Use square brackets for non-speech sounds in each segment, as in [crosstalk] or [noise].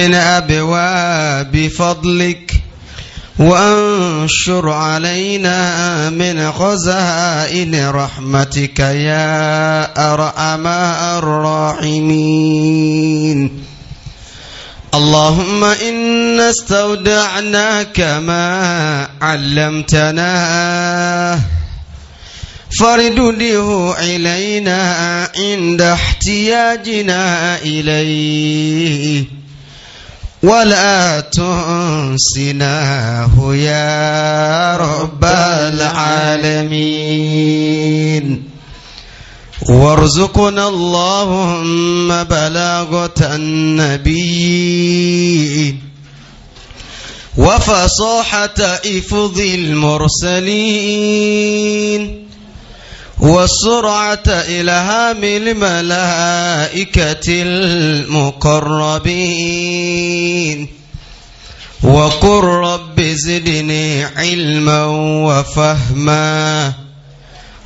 من أبواب فضلك وانشر علينا من خزائن رحمتك يا أرحم الراحمين اللهم إنا استودعناك ما علمتنا فردده إلينا عند احتياجنا إليه ولا تنسناه يا رب العالمين وارزقنا اللهم بلاغة النبي وفصاحة إفض المرسلين وسرعة إلهام الملائكة المقربين وقل رب زدني علما وفهما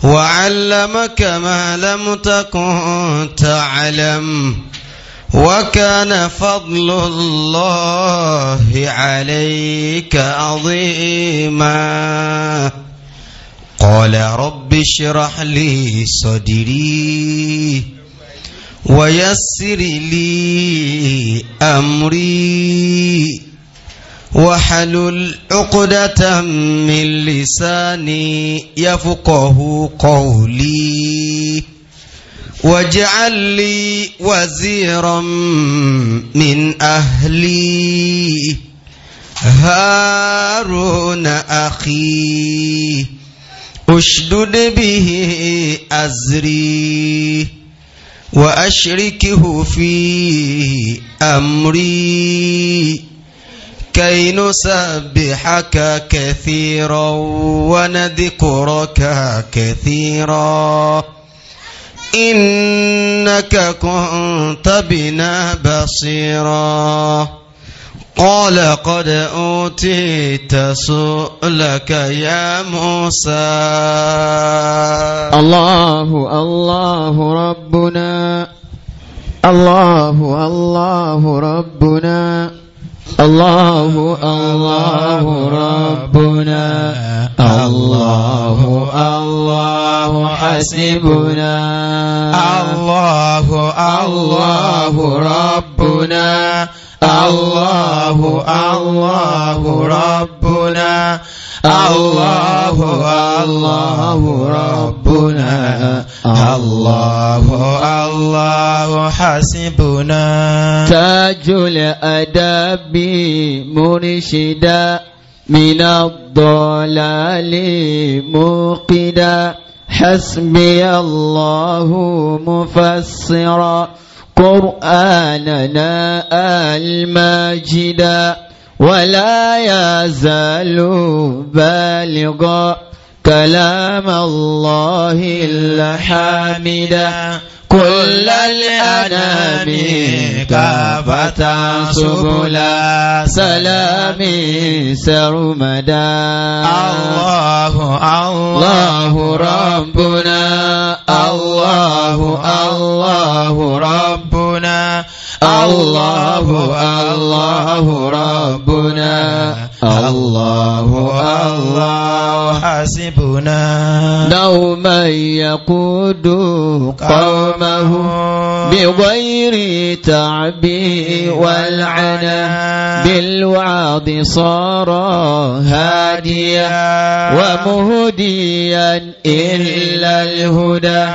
وعلمك ما لم تكن تعلم وكان فضل الله عليك عظيماً قال رب اشرح لي صدري ويسر لي أمري وحلل عقدة من لساني يفقه قولي واجعل لي وزيرا من أهلي هارون أخي اشدد به أزري وأشركه في أمري كي نسبحك كثيرا ونذكرك كثيرا إنك كنت بنا بصيراً قال قد أوتيت سؤلك يا موسى الله الله ربنا الله الله ربنا الله الله ربنا الله الله حسبنا الله الله ربنا الله الله ربنا الله الله ربنا الله الله حسبنا تاج الأدب مرشدا من الضلال موقدا حسبي الله مفسرا قرآننا الماجدا ولا يزال بالغا كلام الله الحامدا كل الأنام كافة سبلا سلام سرمدا الله الله ربنا الله الله ربنا الله الله ربنا الله الله حاسبنا نوما يقود قومه بغير تعب والعنى بالوعظ صار هاديا ومهديا إلا الهدى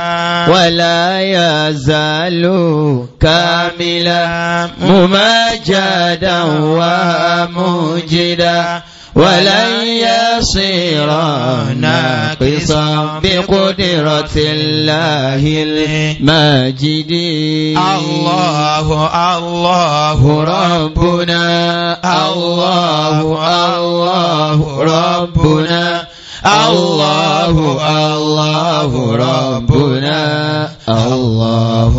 ولا يزال كاملا مماجدا ومجدا ولن يصير ناقصا بقدرة الله الماجد الله الله ربنا الله الله ربنا الله الله ربنا الله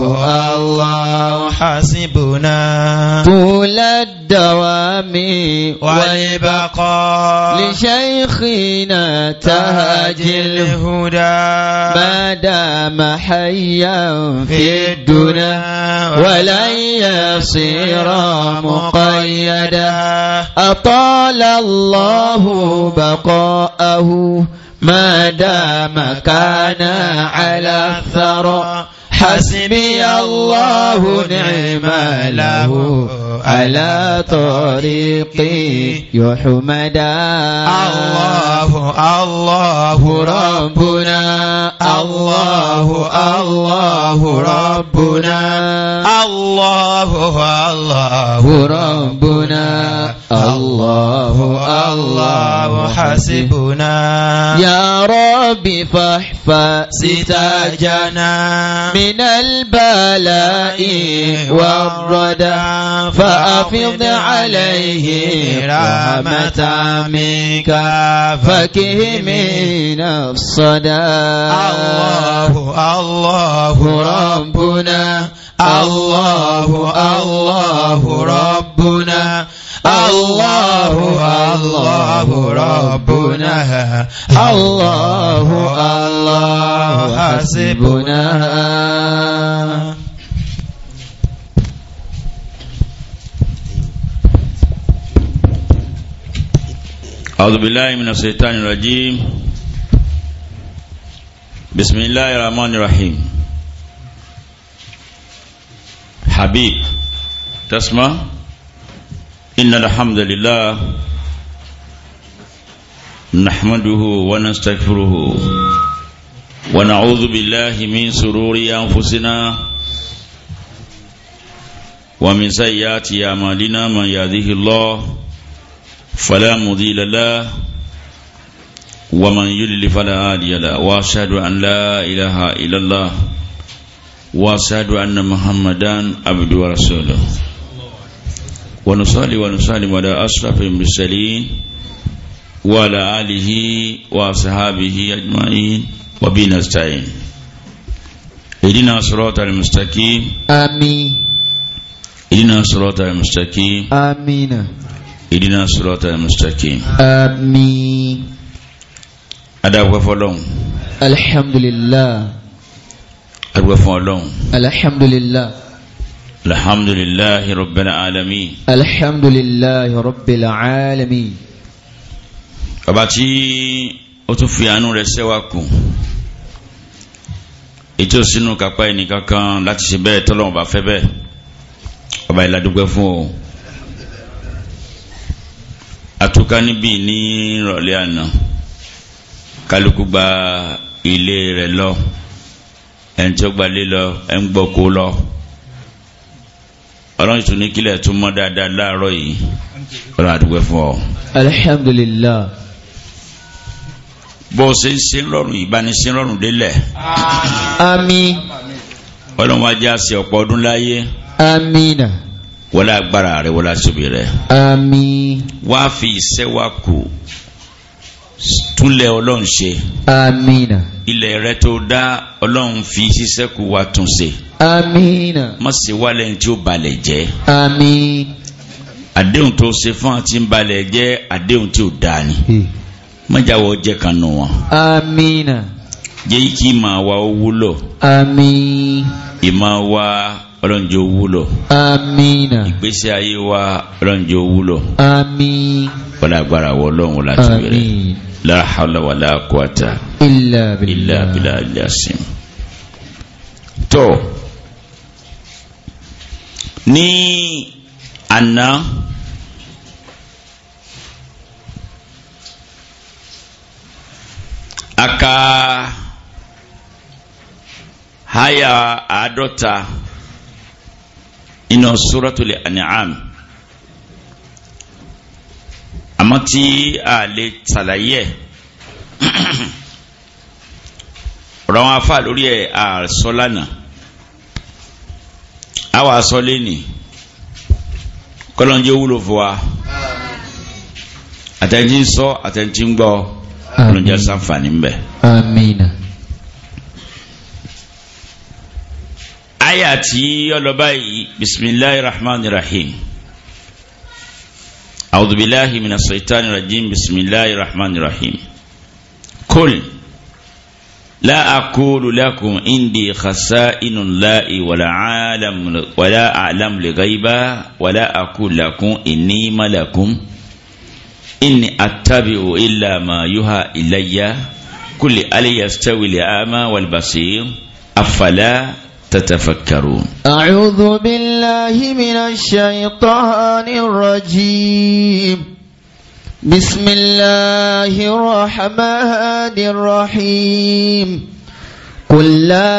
الله حسبنا طول الدوام والبقاء لشيخنا تهج الهدى ما دام حيا في الدنى ولن يصير مقيدا أطال الله بقاءه ما دام كان على الثرى حسبي الله نعم له على طريقي يحمدا الله الله ربنا الله الله ربنا الله الله ربنا الله الله حسبنا يا ربي فاحفظ ستاجنا من من البلاء والردى فأفض عليه رحمة منك فكه من الصدى الله الله ربنا الله الله ربنا الله الله ربنا الله الله حسبنا أعوذ بالله من الشيطان الرجيم بسم الله الرحمن الرحيم حبيب تسمع إن الحمد لله نحمده ونستغفره ونعوذ بالله من سرور أنفسنا ومن سيئات أعمالنا من يهده الله فلا مضل له ومن يضلل فلا هادي له وأشهد أن لا إله إلا الله وأشهد أن محمدا عبده ورسوله ونصلي ونسلم على أشرف المرسلين وعلى آله وأصحابه أجمعين وبنستعين اهدنا صراط المستقيم آمين اهدنا صراط المستقيم آمين اهدنا صراط المستقيم آمين أدعوك فلون الحمد لله أدعوك فلون الحمد لله الحمد لله رب العالمين الحمد لله رب العالمين ọba tí ó tún fi àánú rẹ̀ ṣẹ́wà kù ètò sínú kápá ẹnìkankan láti ṣe bẹ́ẹ̀ tọ́lọ́run bá fẹ́ bẹ́ẹ̀ ọba ìlàdúgbẹ́ fún o àtúká níbí ní ìrọ̀lẹ́ àná kálukú gba ilé rẹ̀ lọ ẹni tí ó gba lé lọ ẹni gbọ́kú lọ ọlọ́run ìtún ní kílẹ̀ tún mọ́ dáadáa láàárọ̀ yìí ọlọ́run àdúgbò fún ọ. alhamdulillah. bó o ṣe ń ṣe lọ́rùn ìbánisẹ́ lọ́rùn délẹ̀. àmín. ọlọ́run ajé àṣẹ ọ̀pọ̀ ọdún láyé. amina. wọlé agbára rẹ wọlé àṣọbì rẹ. àmín. wá fi ìṣẹ́ wa kù túnlẹ̀ ọlọ́run ṣe. amina. ilẹ̀ rẹ tó dá ọlọ́run fi ṣiṣẹ́ kù wá tún ṣe. amina. má ṣe wálẹ̀ tí ó balẹ̀ jẹ́. amin. àdéhùn tó ṣe fún àti ń balẹ̀ jẹ́ àdéhùn tí ó dáa ni. má jẹ́ kan nù wọn. amina. jẹ́ kí ìmọ̀ wa ó wúlò. amin. ìmọ̀ wa ọlọ́njẹ́ wúlò. amina. ìgbésí ayé wa ọlọ́njẹ́ wúlò. àmín. wọ́n agbára wọ lọ́hùn láti bẹ̀rẹ̀. àmín. la hawla wala tó ní àná aka haya àádọ́ta inú suratul an'am àmọ́ tí a lè ṣàlàyé ẹ̀ [clears throat] ọ̀rọ̀ afá lórí ẹ̀ àṣọ lánàá a wà sọ lẹ́nì kọ́lọ́njẹ́ wúlò fún wa àtẹ̀ntí ń sọ àtẹ̀ntí ń gbọ́ kọ́lọ́njẹ́ ṣàǹfààní ń bẹ. àyà tí ọlọ́ba yìí bisimilahi rahman rahim awudubilahi mina saitan rajim bisimilahi rahman rahim kol la akulu lakum indi khasa'inu la'i wala alam wala alam li ghaiba wala akulu lakum inni malakum inni attabi'u illa ma yuha ilayya kulli aliyastawi li ama wal basir afala تتفكرون أعوذ بالله من الشيطان الرجيم بسم الله الرحمن الرحيم قل لا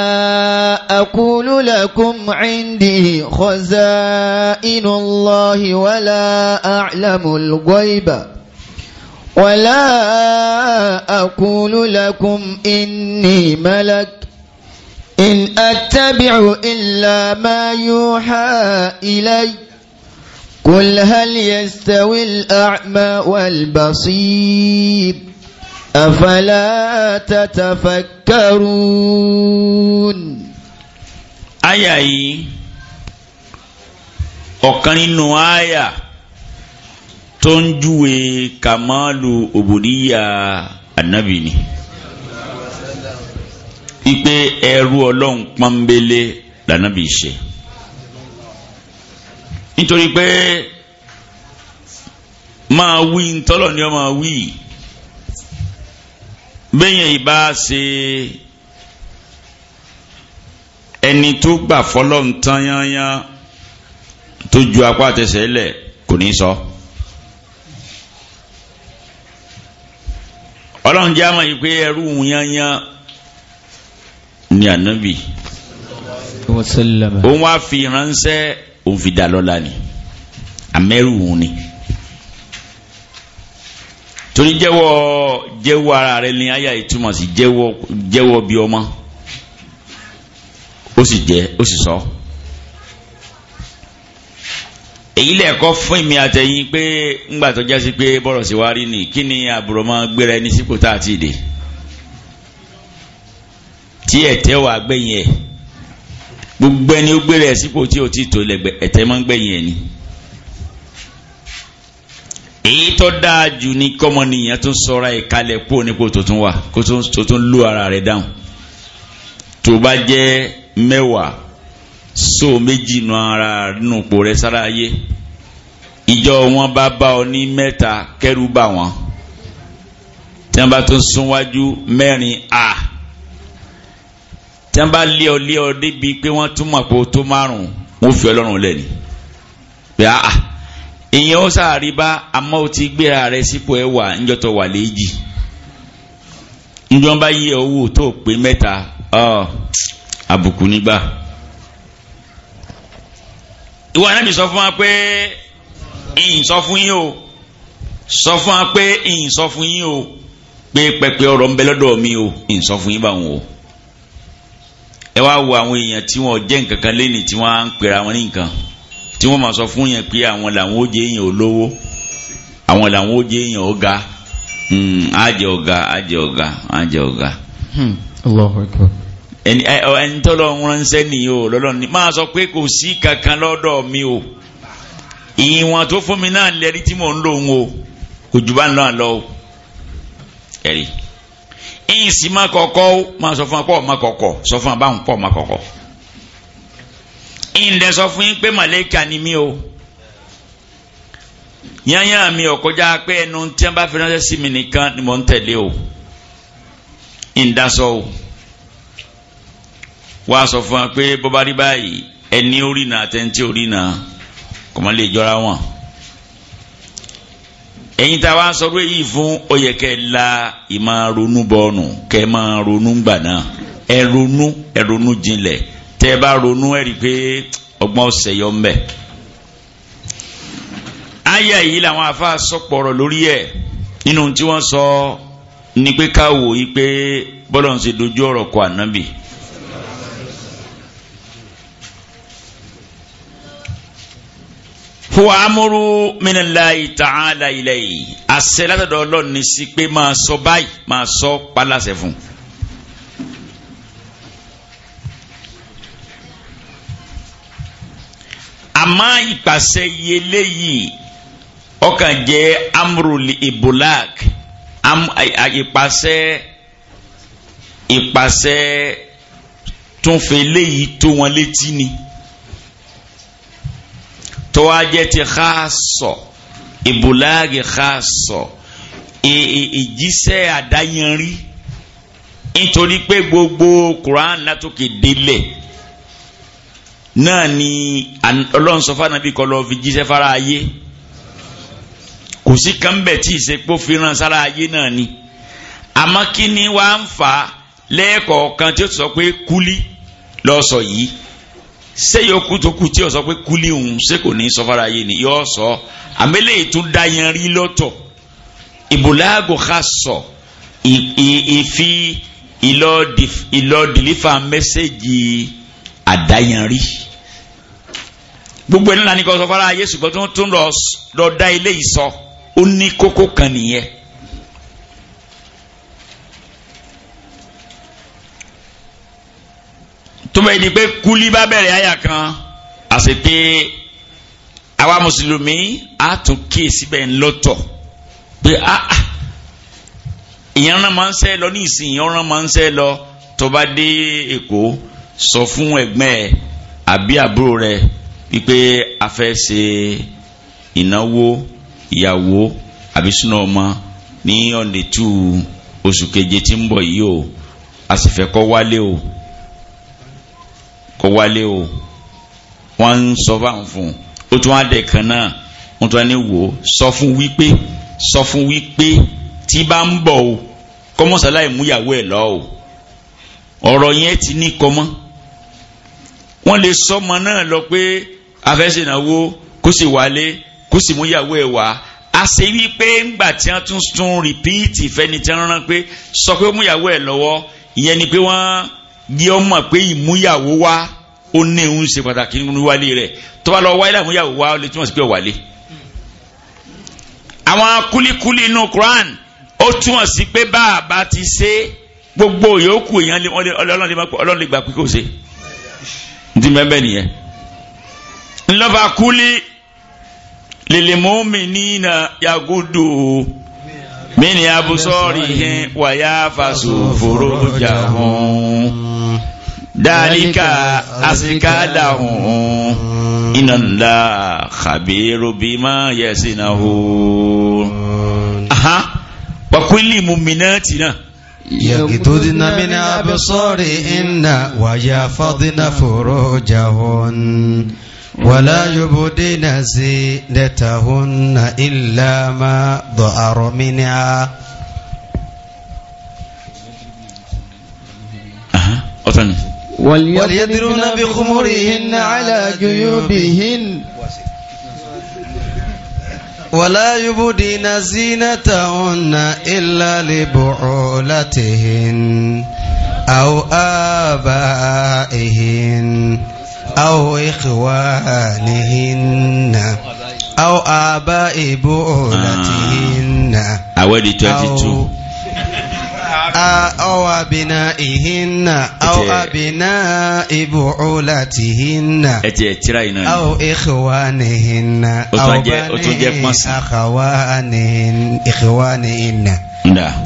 أقول لكم عندي خزائن الله ولا أعلم الغيب ولا أقول لكم إني ملك إن أتبع إلا ما يوحى إلي قل هل يستوي الأعمى والبصير أفلا تتفكرون أي أي ọ̀kan نوايا تنجوي tó ń النبي ipe ẹrú ọlọ́run pọ́nbélé lànàbí ṣe nítorí pé máa wí ntọ́lọ̀ ni ọ máa wí bẹ́yẹn ìbá ṣe ẹni tó gbà fọlọ́ ntán yányán tó ju apá àtẹsẹ̀ lẹ̀ kò ní sọ. ọlọ́run jẹ́ àmọ́ yìí pé ẹrú yányán ní ànábì òun wá fi ránṣẹ́ òun fi dà lọ́la ni amẹ́rù òun ni torí jẹ́wọ́ jẹ́wọ́ ara rẹ ni àyà ìtumọ̀ sí jẹ́wọ́ jẹ́wọ́ bí ọmọ ó sì jẹ́ ó sì sọ èyí lẹ́ẹ̀kọ́ fún mi àtẹ̀yìn pé ńgbà tó jásí pé bọ́rọ̀ sí wa rí ni kí ni àbùrọ̀ máa gbéra ẹni sípò tá a ti dè tí ẹ̀tẹ́ wà gbẹ̀yìn ẹ̀ gbogbo ẹni ó gbé rẹ̀ sípò tí ò tí tó lẹ́gbẹ̀ ẹ̀tẹ́ máa ń gbẹ̀yìn ẹ̀ ni. èyí tó dáa jù ní kọ́mọnìyàn tó sọra ẹ̀ kalẹ̀ kó nípò tó tún wà kó tó tún lù ara rẹ̀ dáhùn tó bá jẹ́ mẹ́wàá so méjì nu ara nínú ipò rẹ̀ sára ayé ìjọ wọn bá bá ọ ní mẹ́ta kẹ́rù bà wọ́n tí wọ́n bá tún súnwájú mẹ́rin a. Ah tí wọ́n bá lé ọ lé ọ débi pé wọ́n tún mọ̀ pé o tó márùn wọ́n fi ọlọ́run lẹ̀ ni pé a ah, ah, ìyẹn ó sàárì bá àmọ́ o ti gbé ààrẹ sípò ẹ̀ wà níjọ́tọ̀ wà léjì níjọ́ yí owó tó pé mẹ́ta ah, àbùkù nígbà ìwọ anábì sọ fún wa pé ìyìn sọ fún yín o sọ fún wa pé ìyìn sọ fún yín o pé pẹpẹ ọ̀rọ̀ ń bẹ lọ́dọ̀ mi o ìyìn sọ fún yín báwọn o ẹ wá wo àwọn èèyàn tí wọn jẹ́ nǹkan kan lẹ́ni tí wọ́n á ń pera wọn ní tí wọ́n máa sọ fún yẹn pé àwọn làwọn ó jẹ́ èèyàn olówó àwọn làwọn ó jẹ́ èèyàn ọ̀gá àjẹ hmm, ọ̀gá àjẹ ọ̀gá àjẹ ọ̀gá. Hmm, ẹni tó lọ ń ránṣẹ́ nìyí lọ́lọ́run ni máa sọ pé kò sí kankan lọ́dọ̀ mi o ìwọ̀n tó fún mi náà lẹ́rí tí mò ń lò ń o kò jù bá ń lọ́ àlọ́ ẹ̀rí ìsì má kọ̀kọ́ ó máa sọ fún apọ̀ má kọ̀kọ́ sọ fún abáhùn pọ̀ má kọ̀kọ́ ìǹdẹ̀ sọ fún yín pé màlẹ́kà ni mí o yányá mi ò kọjá pé ẹnu tí wọ́n bá fi ránṣẹ́ sí mi nìkan ni mò ń tẹ̀lé o ìǹdàsọ o wá sọ fún wa pé bọ́bá rí báyìí ẹni orí náà àtẹ̀ntì orí náà kò má wọn ẹ̀yin tá a wá sọ wéyí fún ó yẹ kẹ́ ẹ la ìmọ̀ ronú bọ́ọ̀nù kẹ́ ẹ máa ronú gbà náà ẹ ronú ẹ ronú jinlẹ̀ tẹ́ ẹ bá ronú ẹ rí i pé ọgbọ́n ọ̀sẹ̀ yọ ń bẹ̀. àyà yìí làwọn afa sọ̀pọ̀rọ̀ lórí ẹ̀ nínú tí wọ́n sọ ni pé ká wò yí pé bọ́lọ̀ ń ṣe dojú ọ̀rọ̀ kọ ànábì. huwa amuru minallahi ta'ala ilayhi àṣẹ látọ̀dọ̀ ọlọ́run ní sí pé máa sọ báyìí máa sọ paláṣẹ fún. àmọ́ ìpàṣẹ yẹlé yìí ọkàn jẹ́ ibulak ìpàṣẹ ìpàṣẹ túnfẹ́ léyìí tó wọn létí ni. Am, a, tó wá jẹ́ ti xaasọ̀ ìbúláàgì xaasọ̀ ìjíṣẹ́ àdáyanrí nítorí pé gbogbo Quran látòkè délẹ̀ náà ni ọlọ́run sọ fún anabi kọ́ lọ́ọ́ fi jíṣẹ́ fara ayé kò sí kan bẹ̀ tí ìsepò fìràn sára ayé náà ni àmọ́ kí ni wàá fà lẹ́ẹ̀kọ̀ọ̀kan tí ó sọ pé kúlí lọ́ọ́ yìí Se sẹ́yìn okú tó kú tí o sọ pé kúlí òun ṣé kò ní sọfara yé ni yọ sọ àmẹ́lẹ́ ìtún dayan rí lọ́tọ̀ ìbòláàgò ká sọ ìfi ìlọ́dìlífà mẹ́sẹ̀gì àdáyanrí gbogbo ẹni lánìí kan sọfara yé ṣùgbọ́n tó ń lọ da ilé ìsọ ó ní kókó kan nìyẹn. tó bẹ́ẹ̀ di pé kúlí bá bẹ̀rẹ̀ àyà kan àti pé àwa mùsùlùmí á tún kíyèsí bẹ́ẹ̀ lọ́tọ̀ pé ah, ah, ìyànrán máa ń sẹ́ lọ ní ìsìn ìyànrán máa ń sẹ́ lọ tó bá dé Èkó sọ fún ẹ̀gbọ́n àbí àbúrò rẹ̀ wípé a fẹ́ ṣe ìnáwó ìyàwó àbí súná ọmọ ní ọ̀ndẹ̀tù oṣù keje tí ń bọ̀ yìí o a sì fẹ́ kọ́ wálé o kò wálé o wọ́n ń sọ fáwọn fún un ó tún adẹ kan náà wọ́n tún ní wò ó sọ fún wípé sọ fún wípé tí bá ń bọ̀ o kọ́mọ́sáláì múyàwó ẹ̀ lọ o ọ̀rọ̀ yẹn ti ní kọ́mọ́ wọ́n lè sọmọ náà lọ pé afẹ́sẹ̀náwó kó sì wálé kó sì múyàwó ẹ̀ wá àṣẹ wípé ńgbà tí wọ́n tún tún rìpíìtì fẹ́ni tí wọ́n rán pé sọ pé múyàwó ẹ̀ lọ́wọ́ ìyẹn ni pé wọ́n jẹ́ ọ mọ̀ pé ìmúyàwó wá ó ní ń ṣe pàtàkì nínú wálé rẹ̀ tó bá lọ wáyé láìmúyàwó wá ó lè túmọ̀ sí pé wálé. àwọn kúlíkúlí inú Quran ó túmọ̀ sí pé bá a bá ti ṣe gbogbo yòókù èèyàn ọlọ́run lè gbà pé kò ṣe ntí mẹ́bẹ́ nìyẹn. ńlọ́ba kúlí lèlè mọ́mí ní ìnà yàgòdò mini abusorihin wa ya fasu furujahun dalika asikadahun inna la khabiru bima yasinahu aha wa kulli muminatina yagidudina mini abusorihin wa ya fadina furujahun ولا يبدين زينتهن إلا ما ظهر منها وليضربن بخمرهن على جيوبهن ولا يبدين زينتهن إلا لبعولتهن أو آبائهن أو إخوانهن أو آباء بؤلتهن أو أو أبنائهن أو أبناء بعولتهن أو إخوانهن أو بني أخوانهن إخوانهن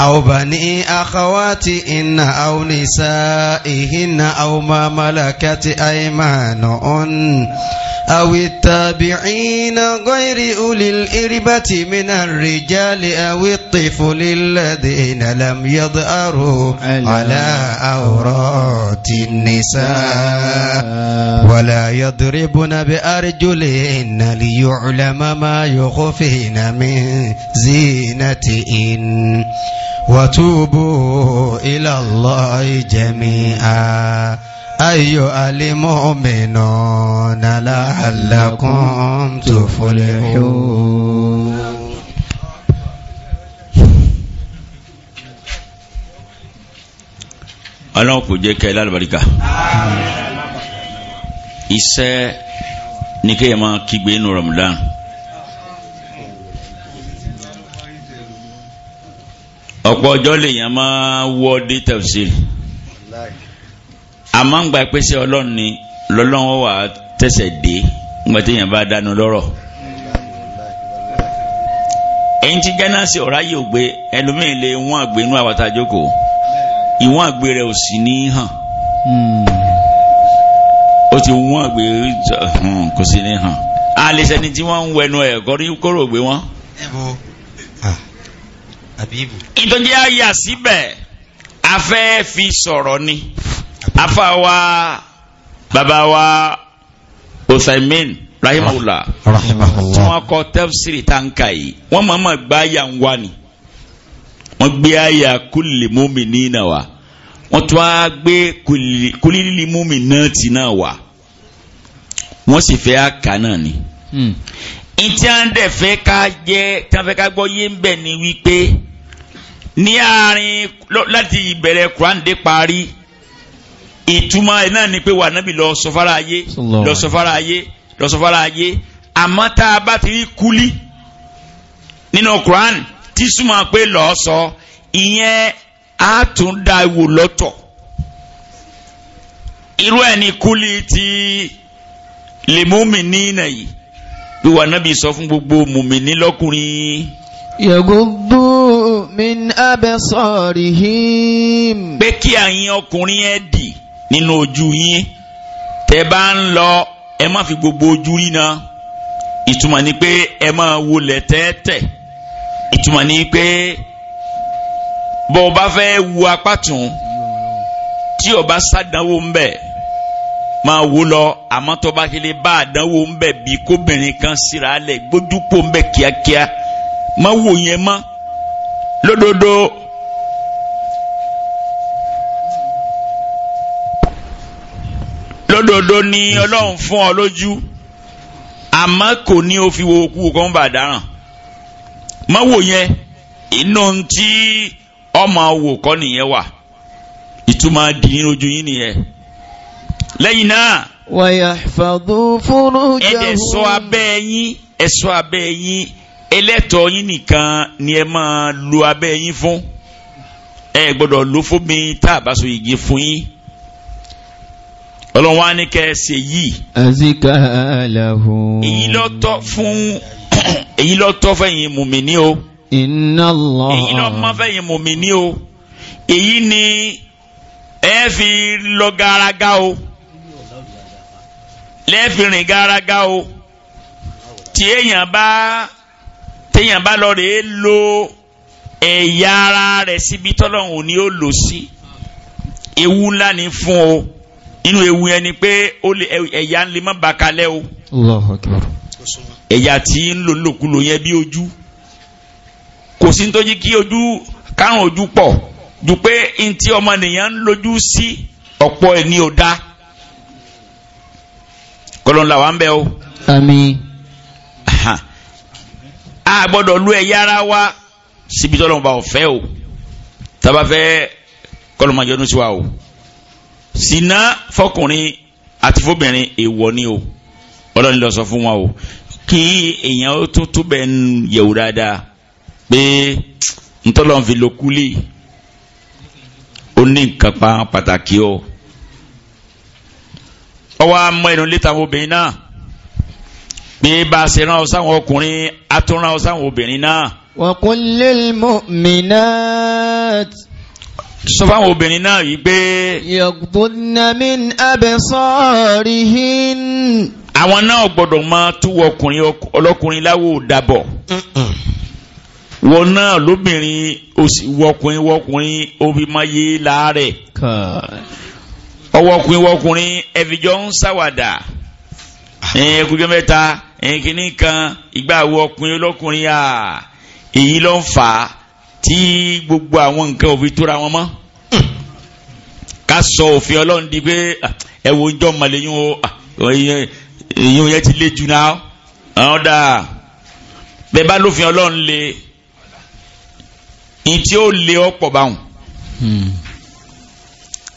أو بني أخواتهن أو نسائهن أو ما ملكت أيمانهن أو التابعين غير أولي الإربة من الرجال أو الطفل الذين لم يظهروا على أورات النساء ولا يضربن بأرجلهن ليعلم ما يخفين من زينتهن وتوبوا إلى الله جميعا أيها المؤمنون لعلكم تفلحون ọlọ́run kò jẹ́ kẹ́ lálùbáríkà iṣẹ́ ní kí ẹ máa kígbe inú Ramadan ọ̀pọ̀ ọjọ́ lèèyàn máa wọ́ dé tafsir àmọ́ ń gba ìpèsè ọlọ́run ni lọ́lọ́run wà tẹ̀sẹ̀ dé ńgbà téèyàn bá dánu lọ́rọ̀ ẹ̀yin tí gánà sí ọ̀rá yìí ò gbé ẹlòmíì lè wọ́n àgbé inú àwọn àtàjókò ìwọ́n àgbé rẹ̀ ò sì ní hàn ó ti wọ́n àgbé hmm, kò sì ní hàn a lè tí wọ́n ń wẹnu ẹ̀ kọ́ ní kóró gbé wọn. ìtọ́jú ayé àsíbẹ̀ afẹ́ fi sọ̀rọ̀ ni afa wa baba wa Uthaymin rahimahullah tí wọ́n kọ tafsiri tanka yìí wọ́n máa ma gba àyà ń wá ni wọ́n gbé àyà kulli mu'minina wa wọ́n tún á gbé kulli mu'minati náà wa wọ́n sì fẹ́ àkà náà ni. ìtí hmm. à ń dẹ̀ fẹ́ ká jẹ́ tí wọ́n fẹ́ ká gbọ́ yé ń bẹ̀ ni wípé ní àárín láti ìbẹ̀rẹ̀ Quran dé parí ìtumọ̀ ẹ̀ náà ni pé wà nábì lọ sọ fara ayé lọ sọ fara ayé lọ sọ fara ayé àmọ́ tá a bá ti rí kúlí nínú Quran tí súnmọ́ pé lọ́ọ́ sọ ìyẹn á tún dá wò lọ́tọ̀ irú ẹ̀ ní kúlí ti lè mú mi ní ìnà yìí bí wà nábì sọ fún gbogbo mùmíní lọ́kùnrin. yàgògbó min abẹ́sọ̀rìhìm. pé kí àyín ọkùnrin ẹ̀ dì nínú ojú yín tẹ bá ń lọ ẹ má fi gbogbo ojú rí náà ìtumọ̀ ni pé ẹ máa wọlé tẹ́tẹ́ ìtumọ̀ ni pé bọ́ ọ bá fẹ́ wo apá tún tí o bá sádánwó ń bẹ̀ máa wo lọ àmọ́ tó bá kele bá àdánwó ń bẹ̀ bí kóbìnrin kan síra lẹ̀ gbójúpò ń bẹ̀ kíákíá má wò yẹn mọ́ lódodo. olódodo ni ọlọ́run fún ọ lójú àmọ́ kò ní o fi wo okú kan bà dáràn mọ́ wò yẹn inú tí ọmọ wò kọ́ nìyẹn wà ìtumọ̀ di nínú ojú yín nìyẹn lẹ́yìn náà. wàyà fàdú fúnú jẹun. ẹ̀dẹ̀ sọ abẹ́ yín ẹ̀ abẹ́ yín ẹlẹ́tọ̀ọ́ yín nìkan ni ẹ máa lo abẹ́ yín fún ẹ gbọ́dọ̀ lo fún mi tá a bá so igi fún yín ọlọ́run wá ní kẹsì yìí. azika alahu. èyí ló tọ́ fún [clears throat] èyí ló tọ́ fẹ̀yìn mùmíní o. inna Allah. èyí ló mọ́ fẹ̀yìn mùmíní o. èyí ni ẹ fi lọ garaga o. lẹ́ẹ̀fìrìn garaga o. tí èèyàn bá téèyàn bá lọ rèé lo ẹ̀yà ara rẹ̀ síbi tọ́lọ́run ò ní ó lò sí. ewu ńlá ni fún o nínú ewu yẹn ni pé ẹ̀yà ń lè má ba kalẹ̀ o ẹ̀yà tí ń lò lòkulò yẹn bí ojú kò sí nítorí kí ojú kárùn ojú pọ̀ ju pé ntí ọmọnìyàn ń lójú sí ọ̀pọ̀ ẹ̀ ní o kọlọ́n làwọn bẹ o. a gbọ́dọ̀ lu ẹ̀yà ara wa síbi tọ́lọ́mọba ọ̀fẹ́ o tábà fẹ́ kọlọ́mọ yọnu wa o sìnà fọkùnrin àti fóbìnrin èèwọ̀ ni o ọlọ́run lọ sọ fún wọn o kí èèyàn ó tún túbẹ̀ ń yẹ̀wò dáadáa pé ntọ́lọ́n fi lo kúlì ó ní nǹkan pa pàtàkì o ọwọ́ amọ̀ ẹnu létà obìnrin náà bí bá a ṣe rán ọ sáwọn ọkùnrin a tún rán ọ sáwọn obìnrin náà. wa qul lil mu'minat sọ fáwọn obìnrin náà yìí pé. yọ̀gbọ́nà min abẹ́sọ̀rìhìn. àwọn náà gbọ́dọ̀ máa túwọ̀ ọkùnrin ọlọ́kùnrin láwò dàbọ̀. wọn náà lóbìnrin wọkùnrin wọkùnrin obìmọye láàrẹ̀. ọwọ́kùnrin wọkùnrin ẹ̀fìjọ́ ń ṣàwàdà ẹ̀ẹ́dẹ́gbẹ́ mẹ́ta ẹ̀ẹ́kìnní kan ìgbà wọkùnrin ọlọ́kùnrin à èyí ló ń fà á tí gbogbo àwọn nǹkan òfin tóra wọn mọ́ ká sọ òfin ọlọ́run di pé ah, ẹ wo ìjọ mọ̀lẹ́yìn o ah, ìyẹn yẹn ti lé jù náà ọ̀hún dà bẹ́ẹ̀ bá lófin ọlọ́run lé ní tí ó lé ọ̀pọ̀ báwọn hmm.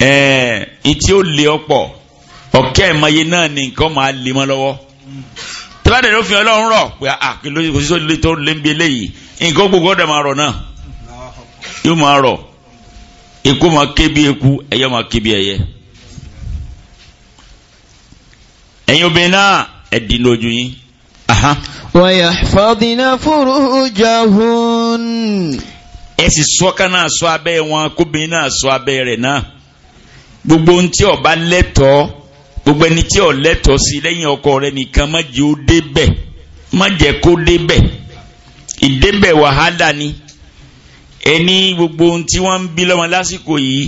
ẹ̀ẹ́n tí ó lé ọ̀pọ̀ ọ̀kẹ́ ìmọye náà ni nǹkan máa lè mọ́ lọ́wọ́ tí wọ́n dẹ̀ lófin ọlọ́run rọ̀ pé àkìlóyìn ah, kò sí sóde tó lé ń bi eléyìí nǹkan gbogbo ọ̀dẹ̀ máa rọ̀ náà. ịmụ máa rọ̀ eku ma ké eku ẹyẹ ma kebie ẹyẹ ẹ̀yin obìnrin náà ẹ̀dì lójú yín. wa yahfadina furujahun. ẹ sì sọ́ka náà sọ abẹ́ wọn kóbìnrin náà sọ abẹ́ rẹ̀ náà gbogbo ohun tí ọba lẹ́tọ̀ọ́ gbogbo ẹni tí ọ lẹ́tọ̀ọ́ sí lẹ́yìn ọkọ rẹ̀ nìkan má jẹ́ kó débẹ̀ ìdébẹ̀ wàhálà ni. ẹni gbogbo ohun tí wọ́n ń bí lọ́mọ lásìkò yìí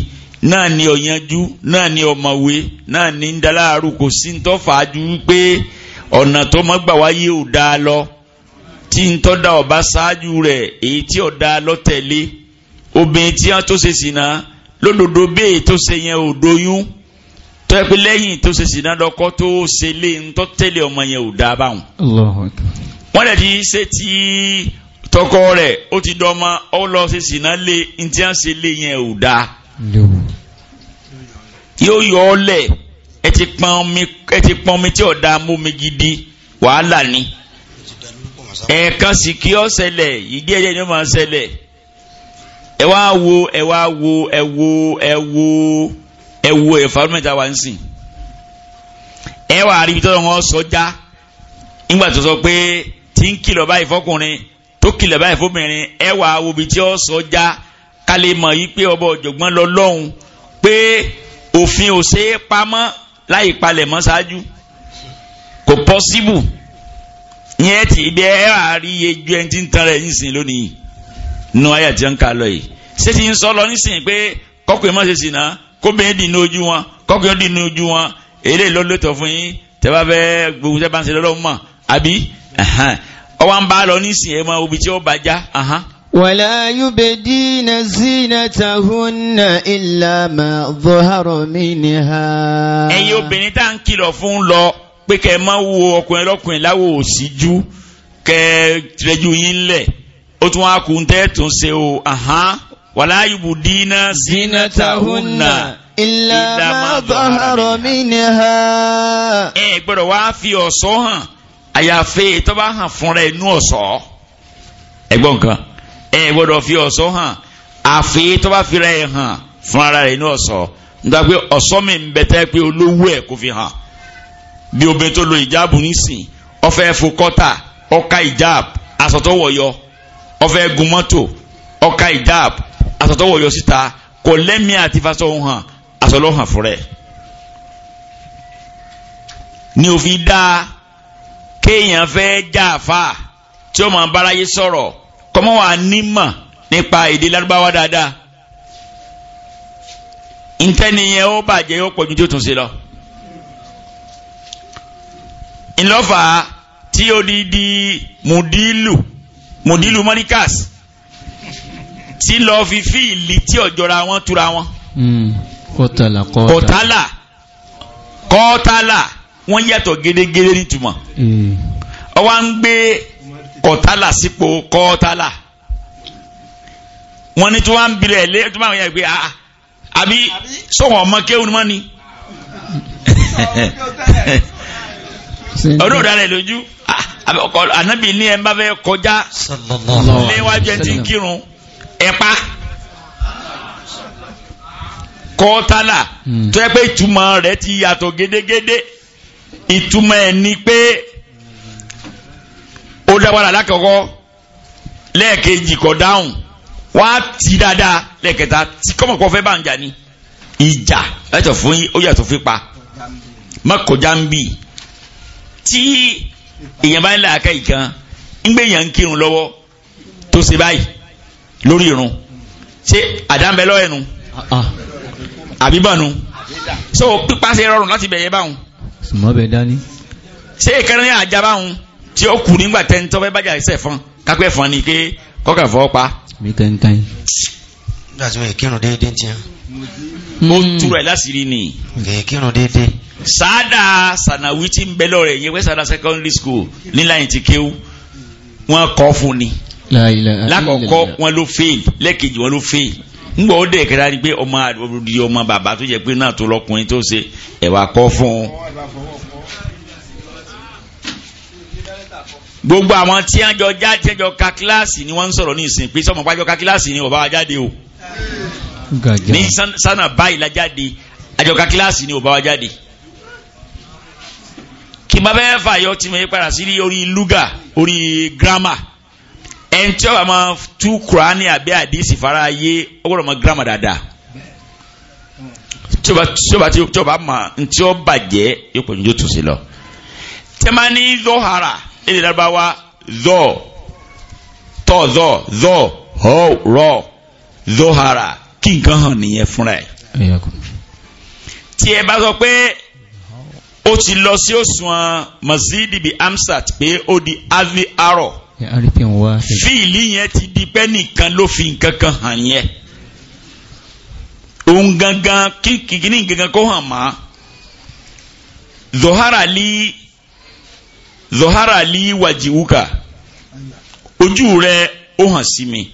náà ni ọ̀yanjú náà ni ọ̀mọ̀wé náà ni ń daláàrú kò sí ń tọ́ fàájú pé ọ̀nà tó mọ́ gbà wáyé ò dáa lọ tí ń tọ́ da ọba ṣáájú rẹ̀ èyí tí ò dáa lọ tẹ̀lé obìnrin tí wọ́n tó ṣe sìnà lódodo bẹ́ẹ̀ tó ṣe yẹn ò doyún tó yẹ pé lẹ́yìn tó ṣe sìnà lọ́kọ́ tó ṣe lé ń tọ́ tẹ̀lé ọmọ yẹn ò dáa báwọn. wọ́n lè ti ṣe ti tọkọ rẹ̀ ó ti dọ́mọ ó lọ sí sìnà lé ntí à ń ṣe lé yẹn ò dáa yóò yọ ọ lẹ̀ ẹ ti pọn mi ẹ ti pọn mi tí ọ̀dà mú mi gidi wàhálà ni ẹ̀ẹ̀kan sì kí ọ ṣẹlẹ̀ ìdí ẹ̀yẹ ni ó máa ṣẹlẹ̀ ẹ wá wo ẹ wá wo ẹ wo ẹ wo ẹ wo environment àwa ń sìn ẹ wà á rí ibi tó lọ́wọ́ sọ já nígbà tó sọ pé tí ń kìlọ̀ báyìí fọkùnrin tó kìlẹ̀ báyìí fóbìnrin ẹ wà obi tí ó sọ já ká lè mọ̀ yí pé ọba ọ̀jọ̀gbọ́n lọ lọ́hùn pé òfin ò ṣe é pamọ́ láì palẹ̀ mọ́ ṣáájú kò pọ́síbù yẹn ti ibi ẹ wà rí iye ju ẹni tí ń tan rẹ̀ yín sìn lónìí nu ayé àti ẹ̀ńkà lọ yìí ṣé ti ń sọ lọ nísìnyí pé kọ́kùnrin má ṣe sì ná kóbìnrin dì ní ojú wọn kọ́kùnrin dì ní ojú wọn èlé lọ́lọ́tọ̀ fún yín tẹ́ bá fẹ́ gbogbo tẹ́ bá ń ṣe lọ́lọ́ mọ̀ àbí ọwọ́ ń bá lọ nísìnyí ẹ máa wo ibi tí ó bàjá. ولا يبدين زينتهن إلا ما ظهر منها ẹ̀yin obìnrin tá à ń kìlọ̀ fún lọ pé kẹ́ ẹ má wo ọkùnrin lọ́kùnrin láwo òsíjú kẹ́ ẹ tẹ̀jú yín lẹ̀ ó tún wá kú tẹ́ tún ṣe o ولا يبدين زينتهن إلا ما ظهر منها ẹ gbọ́dọ̀ wá fi ọ̀ṣọ́ hàn àyàfẹ́ tó bá hàn fúnra inú ọ̀sọ́ ẹ̀gbọ́n nǹkan ẹ gbọ́dọ̀ fi ọ̀sọ́ hàn àfẹ́ tó bá fira ẹ̀ hàn fúnra rẹ̀ inú ọ̀sọ́ nígbà pé ọ̀sọ́ mi ń bẹ tẹ́ pé olówó ẹ̀ kò fi hàn bí obìnrin tó lo ìjáàbù nísìn ọ̀fẹ́ fokọ́tà ọ̀ka ìjáàbù aṣọ tó ọ̀fẹ́ gun mọ́tò ọ̀ka ìjáàbù aṣọ tó síta kò lẹ́mìí àti fasọ̀ hàn aṣọ hàn fúnra ẹ̀ ni òfin dáa kéèyàn fẹ́ jáfa tí ó máa báráyé sọ̀rọ̀ kọ́mọ́ wà nímọ̀ nípa èdè lárúbáwá dáadáa ntẹ́niyẹn ó bàjẹ́ ó pọ̀jù tí ó tún ṣe lọ. ńlọ́fà tí ó di di mùdílù mùdílù mọ́ríkàs tí lọ fi fíìlì tí ọ̀jọ̀ra wọn túra wọn. Hmm. kọ́tàlà kọ́tàlà kọ́tàlà wọ́n yàtọ̀ gédégédé nítumọ̀ ọwọ́ hmm. ń gbé kọ̀tálà sípò kọ́tálà wọ́n ní tí wọ́n ń bilẹ̀ lé tí wọ́n yẹ pé ah, ah, àbí sọ̀wọ́n ọmọ kéwù ni wọ́n ní. [laughs] ọdún ọ̀daràn lójú ah, ànábì ní ẹ̀ bá fẹ́ kọjá léwájú ẹ̀ ti ń kírun ẹ̀ pa kọ́tálà hmm. tó yẹ pé ìtumọ̀ rẹ̀ ti yàtọ̀ gédégédé ìtumọ̀ ẹ̀ ni pé ó dáwọ́lá lákọ̀ọ́kọ́ lẹ́ẹ̀kejì kọ̀ dáhùn wá ti dáadáa lẹ́ẹ̀kẹta tí kọ́mọ̀ kọ́ fẹ́ bá ń jà ni ìjà yàtọ̀ fún ó yàtọ̀ fún pa mọ́kọjá ń bì tí èèyàn bá ń là ká ìkan ń gbé èèyàn ń kírun lọ́wọ́ tó ṣe báyìí lórí irun ṣé àdánbẹ́lọ́ ẹ̀nu ah, ah. àbíbọ̀nu so pípa ṣe rọrùn láti bẹ̀yẹ báwọn sùmọ́ bẹ dání. ṣé ìkẹrin ní àjàbá òun tí ó kù nígbà tẹ́ni tó fẹ́ bájà ẹsẹ̀ fún kápẹ́ fún ni pé kọ́kà fọ́ pa. mi kankan. nígbà tí mo yẹ kírun déédéé tiẹ̀. mo túrọ̀ ẹ̀ láṣìírí ni. kẹ̀ kírun déédéé. sáádà sànàwí tí ń bẹ lọ́rẹ̀ yẹ pé sáádà secondary school níláyìn ti kéwú wọ́n kọ́ fún ni. lákọ̀ọ́kọ́ wọn ló fail lẹ́ẹ̀kejì wọn ló fail ngbọ́ ó dẹ̀ kẹta ni pé ọmọ àdúgbò ọmọ bàbá tó jẹ pé náà tó lọkùnrin tó ṣe ẹ̀wà kọ́ fún un. gbogbo àwọn tí wọ́n jọ já tí wọ́n jọ ka kíláàsì ni wọ́n ń sọ̀rọ̀ ní ìsìn pé sọ́mọ́ pàjọ́ ka kíláàsì ni bàbá wa jáde o ní sànà báyìí la jáde àjọ ka kíláàsì ni bàbá wa jáde kí n bá bẹ́ẹ̀ fà yọ tí mo yẹ padà sí orí lúgà orí gírámà. ẹn tí ọba máa tú fara ye ọgbọ́dọ̀ máa gírámà dáadáa tí ọba tí ọba tí ọba máa ntí ọba jẹ́ yóò pọ̀ níjó tó sí lọ. tẹ́mání zọ́hara èdè kí nǹkan hàn nìyẹn fúnra tí ẹ bá sọ pé o ti lọ sí òṣùwọ̀n masidi amsat pé ó di avi arọ. fíìlì yẹn ti di pé nìkan ló fi nǹkan kan hàn yẹn òun gangan kíkìkíní gangan kó hàn má zohara li zohara li wàjìwúkà ojú rẹ ó hàn sí mi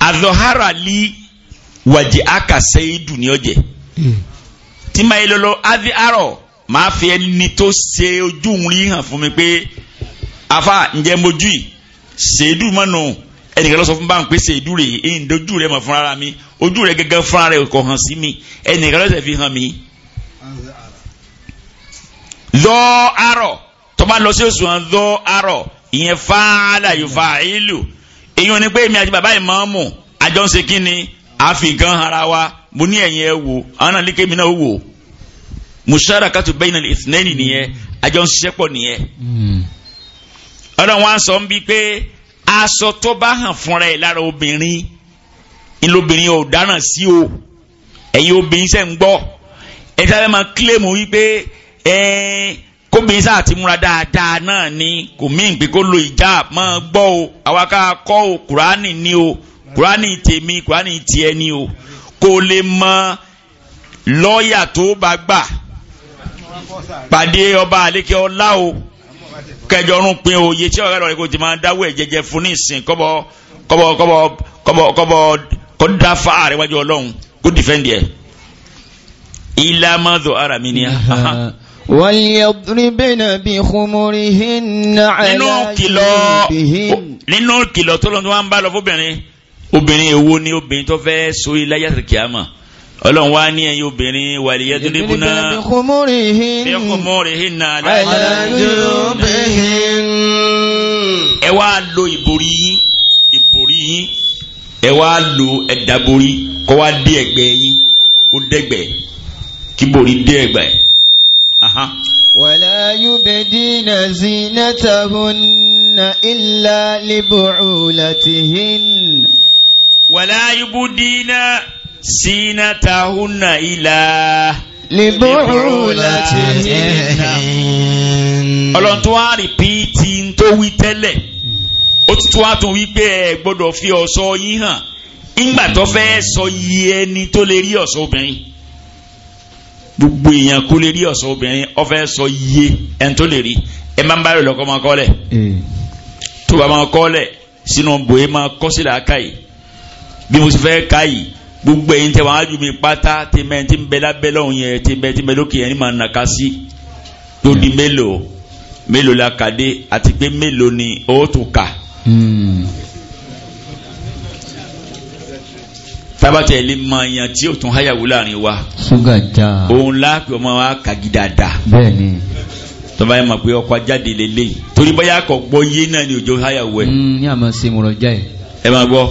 azohara lí wàjì àkàṣe ìdùn ní ọjẹ tí máa yẹ lọlọ adi arọ máa fi ẹni tó ṣe ojú rí hàn fún mi pé afa ǹjẹ́ mojú yìí ṣèdú mọ́nù ẹnìkan lọ sọ fún báwọn pé ṣèdú rè é ń dojú rẹ mọ̀ fúnra mi ojú rẹ gẹ́gẹ́ fúnra rẹ kò hàn sí mi ẹnìkan lọ́sẹ̀ fi hàn mi. lọ arọ tọba lọ sí oṣù hàn lọ arọ ìyẹn fàálà yóò fà ílù èyàn ni pé èmi àti bàbá ìmọ̀ọ́mù àjọ ń ṣe kí ni àfihàn ara wa mo ní ẹ̀yìn ẹ̀ wò àwọn náà lékè mi náà wò musharakatu bayna al-ithnayni nìyẹn àjọ ń ṣiṣẹ́ pọ̀ nìyẹn ọ̀dọ̀ wọn sọ ń bi pé aṣọ tó bá hàn fúnra ẹ̀ lára obìnrin ńlọbìnrin ò dáràn sí o ẹ̀yin obìnrin sẹ́ ń gbọ́ ẹ̀ sábẹ́ máa kílèmù wípé kóbìnrin sáà ti múra dáadáa náà ni kò mí pé kó lo ìjà mọ́ gbọ́ o àwa ká kọ́ o kùránì ni o kùránì tèmi kùránì tiẹ̀ ni o kó lè mọ lọ́ọ̀yà tó bá gbà pàdé ọba àlékè ọlá o kẹjọrún pin oyè tí ọ̀gá rẹ̀ kò ti máa dáwọ́ ẹ̀ fún ní ìsìn kọ́bọ̀ kọ́bọ̀ kọ́bọ̀ kọ́bọ̀ kọ́bọ̀ kọ́ da fa àríwájú ọlọ́run kó dìfẹ́ǹdì ẹ̀. ilá máa zọ ara mi ni. [laughs] wàlíyàdúrébìnà bí kúmúrìhìn náà. nínú kìlọ̀ nínú kìlọ̀ tó lọ́n tó máa ń bá lọ fóbìnrin obìnrin èwo ni obìnrin tó fẹ́ so iláyà kìámà ọlọ́run wá ní ẹ̀yin obìnrin wàlíyẹ́ tó débù náà bí ọkùnmọ́rẹ̀ hìn náà alájọ́bìnrin ẹ wá lo ìborí yín ìborí yín ẹ wá lo ẹ̀dàborí kó wá dé ẹ̀gbẹ́ yín kó dẹ́gbẹ́ kí borí dé ẹ̀gbẹ́ aha. ولا يبدين زينتهن إلا لبعولتهن ولا يبدين sínátàhúnà ilà libúrúlàtìhìnà ọlọ́run tó wá rìpíìtì tó wí tẹ́lẹ̀ ó tún wá tún wí pé ẹ gbọ́dọ̀ fi ọ̀ṣọ́ yín hàn ìgbà tó fẹ́ sọ yìí ẹni tó lè rí ọ̀ṣọ́ obìnrin gbogbo èèyàn kó lè rí ọ̀ṣọ́ obìnrin ó fẹ́ sọ yìí ẹni tó lè rí ẹ máa ń bá rẹ̀ lọ́kọ́ máa kọ́ lẹ̀ hmm. tó bá máa kọ́ lẹ̀ sínú bòye máa kọ́ sílẹ̀ àkàyè bí mo sì fẹ́ ká gbogbo ẹ̀yin tẹ wọn aju mi pátá ti mẹ ti bẹ lábẹ lọhùn yẹn ti bẹ ti bẹ lókè yẹn ni màá nàka sí tó di mélòó mélòó la kàdé àti pé mélòó ni ó tún kà. Hmm. tabatẹ lè mọ yan tí o tún hayawu láàrin wa. suga ja. òun láàpẹ ọmọ wa kagi dada. bẹ́ẹ̀ni. tọ́ba yẹn ma pé ọkọ ajáde lélẹ́yìn torí báyà kọ̀ gbọ́ yé náà ni òjò hayawu ẹ̀. Hmm, ní àmọ́ sèmùrọ̀ já ẹ̀. ẹ máa gbọ́.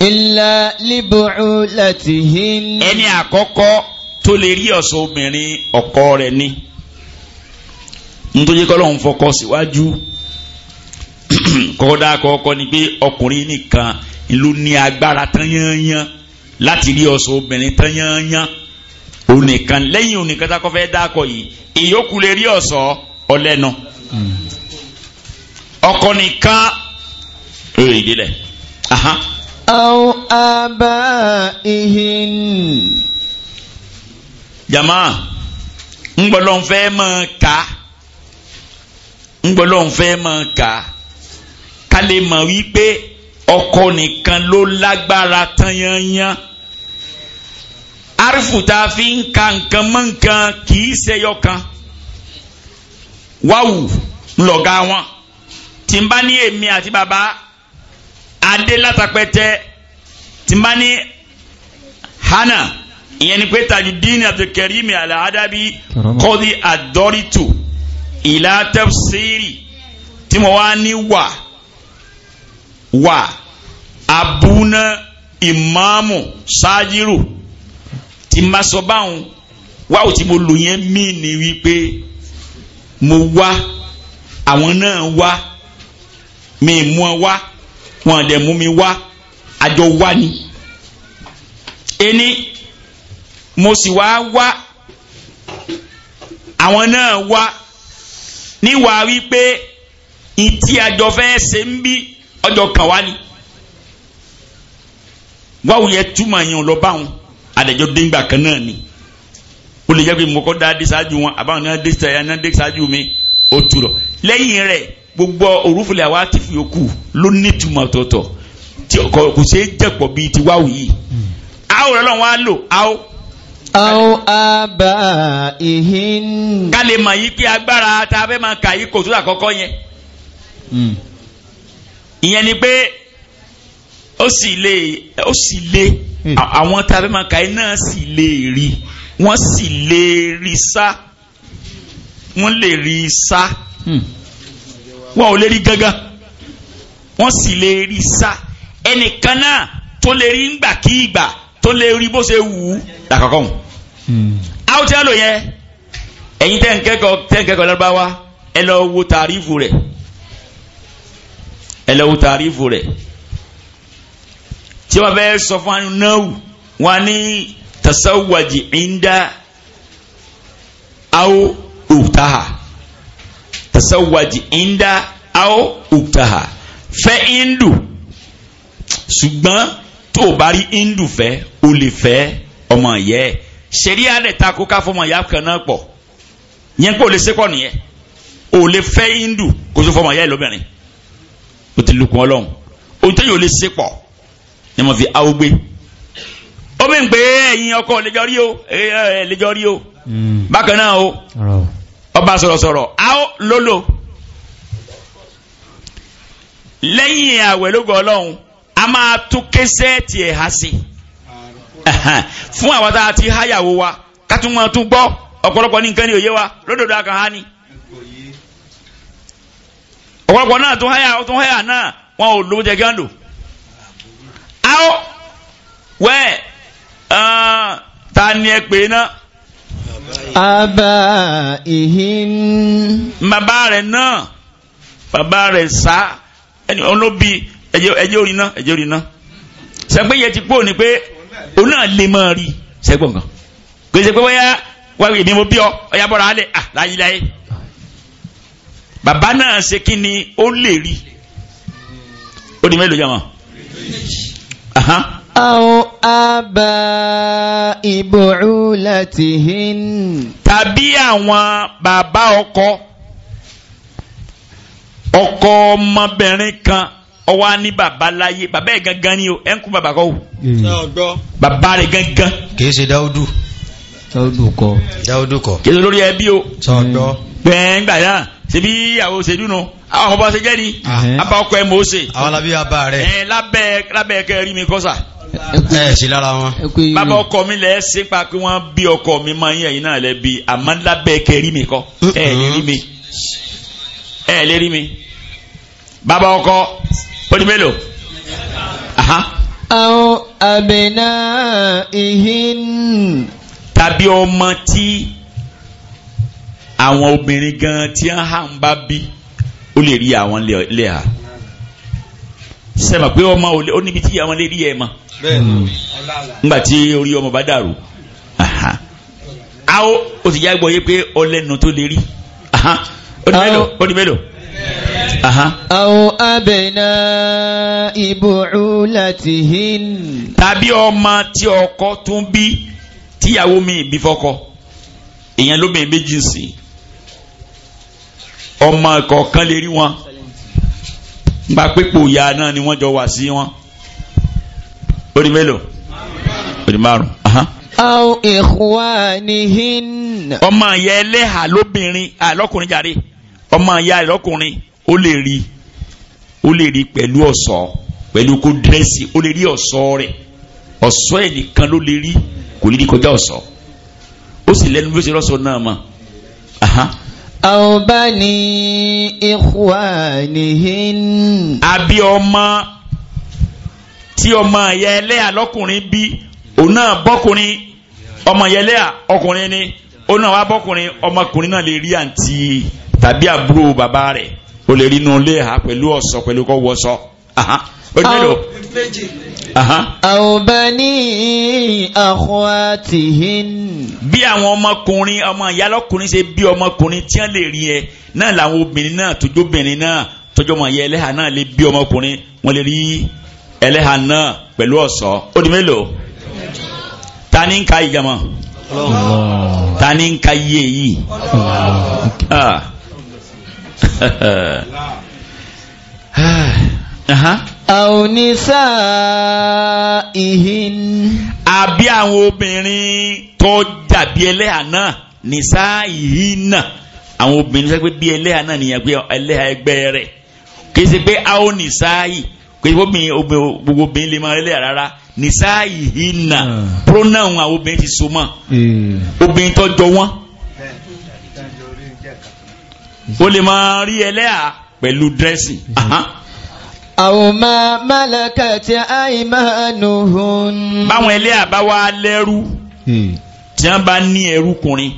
Ìlà líbùrú láti hin. Ẹni àkọ́kọ́ tó lè rí ọ̀sọ̀ obìnrin ọkọ rẹ ni. Nítorí kọ́lọ́hún fọkọ síwájú. Kọ́kọ́ dáa kọ́kọ́ ni pé ọkùnrin nìkan ló ní agbára tán yányán láti rí ọ̀sọ̀ obìnrin tán yányán. Onìkan lẹ́yìn onìkan tá a kọ́ fẹ́ dákọ̀ yìí, ìyókù lè rí ọ̀sọ̀ ọlẹ́nu. Ọkọ nìkan. أو آبائهن jama ngbọlọn fẹ́ máa ka ngbọlọn fẹ́ máa ka k'ale ma wí pé ọkọ nìkan ló lágbára tanyanyan arifu ta fi ń ka nǹkan mọ́ nǹkan kì í kan wáwù ńlọ̀gá wọn tí n bá ní èmi àti bàbá adé látàpẹ́tẹ́ tí má ní hana ìyẹn ni pé tajudeen abdulkarim alahadabi kọ́dí adọ́rìtù ìlà tafsiri tí mo wá ní wà wà abúná ìmáàmù sáájírù tí má sọ báwọn wáwò tí mo lò yẹn mí ni wípé mo wá àwọn náà wá mi mú ọ wá wọn dẹ̀ mú mi wá àjọ wá ni ẹni mo sì wá wá àwọn náà wá níwà wípé ìtì àjọ fẹ́ ṣe ń bí ọjọ́ kan wá ni wáwo yẹ túmọ̀ yẹn lọ bá wọn àdẹ̀jọ́ déngbà kan náà ni ó lè jẹ́ pé mo kọ́ dá dé ṣáájú wọn àbáwọn náà dé ṣáájú mi ó tu lọ lẹ́yìn rẹ̀ gbogbo òrùfilẹ̀ àwa ti fi yòókù ló ní ìtumọ̀ ọ̀tọ̀ọ̀tọ̀ tí ọkọ̀ kò ṣe é jẹ̀pọ̀ bíi ti wáwù yìí àwọn ọlọ́run wa lò áwò. áwò àbá ìhìn. ká lè mọ̀ yí pé agbára a fẹ́ máa kà yí kò tó àkọ́kọ́ yẹn. Hmm. ìyẹn ni pé ó sì lè ó sì lè hmm. àwọn tá a fẹ́ máa kà yí náà sì lè rí wọ́n sì lè rí sá wọ́n lè rí sá. Hmm wọn ò lè rí gangan wọ́n sì lè rí sá ẹnìkan náà tó lè rí ngbà kí ìgbà tó lè rí bó ṣe wù ú làkọ̀kọ́ hùn. àwọn hmm. tí wọ́n lò yẹn ẹ̀yin tẹ́ ń kẹ́kọ̀ọ́ tẹ́ ń lọ́dọ́báwá ẹ lọ wo tàrífù rẹ̀ ẹ lọ wo tàrífù rẹ̀ tí wọ́n fẹ́ sọ fún wọn náà wọn ní tasawwaji inda aw utaha tasawaji inda au uktaha fẹ́ indu ṣùgbọ́n tó o bá rí indu fẹ́ o lè fẹ́ ọmọ yẹ ṣẹ̀ríà rẹ̀ ta kó ká fọmọ ìyá kan náà pọ̀ yẹn pé o lè ṣépọ̀ nìyẹn o lè fẹ́ indu kó tó fọmọ ìyá ẹ lóbìnrin o ti lukùn ọlọ́run o tó yóò lè ṣépọ̀ ni mo fi awo gbé ó bí ń pé ẹ̀yin ọkọ lẹ́jọ́ rí o ẹ̀ lẹ́jọ́ rí o hmm. bákan náà o ọba sọ̀rọ̀sọ̀rọ̀ áó lólò lẹ́yìn àwẹ̀ lógo ọlọ́run a máa tún késẹ́ tiẹ̀ há sí fún àwọn tá a ti háyàwó wa ká tún máa tún gbọ́ ọ̀pọ̀lọpọ̀ ní nǹkan ní òye wa lódòdó akàn há ni ọ̀pọ̀lọpọ̀ náà tún háyà tún háyà náà wọn ò lówó jẹ kí áó wẹ́ẹ̀ ta ni ẹ pè é náà. Aba ihin. Bàbá rẹ̀ náà, bàbá rẹ̀ sá, ẹni olóbi ẹjẹ́ orin náà, ẹjẹ́ orin náà. Sẹ́gbẹ́ yẹ ti kú òní pé òun náà lè máa rí sẹ́gbọ̀n kan. Gbèsè pé wáyà wáyà èmi mo bí ọ, ọ̀yà bọ̀rọ̀ alẹ́ à láyé láyé. Bàbá náà ṣe kí ni ó lè rí? Ó di mélòó jẹ́ wọn? أو آباء بعولتهن tàbí àwọn bàbá ọkọ ọkọ ọmọbìnrin kan ó ní bàbá láyé bàbá ẹ̀ gangan ni o ẹ̀ ń kú bàbá kọ́ o hmm. bàbá rẹ̀ gangan. kì í ṣe dáúdù. dáúdù kọ́. dáúdù kọ́. kì í ṣe lórí ẹbí o. sọ̀dọ̀. gbẹ̀ngbà náà ṣebí àwọn òṣèlú nù àwọn ọmọ bá ṣe jẹ́ ni abá ọkọ ẹ̀ mọ̀ ó ṣe. àwọn labí abá rẹ̀. ẹ lábẹ́ lábẹ́ kẹrin mi kọ́ ẹ sí lára wọn. bàbá ọkọ mi lẹ ṣe pa pé wọn bí ọkọ mi máa ń yẹ yín náà lẹ bí àmọ́ kẹrí mi kọ́ ẹ lè rí mi ẹ lè rí mi bàbá ọkọ ó di mélòó. àwọn àbẹ̀nà ìhìn. tàbí ọmọ tí àwọn obìnrin gan-an tí wọ́n hàn bá bí ó lè rí àwọn lẹ́hà. Le, sẹ́mà pé ọmọ ó níbi tí àwọn lè rí ẹ̀ mọ́ nígbà tí orí ọmọ bá dàrú awo o ti jágbọ́ yé pé ọlẹ́nu tó lè rí ó ní mélòó. Àwọn abẹ̀nà ibùrúlàtìhìn. Tàbí ọmọ tí ọkọ tún bí tíyàwó mi bí fọ́kọ. Èèyàn ló bẹ̀rẹ̀ méjì sí. Ọmọ kọ̀ọ̀kan lè rí wọn gba pépò ya náà ni wọ́n jọ wà sí wọn. orí mélòó orí márùn. àwọn ìhùwà nìhín. ọmọ ìyá ẹlẹ́hà lóbìnrin àlọ́kùnrin jàre ọmọ ìyá ẹlọ́kùnrin ó lè rí ó lè rí pẹ̀lú ọ̀ṣọ́ pẹ̀lú kó dírẹ́sì ó lè rí ọ̀ṣọ́ rẹ̀ ọ̀ṣọ́ ẹ̀ nìkan ló lè rí kò lè kọjá ọ̀ṣọ́ ó sì lẹ́nu bí ó ṣe rọ́ṣọ náà mọ̀. أو بني إخوانهن àbí ọmọ tí ọmọ ìyá ẹlẹ́yà lọ́kùnrin bí òun náà bọ́kùnrin ọmọ ìyá ẹlẹ́yà ọkùnrin ni òun náà wá bọ́kùnrin ọmọkùnrin náà lè rí àǹtí tàbí àbúrò bàbá rẹ̀ ó lè rí inú ilé ha pẹ̀lú ọ̀ṣọ́ pẹ̀lú kọ́ onímẹ́lò àwòbẹ́ni àkọ́àtìhìn. bí àwọn ọmọkùnrin ọmọ ìyálọ́kùnrin ṣe bí ọmọkùnrin tí wọ́n lè rí ẹ náà làwọn obìnrin náà tójóbìnrin náà tọ́jọ́mọ yẹ ẹlẹ́hà náà lè bí ọmọkùnrin wọ́n lè rí ẹlẹ́hà náà pẹ̀lú ọ̀ṣọ́ ó di mélòó ta ni ń ka ìjàmọ́ ta ni ń ka iye yìí [laughs] àwọn oníṣà ìhìn. àbí àwọn obìnrin tó dàbí ẹlẹ́hà náà nìṣà ìhìn náà àwọn obìnrin sọ pé bí ẹlẹ́hà náà nìyẹn pé ẹlẹ́hà ẹgbẹ́ rẹ̀ kìí ṣe pé àwọn nìṣà yìí pé gbogbo obìnrin lè máa ẹlẹ́hà rárá nìṣà ìhìn náà pronoun àwọn obìnrin ti so mọ́ eh. obìnrin tó jọ wọ́n o lè máa rí ẹlẹ́hà pẹ̀lú dírẹ́sì. Àwọn máa málàkà tí àìmánuhun. Báwọn ilé àbáwá lẹ́rú hmm. tí wọ́n bá ní ẹrúkùnrin,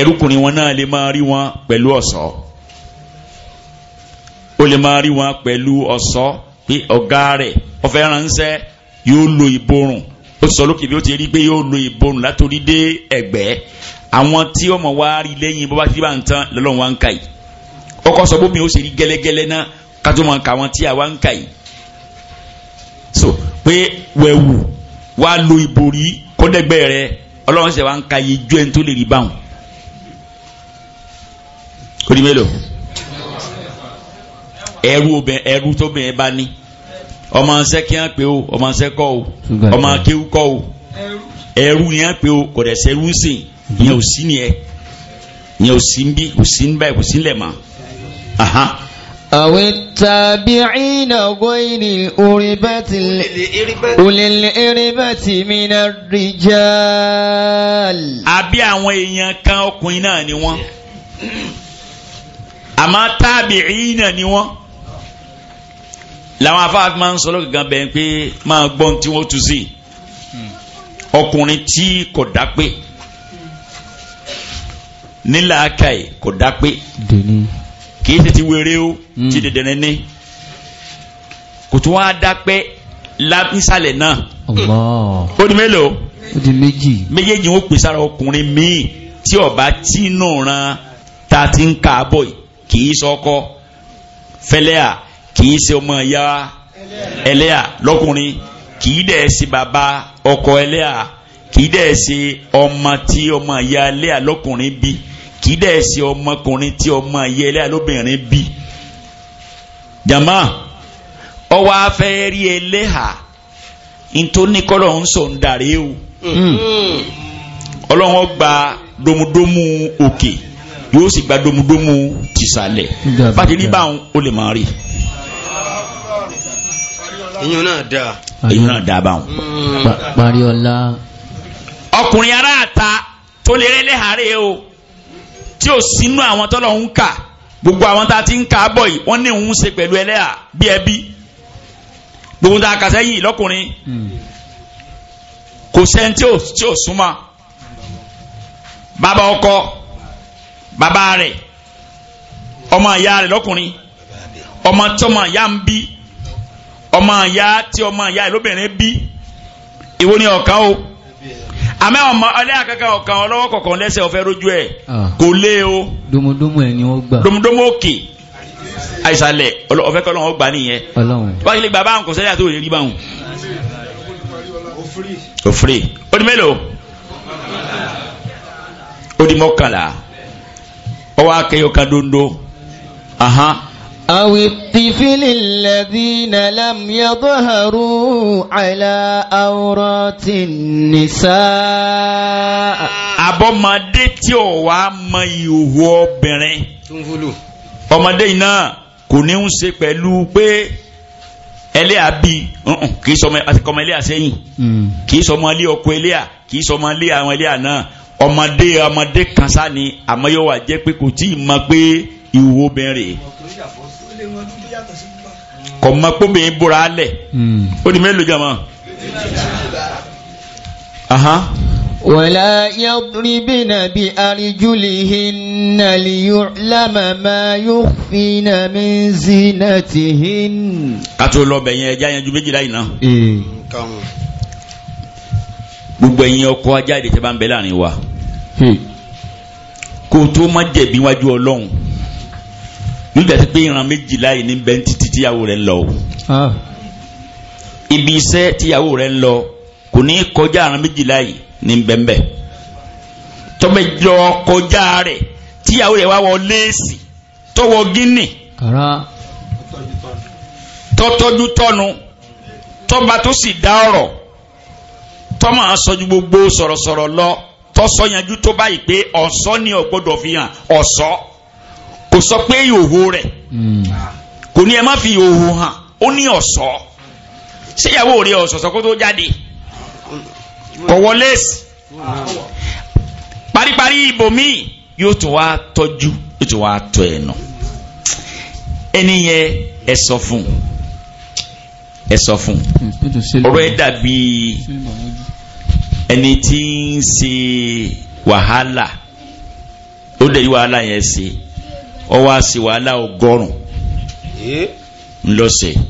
ẹrúkùnrin wọn náà lè máa rí wọn pẹ̀lú ọ̀ṣọ́. Ó lè máa rí wọn pẹ̀lú ọ̀ṣọ́ pé ọ̀gá rẹ̀ ọ̀fẹ́ ránṣẹ́ yóò lo ìborùn. Ó sọ lókè bí ó ti rí pé yóò lo ìborùn látòrí dé ẹ̀gbẹ́. Àwọn tí ọmọ wa rí lẹ́yìn bó bá bá ń tán lọ́lọ́run wá ń kà yìí. Ọkọ̀ sọ bómi ó ṣe rí gẹ́lẹ́gẹ́lẹ́ náà kátó máa ka wọn tí àwa ń so pé wẹ̀wù wà lo ìbòrí kọ́dẹ́gbẹ́ rẹ ọlọ́run ṣe wá ń ka yìí ju ẹni tó lè rí báwọn ó di mélòó ẹrú obìnrin ẹrú tóbìnrin bá ní ọmọ ṣẹ́ kí wọ́n pè ó ọmọ ṣẹ́ kọ́ ó ọmọ kéwú kọ́ ó ẹrú ni wọ́n pè ó kò dẹ̀ sẹ́rú sìn ìyẹn ò sí ni ẹ ìyẹn ò sí ń bí kò sí ń báyìí kò sí ń lẹ̀ mọ́. أو التابعين غير الإربة أولي الإربة من الرجال àbí àwọn èèyàn kan ọkùnrin náà ni wọ́n àmọ́ tábìrínà ni wọ́n làwọn afáàfin máa ń sọ lọ́gàgán bẹ́ẹ̀ pé máa gbọ́n tí wọ́n tu sí ọkùnrin tí kò dá pé nílàákàyè kò dá pé. dèní kì í ṣe ti wéré o hmm. ti dẹ̀dẹ̀rẹ̀ ní kò tún wá dápẹ́ nísàlẹ̀ náà ó di mélòó ó di méjì méjèèjì ó pè sára ọkùnrin míì tí ọba tínú ran ta ti ń kààbọ̀ kì í sọkọ fẹlẹ́à kì í ṣe ọmọ ìyá ẹlẹ́à lọ́kùnrin kì í dẹ̀ ṣe bàbá ọkọ ẹlẹ́à kì í dẹ̀ ṣe ọmọ tí ọmọ ìyá ẹlẹ́à lọ́kùnrin bíi kì í dẹ̀ ṣe ọmọkùnrin tí ọmọ yẹ ẹlẹ́yà lóbìnrin bí jama ọwọ́ afẹ́ rí ẹlẹ́hà ntóníkọ́lọ̀ ń sọ ń darí o hmm. ọlọ́wọ́n gba domudomu òkè yóò sì gba domudomu tìsàlẹ̀ bàtí ní báwọn ó lè máa rí ìyún náà dáa ìyún náà dáa báwọn. parí ọlá. ọkùnrin aráàta tó lè rẹ́lẹ́hàárẹ̀ o tí ò sínú àwọn tọ́lọ̀ ń kà gbogbo àwọn tá a ti ń kà á bọ̀ yìí wọ́n ní òun ṣe pẹ̀lú ẹlẹ́yà bí ẹbí gbogbo tá a kà sẹ́yìn lọ́kùnrin hmm. kò sẹ́ni tí ò tí ò súnmọ́ bàbá ọkọ bàbá rẹ̀ ọmọ ìyá rẹ̀ lọ́kùnrin ọmọ tí ọmọ ìyá ń bí ọmọ ìyá tí ọmọ ìyá ẹ̀ lóbìnrin bí ìwọ ni ọ̀kan o àmọ́ ọmọ ọlẹ́yà kankan ọ̀kan ọlọ́wọ́ kọ̀ọ̀kan lẹ́sẹ̀ ọ̀fẹ́ rojú ẹ̀ ah. kò lé o. domodomo ẹ ni wọ́n gbà. domodomo òkè àìsàlẹ̀ ọ̀fẹ́ kọ́ lọ́wọ́ gbà nìyẹn. wọ́n ti lè gbà báwọn kò sẹ́yà tó lè báwọn. òfurè ó mélòó ó mọ́kànlá ọwọ́ akẹ́yọ̀ dondo. أو الطفل الذين لم يظهروا على أورات النساء abọ́mọdé tí ò wá mọ ìhòòhò obìnrin ọmọdé yìí náà kò ní ń ṣe pẹ̀lú pé kì í sọ ọmọ ẹlẹ́à sẹ́yìn hmm. kì í sọ ilé ọkọ ẹlẹ́à kì í sọ ilé àwọn ẹlẹ́à náà ọmọdé ọmọdé kan sá ni àmọ́ yóò wá jẹ́ pé kò tí ì mọ pé ìwò bẹ̀rẹ̀ kọ̀ mọ́ pé obìnrin bóra lẹ̀ hmm. ó di mélòó jàmọ́. ولا يضربن بأرجلهن ليعلم ما يخفين من زينتهن kátó lọ bẹ̀yẹn ẹja yẹn ju méjìlá yìí náà. Eh. gbogbo ẹ̀yin ọkọ ajáde tẹ́ bá ń bẹ láàrin wa hmm. kó tó má jẹ̀bi wájú ọlọ́run yóò jásí pé ìran méjìlá yìí ní bẹ́ẹ̀ títí tíyàwó rẹ̀ ń lọ o. Ah. ibi iṣẹ́ tíyàwó rẹ̀ ń lọ kò ní kọjá ìran méjìlá yìí ní bẹ́ẹ̀ tọ́mẹjọ kọjá rẹ̀ tíyàwó rẹ̀ wá wọ léèsì tọwọ́ gíní tọ́tọ́jú tọ́nu tọ́ba tó sì dá ọ̀rọ̀ tọ́mọ̀ sọ́jú gbogbo sọ̀rọ̀sọ̀rọ̀ lọ tọ́sọ̀yanjú tó báyìí pé ọ̀sọ́ ni ọ̀gbọ́dọ̀ fi hàn ọ̀sọ́ kò sọ pé ìhòhò rẹ̀ hmm. kò ní ẹ má fi ìhòhò hàn ó ní ọ̀ṣọ́ ṣéyàwó rẹ̀ ọ̀ṣọ̀ṣọ́ kó tó jáde kò wọlé sí paríparí ibòmíì yóò tún wá tọ́jú yóò tún wá tọ́ ẹ̀ nà ẹni yẹn ẹ sọ fún ẹ sọ fún hmm, ọ̀rọ̀ ẹ dàbí ẹni tí ń ṣe wàhálà ó dẹ̀ yí wàhálà yẹn ṣe ọwọ́ àṣì wàhálà ọgọ́rùn ńlọ́sẹ̀ eh?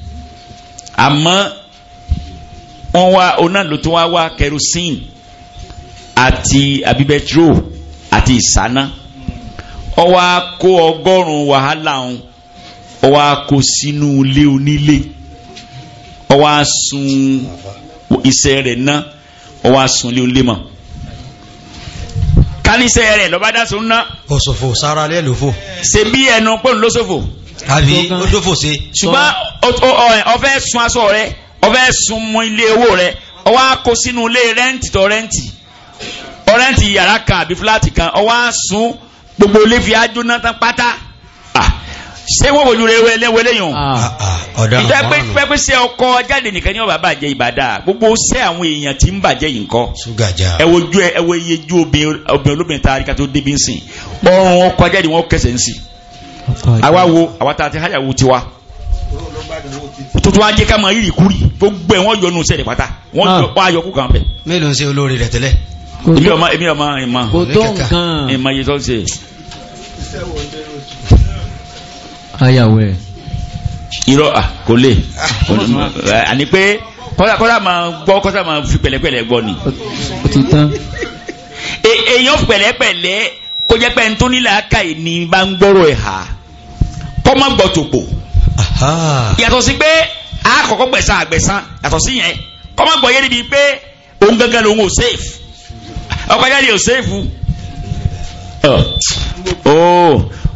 àmọ́ wọ́n wá oná ló tún wá wá kerosene àti àbí bẹtiró àti ìsáná ọwọ́ á kó ọgọ́rùn wàhálà ọ̀hún ọwọ́ á kó sínú ilé onílé ọwọ́ sun iṣẹ́ rẹ̀ ná ọwọ́ sun ilé onílé mọ́ káníṣẹ́ rẹ̀ lọ́ba dá sunna. ọ̀sọ̀fọ̀ sára lẹ́ lòfò. ṣe bí ẹnu pọ́n ló ṣòfò. àbí ó ṣòfò ṣe. ṣùgbọ́n ọfẹ́ sun aṣọ rẹ ọfẹ́ sun mọ ilé owó rẹ ọwọ́ á kó sínú ilé rẹ́ǹtì tọ rẹ́ǹtì ọrẹ́ǹtì yàrá kan àbí fúláàtì kan ọwọ́ á sun gbogbo ilé fi á jóná tán pátá. Ah, ṣé wọ́n wòlú rẹ wẹ́lẹ́wẹ́ lẹ́yìn ìjọ pé pẹ́pẹ́ sẹ́ ọkọ jáde nìkan ní ọba bàjẹ́ ìbàdà gbogbo sẹ́ àwọn èèyàn tí ń bàjẹ́ yìí nǹkan ẹ wo ju ẹ wo iye ju obìnrin olóbìnrin tá a rí ká tó débi ń sìn ọrùn ọkọ jáde wọn kẹsẹ̀ ń sìn àwa wo àwa tá a ti háyàwó tiwa tuntun ajé ká máa yìí kúrì gbogbo ẹ wọn yọ nù sẹ́ẹ̀dẹ̀ pátá wọn ayọ̀ ah. kú kan bẹ̀. mélòó ń ṣe olórí rẹ tẹ́lẹ̀ ayàwó ẹ̀ irọ́ ah, kò lè ah, ah, eh, àní pé kọ́dà máa gbọ́ kọ́dà máa fi pẹ̀lẹ́pẹ̀lẹ́ gbọ́ ni e, èèyàn pẹ̀lẹ́pẹ̀lẹ́ kó jẹ́ pé ntó nílà ká yìí ni bá ń gbọ́rọ̀ ẹ̀ hà kọ́ má gbọ́ tòpò yàtọ̀ sí pé àkọ́kọ́ gbẹ̀san àgbẹ̀san yàtọ̀ sí yẹn kọ́ má gbọ́ yé níbi pé òun gangan lòun ò sèfù ọkọ̀ yẹn ni sèfù.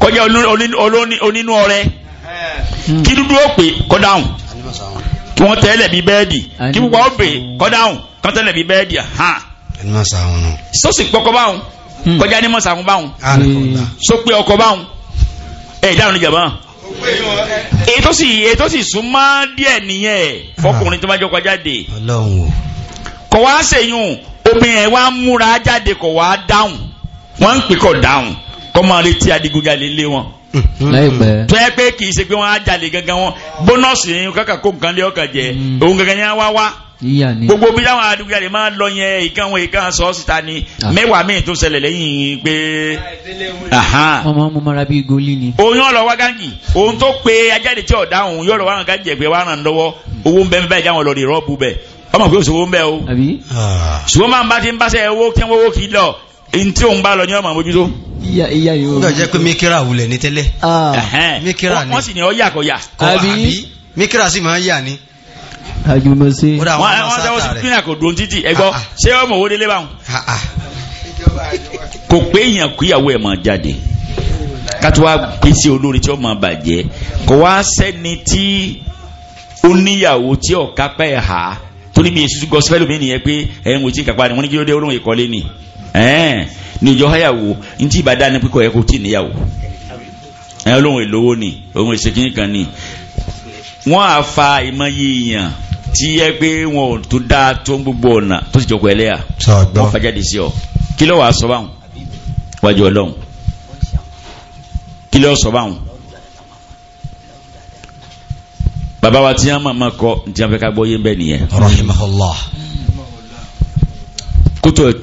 kọjá onínú ọrẹ hmm. kí dúdú ó pè kọ́ dáhùn kí wọ́n tẹ́lẹ̀ bí bẹ́ẹ̀dì kí wọ́n ó pè kọ́ dáhùn kọ́ tẹ́lẹ̀ bí bẹ́ẹ̀dì sọ́sì pọ́kọ́ báhùn hmm. kọjá ní mọ̀sàkún hmm. báhùn só pé ọkọ̀ báhùn ẹ̀ dáhùn ní jàmbá ètò sì ètò sì súnmọ́ díẹ̀ nìyẹn fọkùnrin tó bá jọ kọjá dé kọ̀ wá sèyún obìnrin ẹ̀ wá múra jáde kọ̀ wá dáhùn wọ́n ń pè kọ̀ dáhùn kọ́ máa retí adigunjalè lé wọn. Mm-hmm. tó yẹ pé kì í ṣe pé wọ́n á jalè gangan wọn bónọ́ọ̀sì yẹn kankan kó nǹkan lé ọkàn jẹ mm-hmm. òun gangan yẹn wá wá. gbogbo bí táwọn adigunjalè máa ń lọ yẹn ìkan wọn ìkan sọ síta ni ah. mẹ́wàá míì tó ṣẹlẹ̀ lẹ́yìn pé. ọmọ mo mara bíi goli ni. oyún ọ̀rọ̀ wá gángì ohun tó pe ajáde tí ọ̀dà òun yọ̀rọ̀ wá nǹkan jẹ̀ pé wá ràn lọ́wọ́ mm. owó ń bẹ́ẹ̀ ah. bá ntí òun bá lọ ní ọmọ àmójútó. ìyá ìyá yóò. ó dàjẹ́ pé mikira wulẹ̀ ní tẹ́lẹ̀. mikira ni wọ́n sì ní ọ yà kọ yà. àbí mikira sì máa ń yà ni. àjùmọ̀sí. wọ́n wọ́n sẹ́wọ́n sí pínlẹ̀ kò dùn títì ẹ̀gbọ́ ah, ah. ṣé ọmọ owó délé báwọn. Ah, kò pé èèyàn kúyàwó ẹ̀ máa jáde kátó wá pèsè olórí tí ó máa bàjẹ́ kò wá sẹ́ni tí ó níyàwó tí ọ̀kápẹ́ ẹ̀ hà torí mi èsùsù gọ́sífẹ́lì mi nìyẹn pé ẹ̀hún ò tí kápá ni wọ́n ní kí ló dé olóhùn ìkọ́lé ni ẹ̀ẹ́n ní ìjọ háyàwó ní tí ìbá dání pípọ̀ ẹ̀kọ́ tí níyàwó ẹ̀ olóhùn èlówó ni ohun ìṣèkín kan ni. wọ́n á fa ìmọ̀ye èèyàn tí yẹ pé wọn ò tó dáa tó ń gbogbo ọ̀nà tó sì jọkọ̀ ẹlẹ́yà wọ́n fàjáde sí ọ kí ló wàá sọ báwọn wájú ọlọ́run kí ló sọ báwọn Baba wa tí a máa máa kọ tí a fẹ́ ká gbọ́ yé bẹ́ẹ̀ nìyẹn. rahimahullah.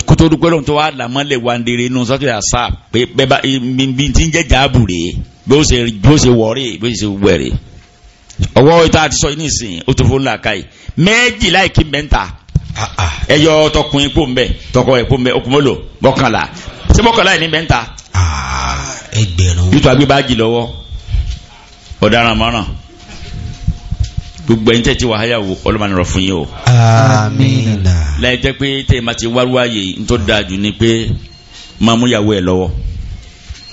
kótó dúpẹ́ lóhun tó wá làmọ́lẹ̀ wa ń dèrè inú sọ́tò yà sá pé bẹ́ẹ̀ bá mi ti ń jẹ́ jáàbù rèé bí ó ṣe bí ó ṣe wọ̀ọ́rẹ́ bí ó ṣe wẹ̀rẹ́ ọwọ́ ìta àti sọ yìí nìsín ó tó fún làákàyè méjì láìkí mẹ́ta ẹyọ tọkùnrin pò ń bẹ tọkọ ẹ pò ń bẹ okùn mọ́lò mọ́kànlá ṣé mọ́kànlá yìí ní mẹ́ta. Ah, ẹgbẹ̀rún. yóò tó agbé báàgì lọ́wọ́ ọ̀daràn mọ́ràn gbogbo ẹ̀yin tẹ́ ti wàhálà wò ọlọ́mọ nìrọ̀ fún yín o. amiina. láì jẹ́ pé tẹ́ ma ti wáruwá yè ń tó dáa jù ni pé máa mú ẹ lọ́wọ́.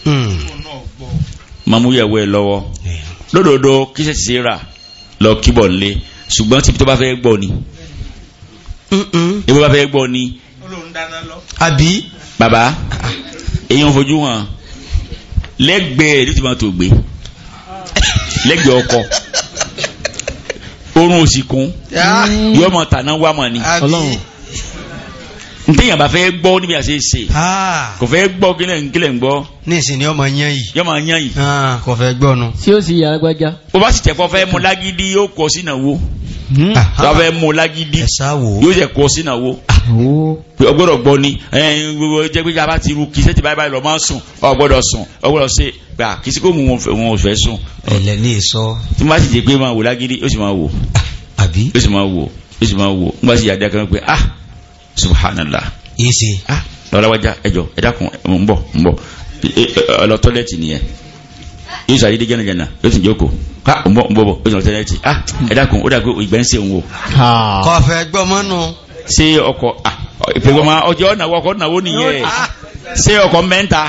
Hmm. máa mú ẹ lọ́wọ́. lódodo kí ṣe lọ kíbọ̀ nílé ṣùgbọ́n tí tó bá fẹ́ gbọ́ ni. ìbí bá fẹ́ gbọ́ ni. àbí. bàbá èyí ń fojú hàn lẹ́gbẹ̀ẹ́ ìlú tí gbé lẹ́gbẹ̀ẹ́ ọkọ̀ oorun òsì kún ah. yóò mọ tàná wà mọ ni ntẹ̀yìn àbá fẹ́ gbọ́ níbi àṣẹ ṣe ah. kò fẹ́ gbọ́ kílẹ̀ nkílẹ̀ ń gbọ́. ní ìsìn ni ọmọ yẹn yìí. yọmọ yẹn yìí. Ah, kò fẹ́ gbọ́ nu. tí ó sì yàrá gbájá. bó bá sì tẹ̀ kọ́ fẹ́ mú lágídí yóò kọ́ sínú Hmm. Ah, sáfẹ́ ah. mú lágídí yóò jẹ́ kọ́ sínáwó ọgbọ́dọ̀ ah, gbọ́ ni gbogbo jẹ́ pé yaba ti ru kìsẹ́ ti báyìí báyìí lọ máa ń sùn ọgbọ́dọ̀ sùn ọgbọ́dọ̀ ṣe gbà kìsí kò mú wọn ò fẹ́ sùn. ẹlẹ ní sọ. tí wọ́n bá sì jẹ́ pé máa wò lágídí ó sì máa wò ó sì máa wò ó sì máa wò ó bá sì yàda kan pé ah subhanallah. yìí ṣe. ah lọ́lá wájà ẹjọ́ ẹ̀dá kan ń bọ̀ ń bọ̀ ọlọ́tọ́lẹ́tì nìyẹn yóò sọ àdédé jẹ́nàjẹ́nà yóò sì jókòó ká ń bọ̀ ń bọ̀ bọ̀ ó sì lọ sẹ́lẹ̀ Ah. á kun, dákun ó dàgbé ìgbẹ́ ń sèwọ̀n o. kọfẹ gbọmọ nù. ṣé ọkọ ìpèwọ́mọ ọjọ́ náwó ọkọ náwó nìyẹn ṣé ọkọ mẹ́ta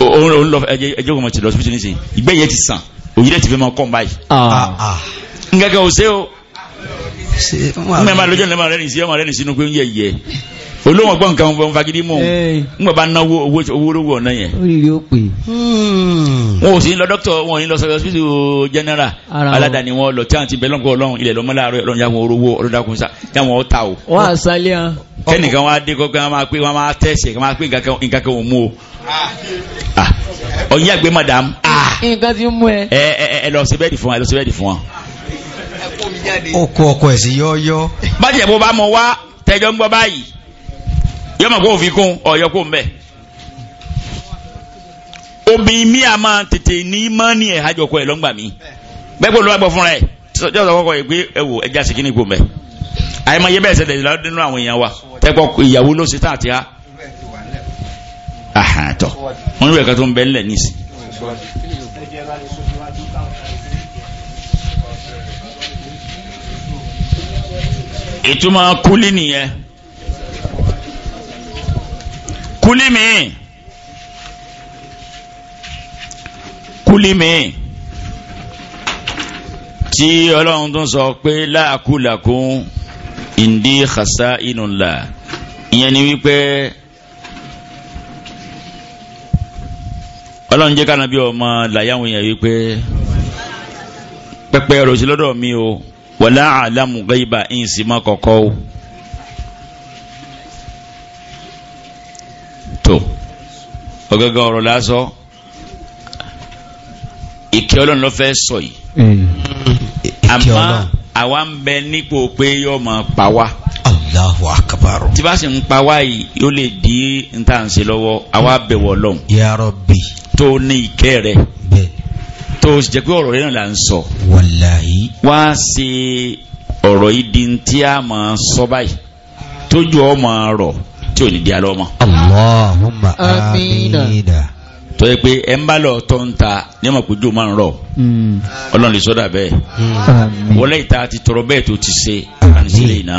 òun lọ ẹjẹ́ kò mọ̀ ti lọ síbi tí ní sìn ìgbẹ́ yẹn ti sàn òyìnbó ti fi mọ kọ́ báyìí. Ah. Ah, ah. ngẹ́gẹ́ ò ṣe o. mẹ́ẹ̀ma lójú ọ̀nà lẹ́mọ̀ rẹ̀ nìsí ọmọ pé ń yẹ olóhùn ọgbọ́n nǹkan fún fagidi mú un gbọ́n bá ná owó owó lówó ọ̀nà yẹn. ó lè ó pè. Hmm. wọn ò sí lọ dókítà wọn ò ní lọ sọ hospital general aládàáni wọn lọ tí àwọn ti bẹ lọ́nkọ́ ọlọ́run ilẹ̀ lọ́mọ láàárọ̀ ọlọ́run yàwọn orówó ọlọ́dàkùn sá yàwọn ọ̀tá o. wọn à sálẹ̀ hàn. kẹ́nìkan wọn á dé kọ́kọ́ wọn máa pé wọn máa tẹ̀sẹ̀ wọn máa pé nǹkan kan ò mú o. Ah. Ah. ọ̀yin àgbẹ̀ madam. Ah. nǹkan ti mú ẹ. ẹ lọ sí bẹ́ẹ̀dì fún wa ẹ lọ sí bẹ́ẹ̀dì fún wa. ọkọ ọkọ ẹ̀ sí yọ́ọ́yọ́. bájẹ̀ bó bá mọ wá yọmọ kó fi kún ọ̀yọ́ kó mbẹ́ obìnrin mi a máa tètè ní mọ́ni ẹ̀ hajọkọ ẹ̀ lọ́ngbà mi bẹ́ẹ̀ kó lọ́wọ́ gbọ́ fúnra ẹ̀ jọ́ sọ kọ́kọ́ yìí pé ẹ wò ẹja sì kíni kó mbẹ́ àyẹ̀mọ́ yẹ bẹ́ẹ̀ sẹ́dẹ̀ lọ́dún nínú àwọn èèyàn wa tẹ́kọ̀ ìyàwó ló ṣe tá àti á àhàtọ̀ wọ́n ní ìwẹ̀kẹ́ ń bẹ ńlẹ̀ nísì. ìtumọ̀ kúlí nìyẹn. kuli mi kuli mi tí ọlọ́run tó ń sọ pé láàkúlàkún ìdí xasa inú la ìyẹn ni wípé ọlọ́run jẹ́ kánà bí ọmọ làyàwó yẹn wípé pẹpẹ ọ̀rọ̀ sí lọ́dọ̀ mi o wàlá àlámù gbẹ́yìbá ìyìn sì má kọ̀kọ́ o. tó ọgọ́gọ́ ọ̀rọ̀ lásọ ìkẹ́ ọlọ́run ló fẹ́ sọ yìí àmọ́ àwa ń bẹ nípò pé yóò máa pa wá. Allahu akbar. tí bá sì ń pa wá yìí yóò lè di níta à ń ṣe lọ́wọ́ àwa bẹ̀wọ̀ lọ́hùn. Ya Rabbi. tó ní ìkẹ́ rẹ̀ tó sì jẹ́ pé ọ̀rọ̀ rẹ̀ là ń sọ. Wallahi. wá ṣe ọ̀rọ̀ yìí di tí a máa sọ báyìí tójú ọ máa tí ò ní di alọ́ Allahumma amina. tó yẹ pé ẹ ń bá lọ tọ́ ń ta ní ọmọ pé jù máa ń rọ̀ hmm. ọlọ́run lè sọ́dà bẹ́ẹ̀ wọlé ìta ti tọrọ bẹ́ẹ̀ tó ti ṣe àníṣílẹ̀ iná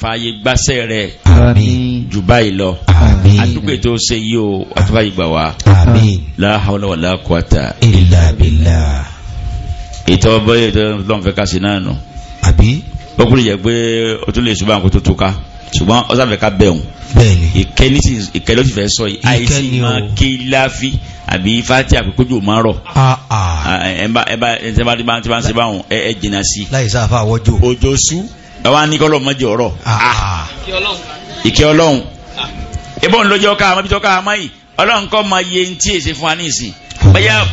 fààyè gbàṣẹ́ rẹ̀ jù báyìí lọ àdúgbò tó ṣe yìí o àtúbáyìí gbà wá la hawla wala quwata illa billah ìtọ́ bọ́yẹ̀ tó lọ́nfẹ́ ká sí náà nù. àbí. ó pé o tún lè ṣùgbọ́n àkótó tó ká ṣùgbọ́n ọ̀sàfẹ́ ká bẹ̀rù ìkẹ́ ló ti fẹ́ sọ yìí àìsí máa ké láfi àbí fati àpèkójò máa rọ̀ ẹ̀ẹ́dẹ́gbà ah, ah. tí bá ń ṣe báwọn ẹ̀ jìnnà sí i láì sáfà wọ́jọ́ òjò sú ẹ̀wá ní kọ́lọ̀ mọ́jọ ọ̀rọ̀ ah, ìkẹ́ ọlọ́run ìbọn lójọ́ ká àmọ́ ibi tó ká àmọ́ yìí ọlọ́run kọ́ máa yẹ ní èsè fún wa ní ìsìn bóyá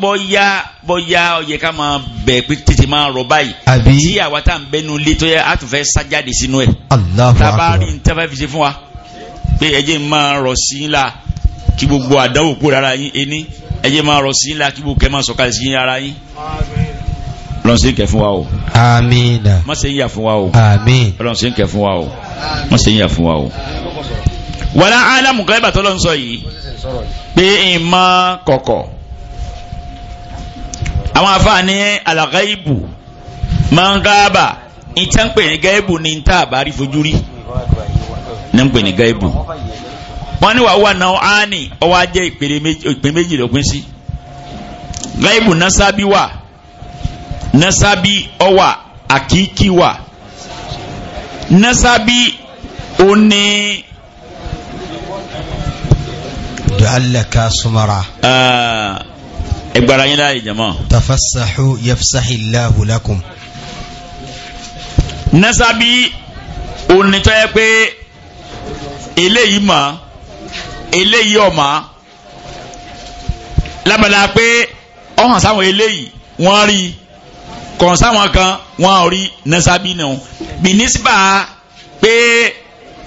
bóyá bóyá ó ká máa bẹ̀ pé tètè máa rọ̀ báyìí. tí àwa tá à ń bẹnu ilé tó yẹ a sájáde sínú ẹ̀. aláwọ̀ tábàárí ní tẹ́fẹ́ fi ṣe fún wa pé ẹjẹ́ máa rọ̀ sí i la kí gbogbo àdánwò kúrò lára yín ení ẹjẹ́ máa rọ̀ sí i la kí gbogbo kẹ́ máa sọ̀kalẹ̀ sí ara yín. ọlọ́sìn kẹ́ fún wa o. àmín. má ṣe ń yà fún wa o. àmín. ọlọ́sìn kẹ́ fún wa o. má ṣe ń yà fún wa o. wàlá alámùkọ́ ibà tọ́lọ́ ń sọ yìí pé ìmọ̀ kọ̀kọ̀ àwọn afáà ní alagaibu mangaba ìtànpè ní gaibu ní ntá àbárí fojú rí ní ń pè ní gaibu wọ́n ní wà wà náà áánì ọwọ́ ajẹ́ ìpè méjì sí gaibu nasabi wà nasabi ọwà àkíkí wà nasabi ó du'allaka sumara. Ah, ẹgbàrá yín láàyè jẹmọ. tafassahu yafsahillahu lakum. nasabi onitọ́ yẹ pé eléyìí mọ̀ eléyìí ọ̀mọ̀ lábàlá pé ọ̀hàn sáwọn eléyìí wọ́n rí i kàn sáwọn kan wọn ò rí nasabi nù bínísíbà pé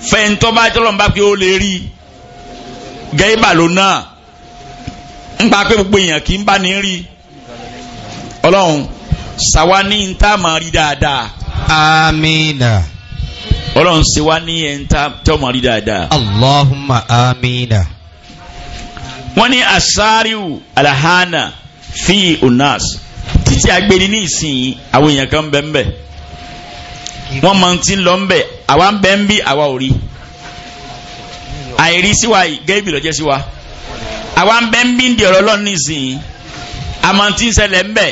fẹ̀ntọ́ bá jọlọ́mbà pé ó lè rí gẹ́gbà ló náà ń pa pé gbogbo èèyàn kì í bá ní rí ọlọ́run ṣàwa ní ń máa rí dáadáa. amina. ọlọ́run ṣe wá ní ẹ̀ ń tá tó máa rí dáadáa. allahumma amina. wọ́n ní asariu alahana fi onas títí agbeni ní ìsìn àwọn èèyàn kan bẹ́ẹ̀ bẹ́ẹ̀ wọ́n máa ti lọ ń àwa bẹ́ẹ̀ bí àwa ò rí àìrí sí wa gẹ́bì lọ́jẹ́ sí wa àwa ń bẹ́ ń bí ń di ọ̀rọ̀ lọ́nà nísìnyí àmọ́ tí ń ṣẹlẹ̀ ń bẹ̀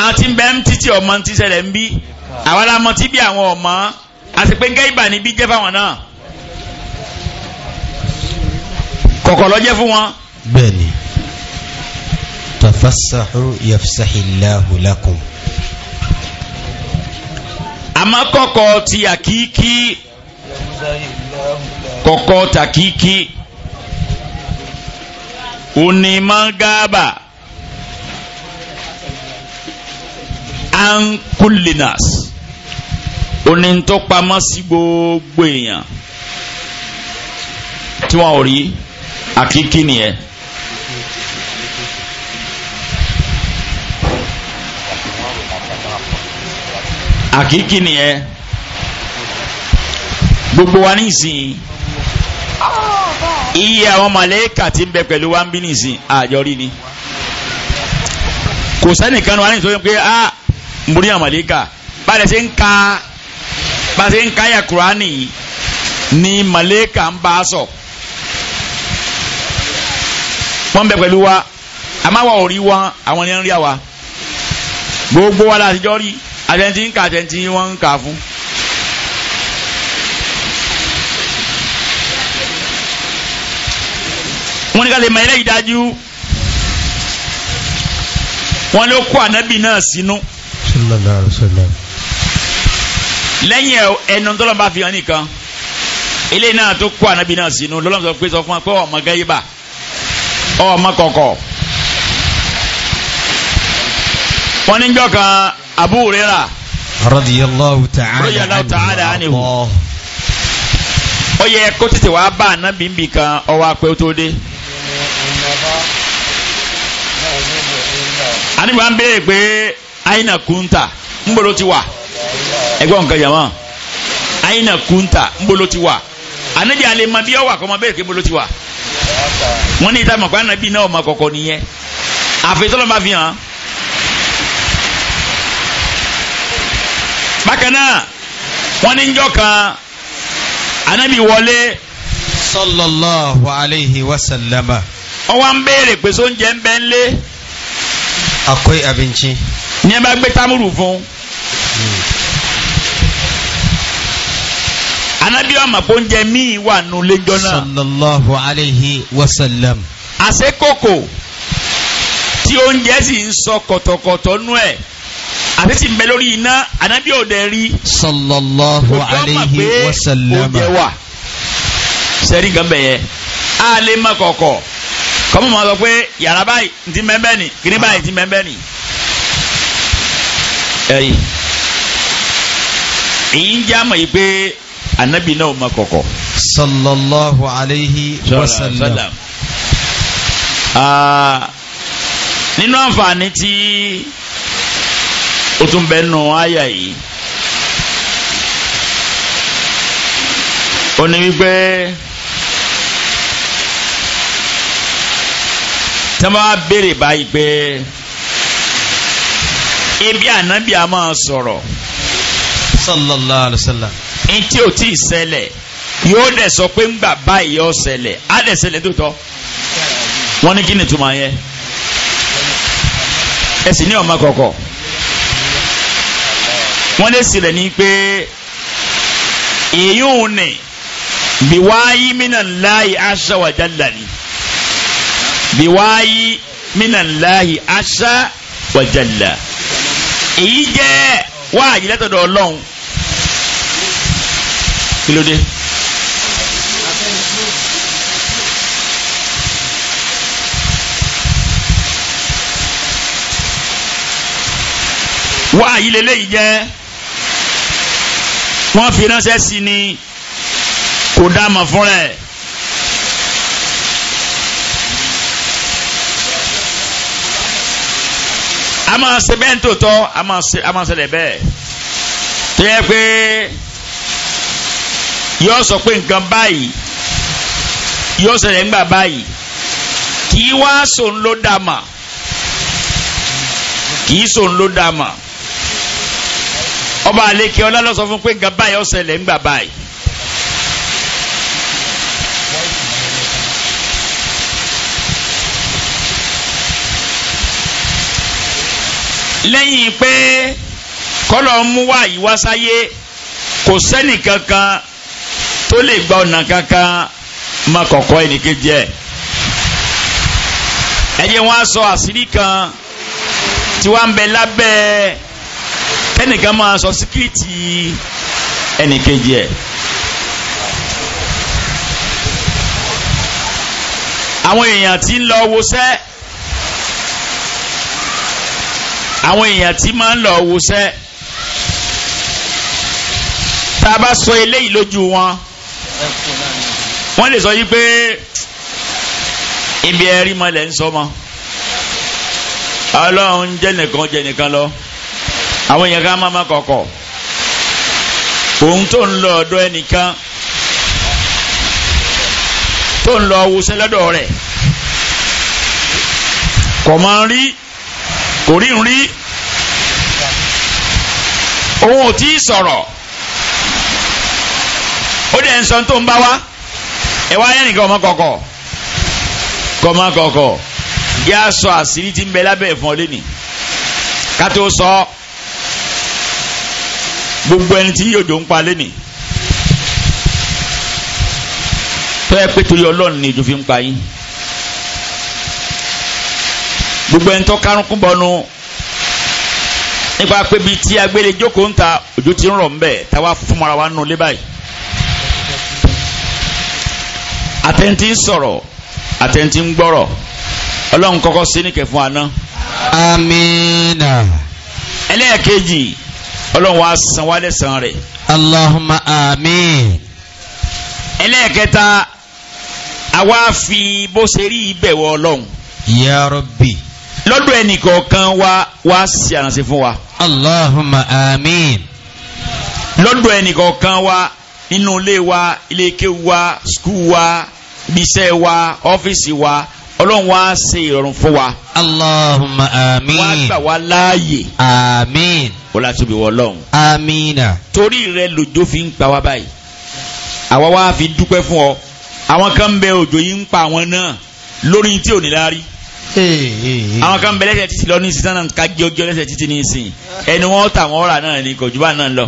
àwọn tí ń bẹ́ ń títí ọmọ tí ń ṣẹlẹ̀ ń bí àwa la mọ tí bí àwọn ọmọ àti pé gẹ́bà ni bí jẹ́ fáwọn náà kọ̀kọ̀ lọ́jẹ́ fún wọn. bẹ́ẹ̀ni tafasahu yafsahillahu lakum. àmọ́ kọ̀kọ̀ ti àkíkí. yafsahillahu àkọ́kọ́ takíkí òní mangaba ankulinas òní tó pamọ́ sí gbogbo èèyàn tí wọ́n ò rí àkíkí nìyẹn. àkíkí nìyẹn gbogbo wa nísìnyí iye àwọn màlẹ́kà tí ń bẹ pẹ̀lú wa ń bí nìsín àjọrí ni kò sẹ́nìkan wà ní ìtọ́jú pé a mo rí àwọn màlẹ́kà báyìí ṣe ń ka báyìí ṣe ń ka yà kúránì ni màlẹ́kà ń bá a sọ wọ́n bẹ pẹ̀lú wa àmàwà ò rí àwọn ni ń rí àwa gbogbo wa la àtijọ́ rí àtẹ̀ntì ń ka àtẹ̀ntì wọn ń kà fún. wọ́n ní ká lè mọ eléyìí dájú wọ́n ló kó ànábì náà sínú. lẹ́yìn ẹnu tó lọ́nà bá fi hàn nìkan eléyìí náà tó kó ànábì náà sínú lọ́nà sọ pé sọ fún wa pé ọmọ gẹ́yìbà ọmọ kọ̀kọ̀. wọ́n ní jọ́ kan Abu Hurairah. radiyallahu ta'ala radiyallahu ta'ala anhu. ó yẹ kó tètè wá bá ànábì nbì kan ọwọ́ apẹ́ tó dé. àníbi wa ń béèrè aina kunta ńbolo ti wà ẹgbẹ́ nǹkan jàmọ́ aina kunta ńbolo ti wà àníbi alẹ́ mọ bí ọ wà kọ́ mọ béèrè pé ńbolo ti wà wọ́n ní ìtàmọ̀ pé náà ọmọ kọ̀ọ̀kan nìyẹn àfẹ́sọ́lọ́ máa fi hàn. bákan náà wọ́n ní njọ́ kan ànábì wọlé. sallallahu alayhi wa sallama. wọ́n wá ń béèrè pé sóúnjẹ ń bẹ́ lé akwai abinci ní ẹ bá gbé támúrù fún anabi wa kó ń jẹ míì wà nù lẹ́jọ́ sallallahu alaihi wa sallam. àsekókò tí oúnjẹ sì ń sọ kọ̀tọ̀kọ̀tọ̀ nú ẹ̀ àti sì ń bẹ lórí iná anabi òde rí. sallallahu alaihi wa sallam. oúnjẹ wà sẹ́rí gan bẹ̀yẹ a lè má kọ̀kọ̀ kọ́mọ̀ máa sọ pé yàrá báyìí ti mẹ́mbẹ́ nì kíní ah. báyìí ti mẹ́mbẹ́ nì. ẹ̀rí èyí ń jámọ̀ yìí pé anabi náà ma kọ̀kọ̀. sallallahu alayhi wa sallam. Ah, nínú àǹfààní tí ó tún bẹ́ẹ̀ nù àyà yìí. ó ní wípé. tí wọ́n bá béèrè báyìí pé ibi ànábì a máa sọ̀rọ̀ sallallahu alaihi wasallam ní tí ò tí ì ṣẹlẹ̀ yóò dẹ̀ sọ pé ńgbà báyìí yóò ṣẹlẹ̀ á dẹ̀ ṣẹlẹ̀ tó tọ́ wọ́n ní kí ni túmọ̀ yẹn ẹ ní ọmọ kọ̀ọ̀kọ̀ wọ́n lè sílẹ̀ ní pé èyí ò ní bí wáyé mìíràn láàyè aṣọ àjálà ni biwaayi minalahi asa wajalla èyí jẹ́ wáàyí látọ̀dọ̀ ọlọ́run kí ló dé. wáàyí leléyìí jẹ́ wọ́n fi ránṣẹ́ sí ni kò dá mọ̀ fúnra ẹ̀. a máa ṣe bẹ́ẹ̀ tó tọ́ a máa ṣẹlẹ̀ bẹ́ẹ̀ tó yẹ pé yóò sọ pé nǹkan báyìí yóò ṣẹlẹ̀ ńgbà báyìí kì í wá sòun ló dà mà kì í sòun ló dà mà ọba àlekè ọlá lọ sọ fún pé nǹkan báyìí ó ṣẹlẹ̀ ńgbà báyìí lẹ́yìn pé kọ́lọ̀ mú wá ìwásáyé kò sẹ́nì kankan tó lè gba ọ̀nà kankan má kọ̀kọ́ ẹnìkejì ẹ̀ ẹ jẹ́ wọ́n á sọ àṣírí kan tí wọ́n bẹ lábẹ́ kẹ́nìkan máa sọ síkírìtì ẹnìkejì ẹ̀. àwọn èèyàn tí ń lọ wọṣẹ́ àwọn èèyàn tí máa ń lọ wusẹ́ tá a bá sọ eléyìí lójú wọn wọ́n lè sọ yí pé ibi ẹ̀rí mọ́ lẹ́ ń sọ mọ́ ọlọ́run jẹ́ nìkan jẹ́ nìkan lọ àwọn èèyàn kan máa ma kọ̀kọ̀ òun tó ń lọ ọ̀dọ̀ ẹnìkan tó ń lọ wusẹ́ lọ́dọ̀ rẹ̀ kọ̀ máa ń rí kò rí ń rí òun ò tí ì sọ̀rọ̀ ó dẹ̀ ń sọ tó ń bá wa ẹ wá yẹn nìkan ọmọ kọ̀ọ̀kọ̀ kọ́mọ kọ̀ọ̀kọ̀ yá sọ àṣírí tí ń bẹ lábẹ́ ìfọ̀n lẹ́nìí ká tó sọ gbogbo ẹni tí yòjò ń pa lẹ́nìí tọ́ ẹ pé torí ọlọ́run ni ìjò fi ń pa yín gbogbo ẹni tó kárùnkún bọ́nu nípa pé bíi tí agbélé jókòó ń ta òjò ti ń rọ̀ ńbẹ̀ táwa fúnra wa nù lé báyìí. àtẹ̀ntì ń sọ̀rọ̀ àtẹ̀ntì ń gbọ́rọ̀ ọlọ́run kọ́kọ́ sí ní kẹfún àná. amiina. ẹlẹ́ẹ̀kejì ọlọ́run wa san wa lẹ́sàn rẹ̀. allahumma amiin. ẹlẹ́ẹ̀kẹta àwa fi bó ṣe rí ibẹ̀ wọ ọlọ́run. ya rabbi. lọ́dọ̀ ẹnì kọ̀ọ̀kan wa wá sí àránṣe fún wa. Allahumma amin. lọ́dọ̀ ẹnìkọ̀ọ̀kan wa inú ilé wa ilé ike wa skul wa ibiṣẹ́ wa ọ́fíìsì wa ọlọ́run wa ṣe ìrọ̀rùn fún wa. Allahumma amin. wá gbà wá láàyè. amin. ó láti bí wọ́n lọ́hùn. amina. torí rẹ lòjò fi ń pa wá báyìí. àwa wá fi dúpẹ́ fún ọ. àwọn kan bẹ òjò yìí ń pa àwọn náà lórí tí ò ní láárí àwọn kan bẹ̀lẹ́sẹ̀ títí lọ ní sísan náà ká gé ọjọ́ lẹ́sẹ̀ títí ní ìsìn ẹni wọ́n tà wọ́n rà náà ní kọjúbà náà lọ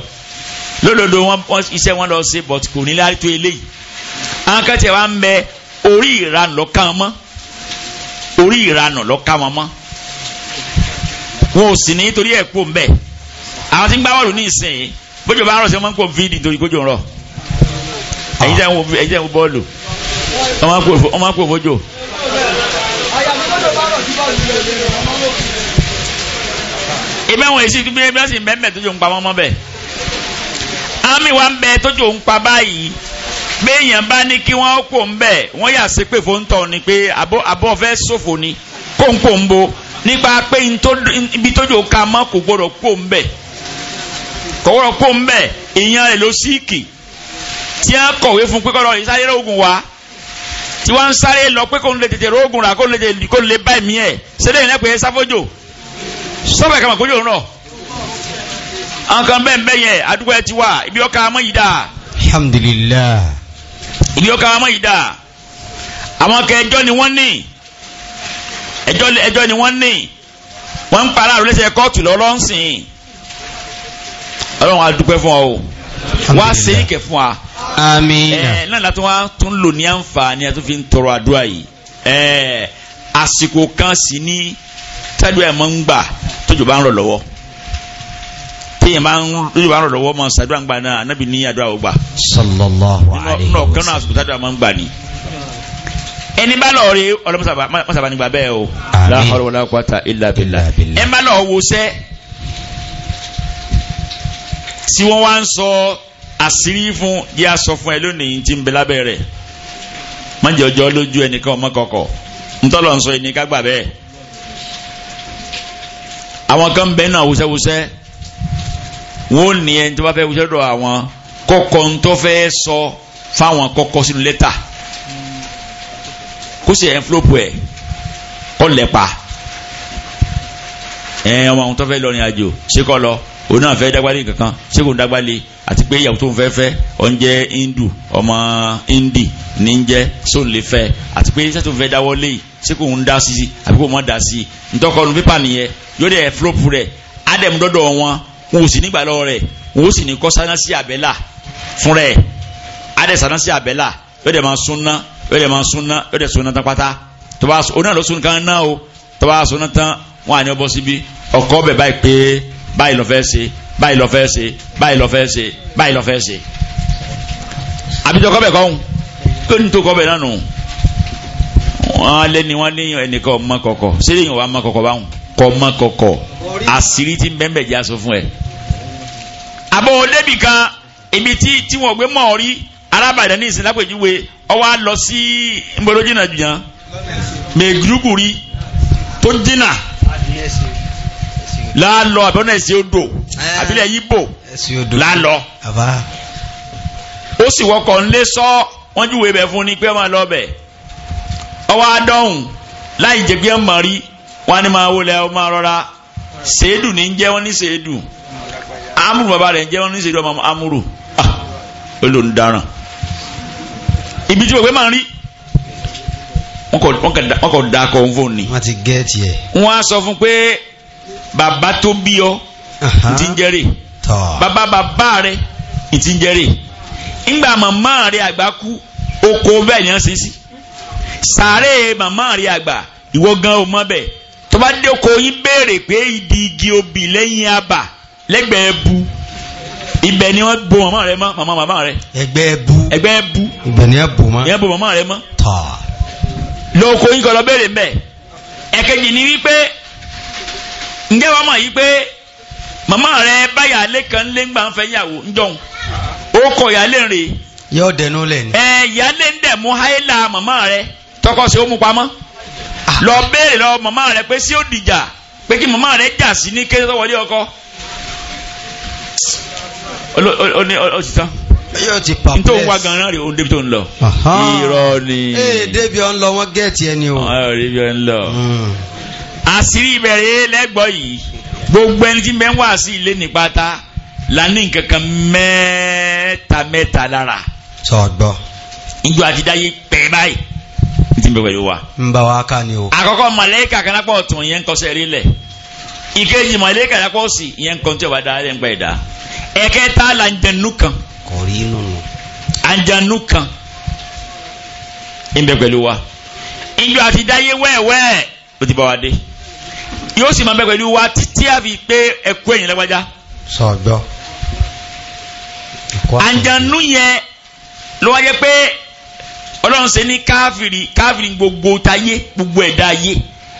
lódodo wọn iṣẹ́ wọn lọ ṣe but kò ní láti tó eléyìí àwọn kan tiẹ̀ wá ń bẹ orí ìranù lọ ká wọn mọ́ orí ìranù lọ ká wọn mọ́ wọn ò sì ní torí ẹ̀ kó ń bẹ̀ àwọn tí ń gbá bọ́ọ̀lù ní ìsìn bójú bá rọ̀ sí wọn kó fídì torí kójú ń rọ̀ ẹ̀yin tẹ́ ń wo bọ́ọ̀lù wọ́n máa ń kó bójú ebi àwọn èsì bí ebi ọ̀sìn bẹ́ẹ̀ bẹ́ẹ̀ tójú ń pa wọ́n bẹ́ẹ̀ àmì wa ń bẹ tójú ń pa báyìí béèyàn bá ní kí wọ́n kó ń bẹ̀ wọ́n yà sí pé fóńtọ̀ ni pé àbọ̀ àbọ̀ fẹ́ ṣòfò ni kó ń kó ń bo nípa pé ibi tójú ka mọ́ kò gbọ́dọ̀ kó ń bẹ̀ kò gbọ́dọ̀ kó ń bẹ̀ èèyàn rẹ̀ ló síìkì tí wọ́n kọ̀wé fún pé kọ́ wa tí wọ́n ń sáré lọ pé kò ń lè tètè rógùn rà kò ń lè tètè kò ń lè bá ẹ̀mí ẹ̀ sẹ́dẹ̀ ìrìnà pé sáfójò sọ́bẹ̀ kàmá kójò rọ̀ àwọn bẹ́ẹ̀ bẹ́ẹ̀ yẹn àdúgbò ẹ ti wà ibi ọkà amọ́ yìí dà. alhamdulillah. ibi ọkà amọ́ yìí dà àwọn kan ẹjọ́ ni wọ́n ní ẹjọ́ ẹjọ́ ni wọ́n ní wọ́n ń para àrùlẹ́sẹ̀ kóòtù lọ́rọ́ ń sìn ọlọ́run a fún ọ o wá sí ìkẹ́ fún wa àmín. ẹ eh, náà látọ̀ wá tún lò ní àǹfààní àti fi ń tọrọ àdúrà yìí ẹ eh, àsìkò kan sì ní tádùá ẹ̀ ń gbà tójú bá ń rọ̀ lọ́wọ́ téèyàn bá ń tójú bá ń rọ̀ lọ́wọ́ máa sàdúrà ń gbà náà anábì ní àdúrà ó gbà. sallallahu alayhi wa sallam. nínú ọ̀kan náà nígbà bẹ́ẹ̀ o la hawla wo sẹ́ tí wọ́n wá ń sọ àṣírí fún yẹ aṣọ fún ẹ lónìí tí ń bẹ lábẹ́ rẹ̀ má jẹ́ ọjọ́ lójú ẹnìkan ọmọ kọ̀kọ̀ ntọ́lọ̀ ń sọ ẹni ká gbà bẹ́ẹ̀ àwọn kan bẹ́ẹ̀ náà wusẹ́wusẹ́ wọ́n ní ẹni tó bá fẹ́ wusẹ́ dọ̀ àwọn kọ́kọ́ ń tó fẹ́ sọ fáwọn kọ́kọ́ sínú lẹ́tà kó sì ẹnfúlópù ẹ̀ kọ́ lẹ́pa ẹ̀ ọmọ àwọn tó fẹ́ lọ àjò ṣé kọ́ lọ òun náà fẹ́ dágbálẹ̀ kankan ṣé kò ń dágbálẹ̀ àti pé ìyàwó tó ń fẹ́fẹ́ ọ̀njẹ́ hindu ọmọ hindi ní ń jẹ́ sóńlẹ́fẹ́ àti pé iṣẹ́ tó ń fẹ́ dáwọ́ lé yìí ṣé kò ń dá sí i àbí kò mọ̀ dá sí i ntọ́kọ̀ọ́nù pépà nìyẹn yóò dẹ̀ fúlọ́pù rẹ̀ ádẹ́mú dọ́dọ̀ wọn wọn ò sì nígbà lọ́wọ́ rẹ̀ wọn ò sì ní kọ́ sáná sí àbẹ́là fún rẹ̀ ádẹ́ sáná sí àbẹ́là yóò dẹ̀ máa súnná yóò dẹ̀ máa súnná yóò dẹ̀ báyìí lọ fẹ́ ṣe báyìí lọ fẹ́ ṣe báyìí lọ fẹ́ ṣe àbíjọ kọ́bẹ̀ kọ́hún kí ni tó kọ́bẹ̀ náà nù wọ́n lé ni wọ́n ní ẹnìkan ọmọ kọ̀kọ̀ sílẹ̀ yìí wọ́n ọmọ kọ̀kọ̀ báwọn kọ̀ ọmọ kọ̀kọ̀ àṣírí ti bẹ́ẹ̀ jẹ́ aṣọ fún ẹ. àbọ̀ débì kan ibi tí tí wọ́n gbé mọ́ ọ rí arábàdàn ní ìsìn lápèjúwe ọwọ́ á lọ sí mbọ́dọ́jìnà jùyàn lálọ àbẹ̀wọ̀n ẹ̀sìn odò eh. àbílẹ̀ yíbò lálọ ó sì wọkọ̀ ńlé sọ wọ́n júwe bẹ̀ fún ni pé ọmọ lọ bẹ̀ ọwọ́ adọ́hùn láì jẹ́ pé ẹ̀ wọn ni máa wọlé ọmọ rọra ṣèédù ní jẹ́ amuru. ní ṣèédù amúrù bàbá rẹ̀ jẹ́ wọ́n ní ṣèédù ọmọ amúrù olùdaràn ah, ibi tí òwe máa ń wọn kò dákọ̀ ń fò ní. wọ́n ti gẹ́ẹ̀tì ẹ̀. fún pé bàbá tó bí ọ ti ń jẹ́rè bàbá bàbá rẹ ti ń jẹ́rè ńgbà màmá rẹ àgbà kú oko bẹ́ẹ̀ ni wọ́n ṣe sí sàárè màmá rẹ àgbà ìwọ gan o mọ bẹ́ẹ̀ tó bá dé oko yín béèrè pé ìdí igi obì lẹ́yìn abà lẹ́gbẹ̀ẹ́ bu ibẹ̀ ni wọ́n bo màmá rẹ mọ́ màmá màmá rẹ. ẹgbẹ́ bu ẹgbẹ́ bu ibẹ̀ ni wọ́n bo màmá rẹ mọ́. lóko yín kọ́ lọ béèrè mbẹ́ ẹ̀kejì ni wípé ǹjẹ́ wàá mọ̀ yìí pé màmá rẹ báyà lé kan lé ńgbà ń fẹ́ yàwó ńjọ́hún ó kọ ìyálé rè. yóò dẹnu lẹ ni. ẹ ìyálé ń dẹ̀ mú háyélà màmá rẹ tọkọ sí ó mú pamọ́ ah. lọ béèrè lọ màmá rẹ pé sí ó dìjà pé kí màmá rẹ jà sí ní kéré tọwọlé ọkọ. ó ní ó ti tán yóò ti pa place. ntòun wa ganan rè o débi tó ń lọ. irọ́ ni. ee eh, débi ọ̀ ń lọ wọ́n gẹ̀ẹ́tì ẹni o. ọ̀ ah, débi ọ̀ ń lọ. Hmm. àṣírí ìbẹ̀rẹ̀ lẹ́gbọ́ yìí gbogbo ẹni tí mẹ́wàá àṣì ilé ní la ní nǹkan kan mẹ́ta mẹ́ta lára. sọgbọ. njọ àti dáyé pẹ́ báyìí ní ti bẹ̀ wa. ń bá wa ká ni o. àkọ́kọ́ mọ̀lẹ́kà kanápọ̀ yẹn ń lẹ̀ ìkejì mọ̀lẹ́kà kanápọ̀ da ẹ̀ ń la ń jẹnu kan. kọ̀rí nùnú. kan yóò sì máa bẹ pẹ̀lú wa títí àfi pé ẹkú ẹ̀yìn lágbájá. sọ̀gbọ́. àǹjànú yẹn ló wá jẹ́ pé ọlọ́run ṣe ní káfìrí káfìrí gbogbo táyé gbogbo ẹ̀dá ayé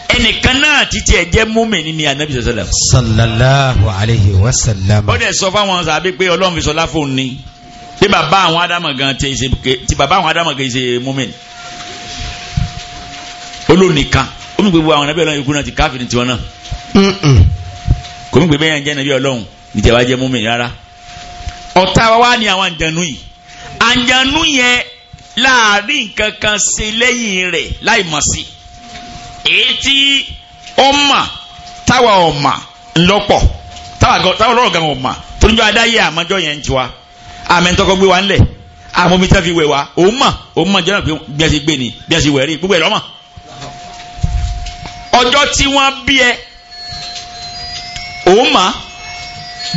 ẹnìkan náà títí ẹ jẹ́ mùmínì ní anabi sallam. sallallahu alayhi wa sallam. ó dẹ̀ sọ fáwọn sàbí pé ọlọ́run fi sọlá fóun ni tí bàbá àwọn adamu gan ti bàbá àwọn adamu gan ṣe mùmínì olónìkan ó mi gbogbo àwọn nàbí ọlọ́run ikú náà ti káfíìn tiwọn náà kò mí gbogbo yẹn jẹ́ nàbí ọlọ́run níjẹ́ wá jẹ́ mú mi rárá ọ̀tá wa wá ní àwọn àǹjànú yìí àǹjànú yẹn láàrin nǹkan kan ṣe lẹ́yìn rẹ̀ láì mọ̀ sí èyí tí ó mà táwa ọ̀mà ńlọ́pọ̀ táwa lọ́rọ̀ gan ọ̀mà tó ń jọ adáyé àmọ́jọ́ yẹn ń tiwa àmẹ́ńtọ́kọ́ gbé wa ńlẹ̀ àmọ́ tẹ́ fi wẹ̀ wá òun mọ̀ òun mọ̀ jọ́nà pé bí a ṣe gbé ni bí a ṣe wẹ̀ rí gbogbo ẹ̀ lọ́mọ̀ ọjọ́ tí wọ́n bí ẹ òun mà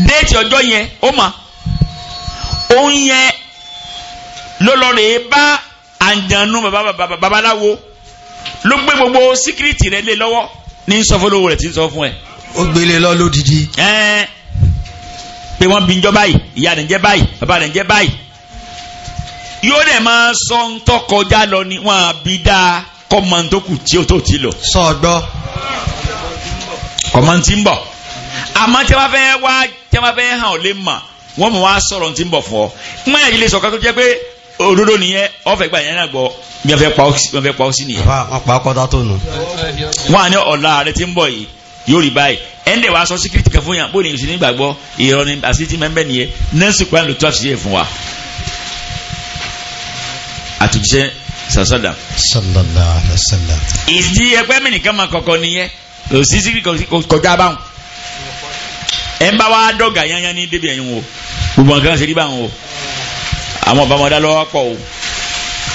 déètì ọjọ́ yẹn ó mà òun yẹn ló lọ rèé bá àǹjànú babaláwo ló gbé gbogbo síkírìtì rẹ lé lọ́wọ́ ní sọfọlówó rẹ ti sọ fún ẹ. ó gbélé lọ lódìdí. ẹẹ pé wọ́n bí ń jọ báyìí ìyá rẹ̀ ń jẹ́ báyìí bàbá rẹ̀ ń jẹ́ báyìí yóò dẹ̀ máa sọ ń tọkọjá lọ ni wọ́n á dáa kọ́ máa tó kù tí ó tó ti lò. sọ̀gbọ́. ọmọ ti ń bọ̀ àmọ́ tí wọ́n fẹ́ wá tí wọ́n fẹ́ hàn ọ́ lè mà wọ́n mọ̀ wá sọ̀rọ̀ ti ń bọ̀ fọ́ mọ́ ẹ̀yìn lè sọ̀kan tó jẹ́ pé òdodo nìyẹn ọ̀fẹ́ gbà yẹn náà gbọ́ bí wọ́n fẹ́ pa ọ́ sí nìyẹn. wọ́n pa ọkọ tó nù. wọ́n á ní ọ̀la rẹ ti ń bọ̀ yìí yóò rí báyìí ẹnìdẹ̀ wàá sọ síkírìtì kan fún yàn bóyá èyí sì ní gbàgbọ́ ìrọ̀ ni àṣìṣe mẹ́mbẹ́ nìyẹn nẹ́ẹ̀sì kwan ló tó àṣìṣe fún wa. àtúnṣe sàṣàdà. sallallahu alaihi wasallam. ìdí ẹgbẹ́ mi nìkan máa kọ̀kọ́ nìyẹn kò sí sí kọjá báwọn. ẹ ń bá wa dọ́gà yányán ní débi ẹ̀yìn wo gbogbo nǹkan ṣe rí báwọn o àwọn ọba ọmọdé lọ́wọ́ pọ̀ o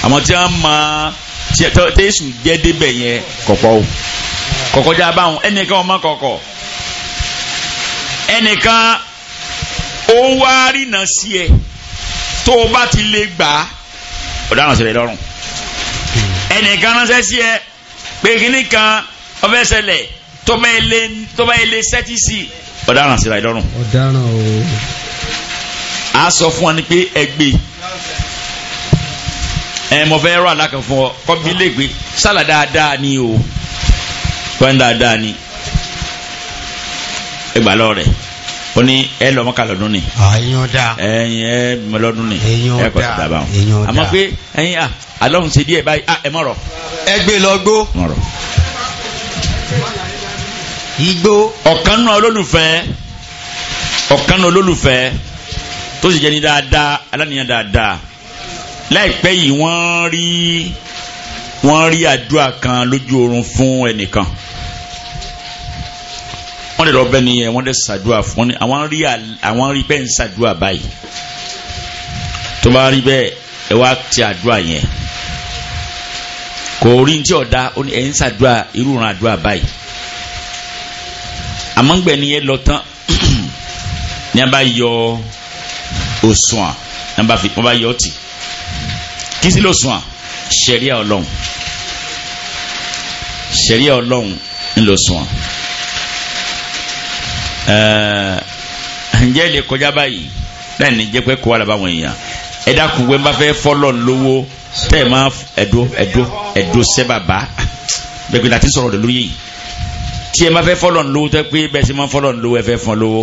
àwọn tí wọ́n máa tẹ́sù jẹ́ débẹ̀ yẹn kọ̀kọ́ o kọ̀kọ́já báwọn ẹnìkan ọmọ kọ̀kọ́ ẹnìkan ó wá rìnà sí ẹ tó o bá ti lè gbà ọ̀daràn sí rẹ lọ́rùn ẹnìkan ránṣẹ́ sí ẹ pé kíní kan ọbẹ̀ ṣẹlẹ̀ tọ́ba ilé sẹ́tì sí ọ̀daràn síra ìdọ́rùn. ọ̀daràn o. a sọ fún wa ni pé ẹ gbé ẹ mọ fẹ́ rọ alákan fún ọ kọ́bí lè sálà dáadáa ni o wọ́n dáadáa ni ẹ gbà ó ní ẹ lọ mọ́ka lọ́dún ni. ẹyin ọ̀dà ẹyin ni. ẹyin ọ̀dà ẹyin ọ̀dà àmọ́ pé ẹyin à alọ́run ṣe díẹ̀ báyìí ah, ẹ mọ̀rọ̀. ẹ gbé lọ gbó. mọ̀rọ̀. igbó. ọ̀kan náà olólùfẹ́ ọ̀kan náà olólùfẹ́ tó sì jẹ́ ní dáadáa aláníyàn dáadáa láìpẹ́ yìí wọ́n rí wọ́n rí àdúrà kan lójú oorun fún ẹnìkan wọ́n lè lọ bẹ́ẹ̀ ni wọ́n lè ṣàdúrà fún ni àwọn rí àwọn rí bẹ́ẹ̀ ń ṣàdúrà báyìí tó bá rí bẹ́ẹ̀ ẹ wá ti àdúrà yẹn kò rí ní tí ọ̀dà ẹ̀ ń ṣàdúrà irú ìran àdúrà báyìí àmọ́ngbẹ̀ ni yẹn lọ tán [clears throat] ní a bá yọ òṣùwọ̀n ní a bá fi wọ́n bá yọ ọtí kí sí lòṣùwọ̀n ṣẹ̀ríà ọlọ́run ṣẹ̀ríà ọlọ́run ńlòṣùwọ̀n ǹjẹ́ ilé kọjá báyìí láì ní jẹ́ kó wà lábàwọn èèyàn ẹ dákun wẹ́n bá fẹ́ fọ́lọ́ lówó tẹ́ ẹ máa ẹ̀dó ẹ̀dó ẹ̀dó sẹ́ bàbá bẹ́ẹ̀ pé láti sọ̀rọ̀ lórí yìí tí ẹ máa fẹ́ fọ́lọ́ lówó tẹ́ pé bẹ́ẹ̀ sì máa fọ́lọ́ lówó ẹ fẹ́ fọ́n lówó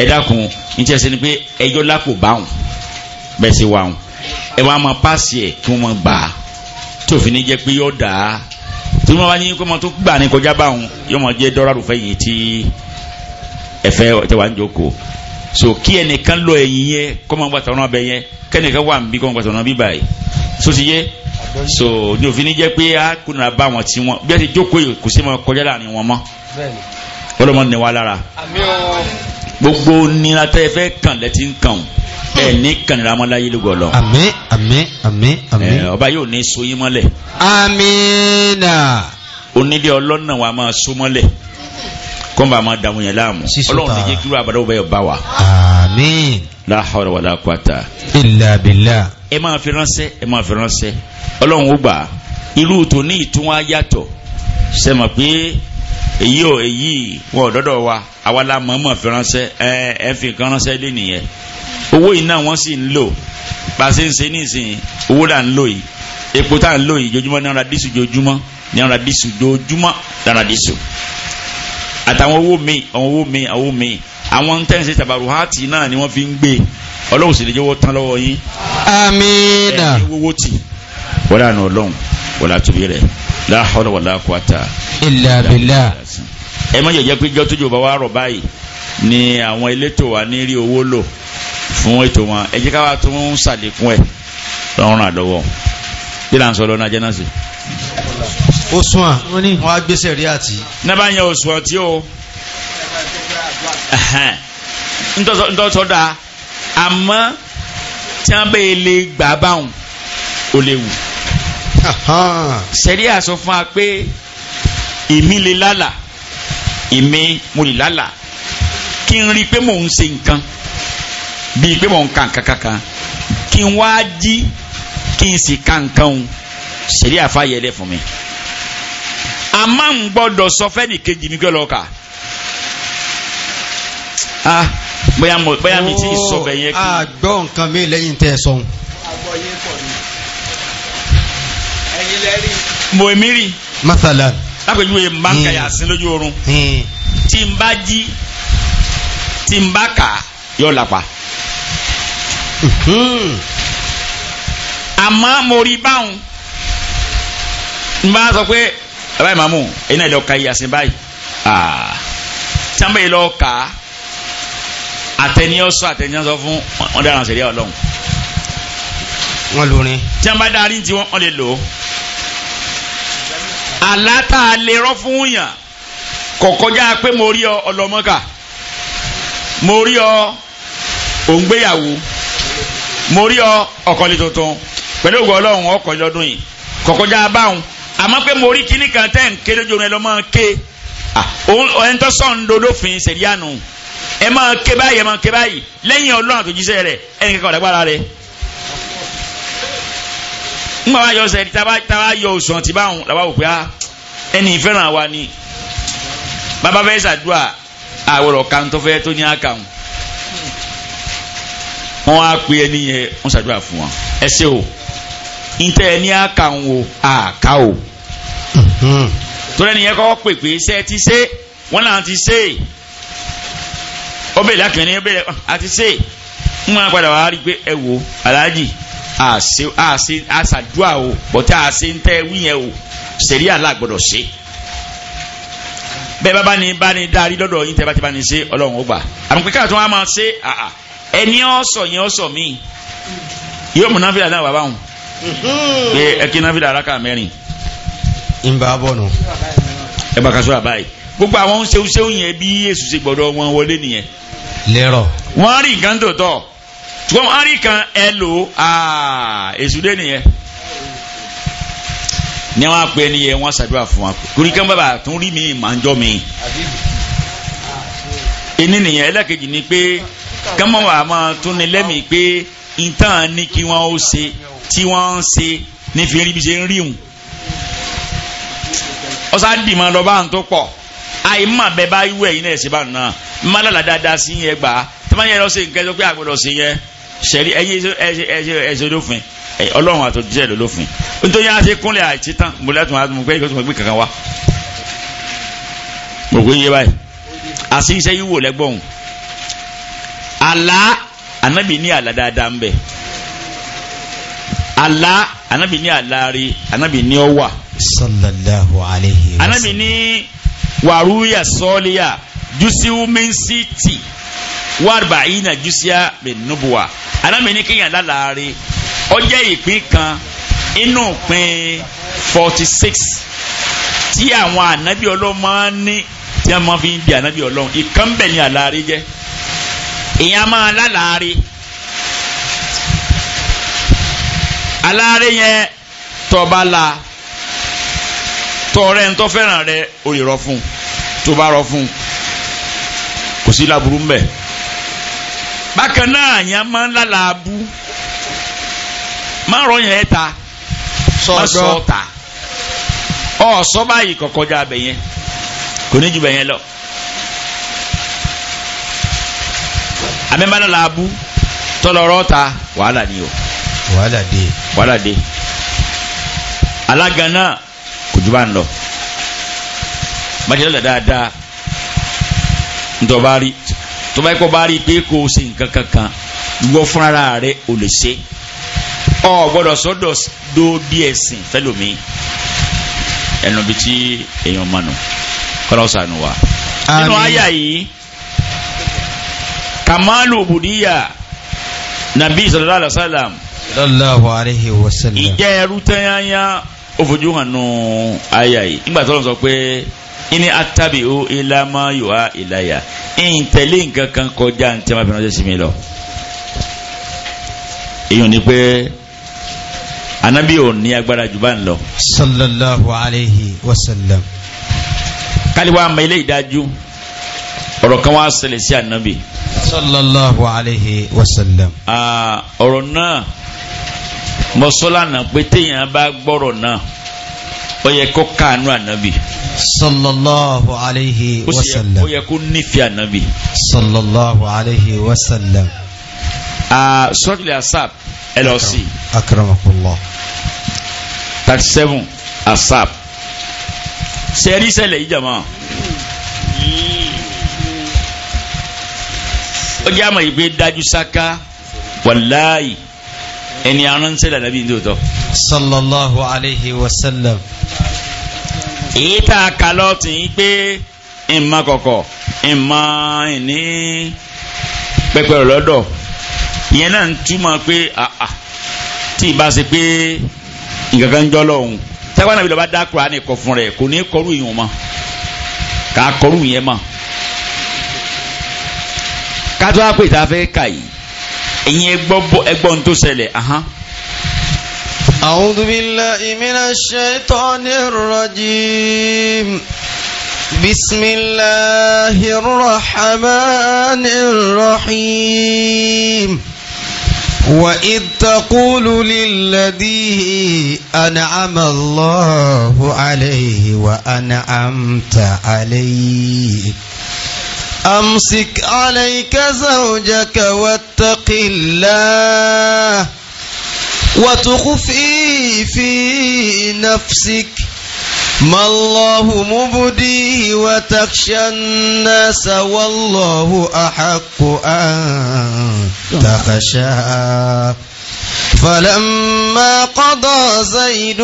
ẹ dákun ní tí ẹ sẹ́ni pé ẹjọ́ lápò báwọn bẹ́ẹ̀ sì wàhùn ẹ wàá máa páàsì ẹ̀ kí wọ́n máa gbà á tí òfin ní jẹ́ pé yọ̀ dáa tí wọ́n bá ní kó mọ tó gbà ní kọjá báwọn yóò mọ jẹ́ dọ́rà so kí ẹnìkan lọ ẹ̀yìn yẹn kọ́mọ gbàtà ọ̀nà bẹ̀ yẹn kẹ́nìkan wà ń bí kọ́mọ gbàtà ọ̀nà bíbà yìí so ti yé so ní òfin ní jẹ́ pé a kùnà bá wọn tí wọn bí a ti jókòó yìí kò sí mọ kọjá láàrin wọn mọ́ ọlọ́mọ ní wa lára gbogbo nira tẹ́ ẹ fẹ́ kàn lẹ́tí ń kàn ẹ ní kànìlá mọ́láyé ló gbọ́dọ̀. àmín àmín àmín àmín. ọba yóò ní so yín mọ́lẹ̀. àmín náà. onílé ọlọ́nà wa máa so mọ́lẹ̀ kọ́nba máa dààmú yẹn láàmú ọlọ́run níjẹ́ kí irú àbádáwò bẹ́ẹ̀ bá wa. àmín. la hawla wala quwata. illa billah. ẹ máa fi ránṣẹ́ ẹ máa fi ránṣẹ́ ọlọ́run ó gbà irú tó ní ìtún wa yàtọ̀ ṣe mọ̀ pé èyí ò èyí wọn ò dọ́dọ̀ wa àwa la mọ̀ mọ̀ fi ránṣẹ́ ẹ ẹ fi kan ránṣẹ́ lé nìyẹn owó yìí náà wọ́n sì ń lò bá ń ṣe nísìnyí owó là ń lò yìí epo tá à ń lò yìí jojúmọ́ náírà dísù jojúmọ́ náírà dísù jojúmọ́ náírà dísù àtàwọn owó mi àwọn owó mi àwọn owó mi àwọn tẹ́ǹsì tàbàrù hàtì náà ni wọ́n fi ń gbé ọlọ́run sì lè jẹ́wọ́ tán lọ́wọ́ yín. amiina ẹ̀ ní wọ́wọ́ tì wọ́n dà ọlọ́run wọ́n dà tóbi rẹ̀ la hawla wala illa billah. ẹ má jẹ́ jẹ́ pé jọ́tójú bá wà rọ̀ báyìí ni àwọn elétò wa ní rí owó lò fún ètò wọn ẹ jẹ́ ká wá tún ṣàlékún ẹ̀ lọ́rùn àlọ́wọ́ bí là ń sọ lọ́nà ajẹ́ náà sí òṣùwọ̀n wọ́n á gbé sẹ̀rí àti. nábà yẹn òṣùwọ̀n tí o ntọ́tọ́ da àmọ́ tí wọ́n bẹ́ẹ̀ lè gbà báwọn ò lè wù. sẹ̀rí àsọ fún wa pé èmi lè lálà èmi mo lè lálà kí n rí i pé mò ń ṣe nǹkan bíi pé mò ń ka nǹkan kankan kí n wá jí kí n sì ka nǹkan òun sẹ̀rí àfáyẹ lẹ fún mi a máa ń gbọ́dọ̀ sọ fẹ́ni kejì mi kí ọlọ́ka ah bóyá mo bóyá mi ti sọ bẹ̀ yẹn kí. Oh, a ah, gbọ́ nǹkan mi lẹ́yìn tẹ́ ẹ sọ. mo èmi rí. masala. lápèjúwe n bá ń kàyà sí lójú oorun hmm. tí n bá jí tí n bá kà yọ lápá. Hmm. àmọ́ mo rí báwọn n bá sọ pé bàbá ìmàmù ẹ̀yin náà lọ ka yasin báyìí ah. sábà yìí lọ kà á àtẹniyàn sọ àtẹniyàn sọ fún wọn dára ṣẹlẹ Ọlọ́run. wọn lò ní. tí wọn bá darí tí wọn lè lò ó. àlátà lè rọ fún yàn kọ̀kọ́já pé mo rí ọ ọlọ́mọ́kà mo rí ọ òǹgbéyàwó mo rí ọ ọkọ̀lẹ̀ tuntun pẹ̀lú ògùn Ọlọ́run ọkọ̀ yìí kọ̀kọ́já báwọn àmọ́ pé mo rí kíní kan tẹ́ ń ké lójú ẹ lọ máa ké ẹni tó sọ̀ ń dodo fìn sẹ̀ríà nù ẹ máa ké báyìí ẹ máa ké báyìí lẹ́yìn ọlọ́run àtòjíṣẹ́ rẹ̀ ẹnì kankan ọ̀dàgbára rẹ̀ ńgbà wá yọ sẹ́ni táwa yọ òsàn tí báwọn làwa wò pé ah, ẹni ìfẹ́ràn wa ni bàbá fẹ́ ṣàdúrà àwòrán kan tó fẹ́ tó ní àkàwọn wọn á pe ẹni yẹn wọn ṣàdúrà fún wọn ẹ ṣé o ntẹ mm-hmm. ẹni àkà ń wo àkà o tó lẹ́nu yẹn kọ́ pèpè ṣe ti ṣe wọ́n náà ti ṣe ó bèrè lákìnrin ó bèrè àti ṣe ń wọn padà wá rí pé ẹ wo aláàjì a àṣe àṣàdúà o a àṣe ń tẹ́ wí yẹn o ṣẹ̀rí àlágbọ́dọ̀ ṣe bẹ́ẹ̀ bá bá ní bá ní darí lọ́dọ̀ yín tẹ́ bá ti bá ní ṣe ọlọ́run ó gbà àmọ́ pé káàtó wọn á máa ṣe ẹni ọ̀sọ̀ yẹn ọ̀sọ̀ míì yóò múná fìlà náà wà báwọn pé ẹkí náà fi dàrá kà mẹ́rin. ń bá a bọ̀ nù. ẹ bá kaṣọ àbáyé gbogbo àwọn ṣeuṣeu yẹn bí èsù ṣe gbọ́dọ̀ wọn wọlé nìyẹn. lérò. wọ́n rí nǹkan tó tọ̀ ṣùgbọ́n wọ́n rí kan ẹ lò ah, èsù dé nìyẹn. ní wọ́n á pè é nìyẹn ṣàdúrà fún wa kúrí kan bàbà tún rí mi màá ń jọ mi. ìní nìyẹn ẹlẹ́kejì ni pé kánmọ́ wàá máa tún ní lẹ́mìí pé ìtàn ni kí wọ́n ó ṣe tí wọ́n ń ṣe nífi rí bí ṣe ń rí hùn ọ̀sá dìmọ̀ lọ bá ń tó pọ̀ àìmọ̀ bẹ́ẹ̀ bá wú ẹ̀yin náà ṣe bá nà má lọ́la dáadáa sí yẹn gbà tí wọ́n yẹ lọ sí nǹkan tó pé àgbọ̀dọ̀ sí yẹn ṣẹ̀rí ẹ̀yin ẹ̀ṣẹ̀ lófin ọlọ́run àtòjíṣẹ́ lófin nítorí a ṣe kúnlẹ̀ àìsí tán mo àlá anabi ní àlá rí anabi ní ọ sallallahu alayhi wa sallam. anabi ní wàrúyà sọ́ọ́líyà jùsíwú mẹ́sìtì wàrúbà yìí nà jùsíà mẹ́nubuwa anabi ní kéèyàn lálàá rí ìpín kan inú ìpín forty six tí àwọn anabi ọlọ́mọ ní tí wọ́n fi ń di anabi ọlọ́mọ ìkànnbẹ̀ ni àlá rí jẹ́ èèyàn máa aláàárẹ̀ yẹn tọba la tọrẹ ntọ́ fẹ́ràn rẹ o lè rọ fún tó bá rọ fún kò sí laburú mbẹ bákan náà yẹn máa ń lálàábú máa rọ yẹn ta má sọ ta ọ sọ báyìí kọkọ abẹ yẹn kò ní ju bẹ yẹn lọ abẹ́ máa lálàábú tọ́lọ́rọ́ ta wàhálà ni o wàhálà dé wàhálà dé alága náà kò jù bá ń lọ bàjẹ́ lọ́dà dáadáa ntọ́ bá rí tó bá kọ́ bá rí pé kò sí nǹkan kankan gbọ́ fúnra rẹ̀ ò lè ṣe ọ gbọ́dọ̀ sọ́dọ̀ dó díẹ̀ sìn fẹ́lòmí ẹnu bíi tí èèyàn mọ̀ nù kọ́lọ́ sànù wa. nínú àyà yìí kamalu budiya nabi sallallahu alaihi wa sallallahu alayhi wa sallam. ìjẹ́ ẹrú tẹ́yányá ó fojú hàn nù àyà yìí nígbà tó lọ́n sọ pé ìní atabi ó ìlàmà yòá ìlàyà ìyìn tẹ̀lé nǹkan kan kọjá ní tẹ́lẹ̀ máa fi mi lọ. èèyàn ni pé anabi ò ní agbára jù bá ń lọ. sallallahu alayhi wa sallam. kálíwá ma ilé ìdájú ọ̀rọ̀ kan wá ṣẹlẹ̀ sí anabi. sallallahu alayhi wa sallam. ọ̀rọ̀ náà mọ́sọ́lánà pé téèyàn bá gbọ́rọ̀ náà ó yẹ kó káànú ànábì. sallallahu alayhi wa sallam. ó yẹ kó nífẹ̀ẹ́ ànábì. sallallahu alayhi wa sallam. sọ́tìlẹ̀ asap ẹ lọ sí. akramakullah. thirty seven asap. sẹ́rí sẹ́lẹ̀ yìí jàmọ́. ó jẹ́ àmọ̀ ìgbé dájú sáká wàláyìí ẹni aránṣẹ́ lànàbí lóòótọ́. sallallahu alayhi wa sallam. èyí tá a kà lọ tì í pé ìmọ̀ kọ̀kọ̀ ìmọ̀ ìní pẹpẹ lọ́dọ̀ ìyẹn náà ń túmọ̀ pé àà tí ì bá ṣe pé nǹkan kan ń jọ́ lọ́hùn tẹ́wọ́n nàbí lọ́ba dá Kùránì kọ fún rẹ̀ kò ní kọrú ìyún mọ́ kà á kọrú ìyẹn mọ́ kátó àpè tá a fẹ́ kà yìí ẹ̀yin ẹgbọ́n tó ṣẹlẹ̀ ahán. أعوذ بالله من الشيطان الرجيم بسم الله الرحمن الرحيم وإذ تقول للذي أنعم الله عليه وأنعمت عليه أمسك عليك زوجك واتق الله وتخفي في نفسك ما الله مبديه وتخشى الناس والله أحق أن تخشاه فلما قضى زيد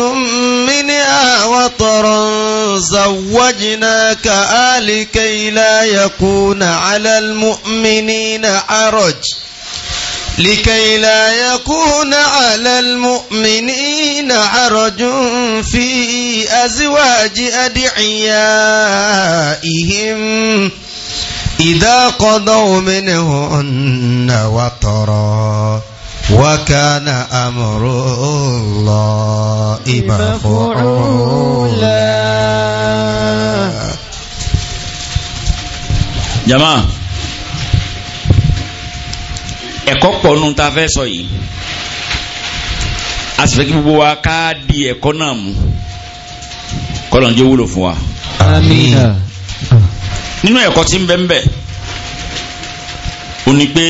منها وطرا زوجناك آل كي لا يكون على المؤمنين حرج لكي لا يكون على المؤمنين عرج في أزواج أدعيائهم إذا قضوا منهن وطرا وكان أمر الله مفعولا جماعة ẹ̀kọ́ pọ̀ nù tá a fẹ́ sọ yìí a sì fẹ́ kí gbogbo wa ká di ẹ̀kọ́ náà mú kọ́lọ̀njẹ́ wúlò fún wa. nínú ẹ̀kọ́ tí ń bẹ ń bẹ ó ní pé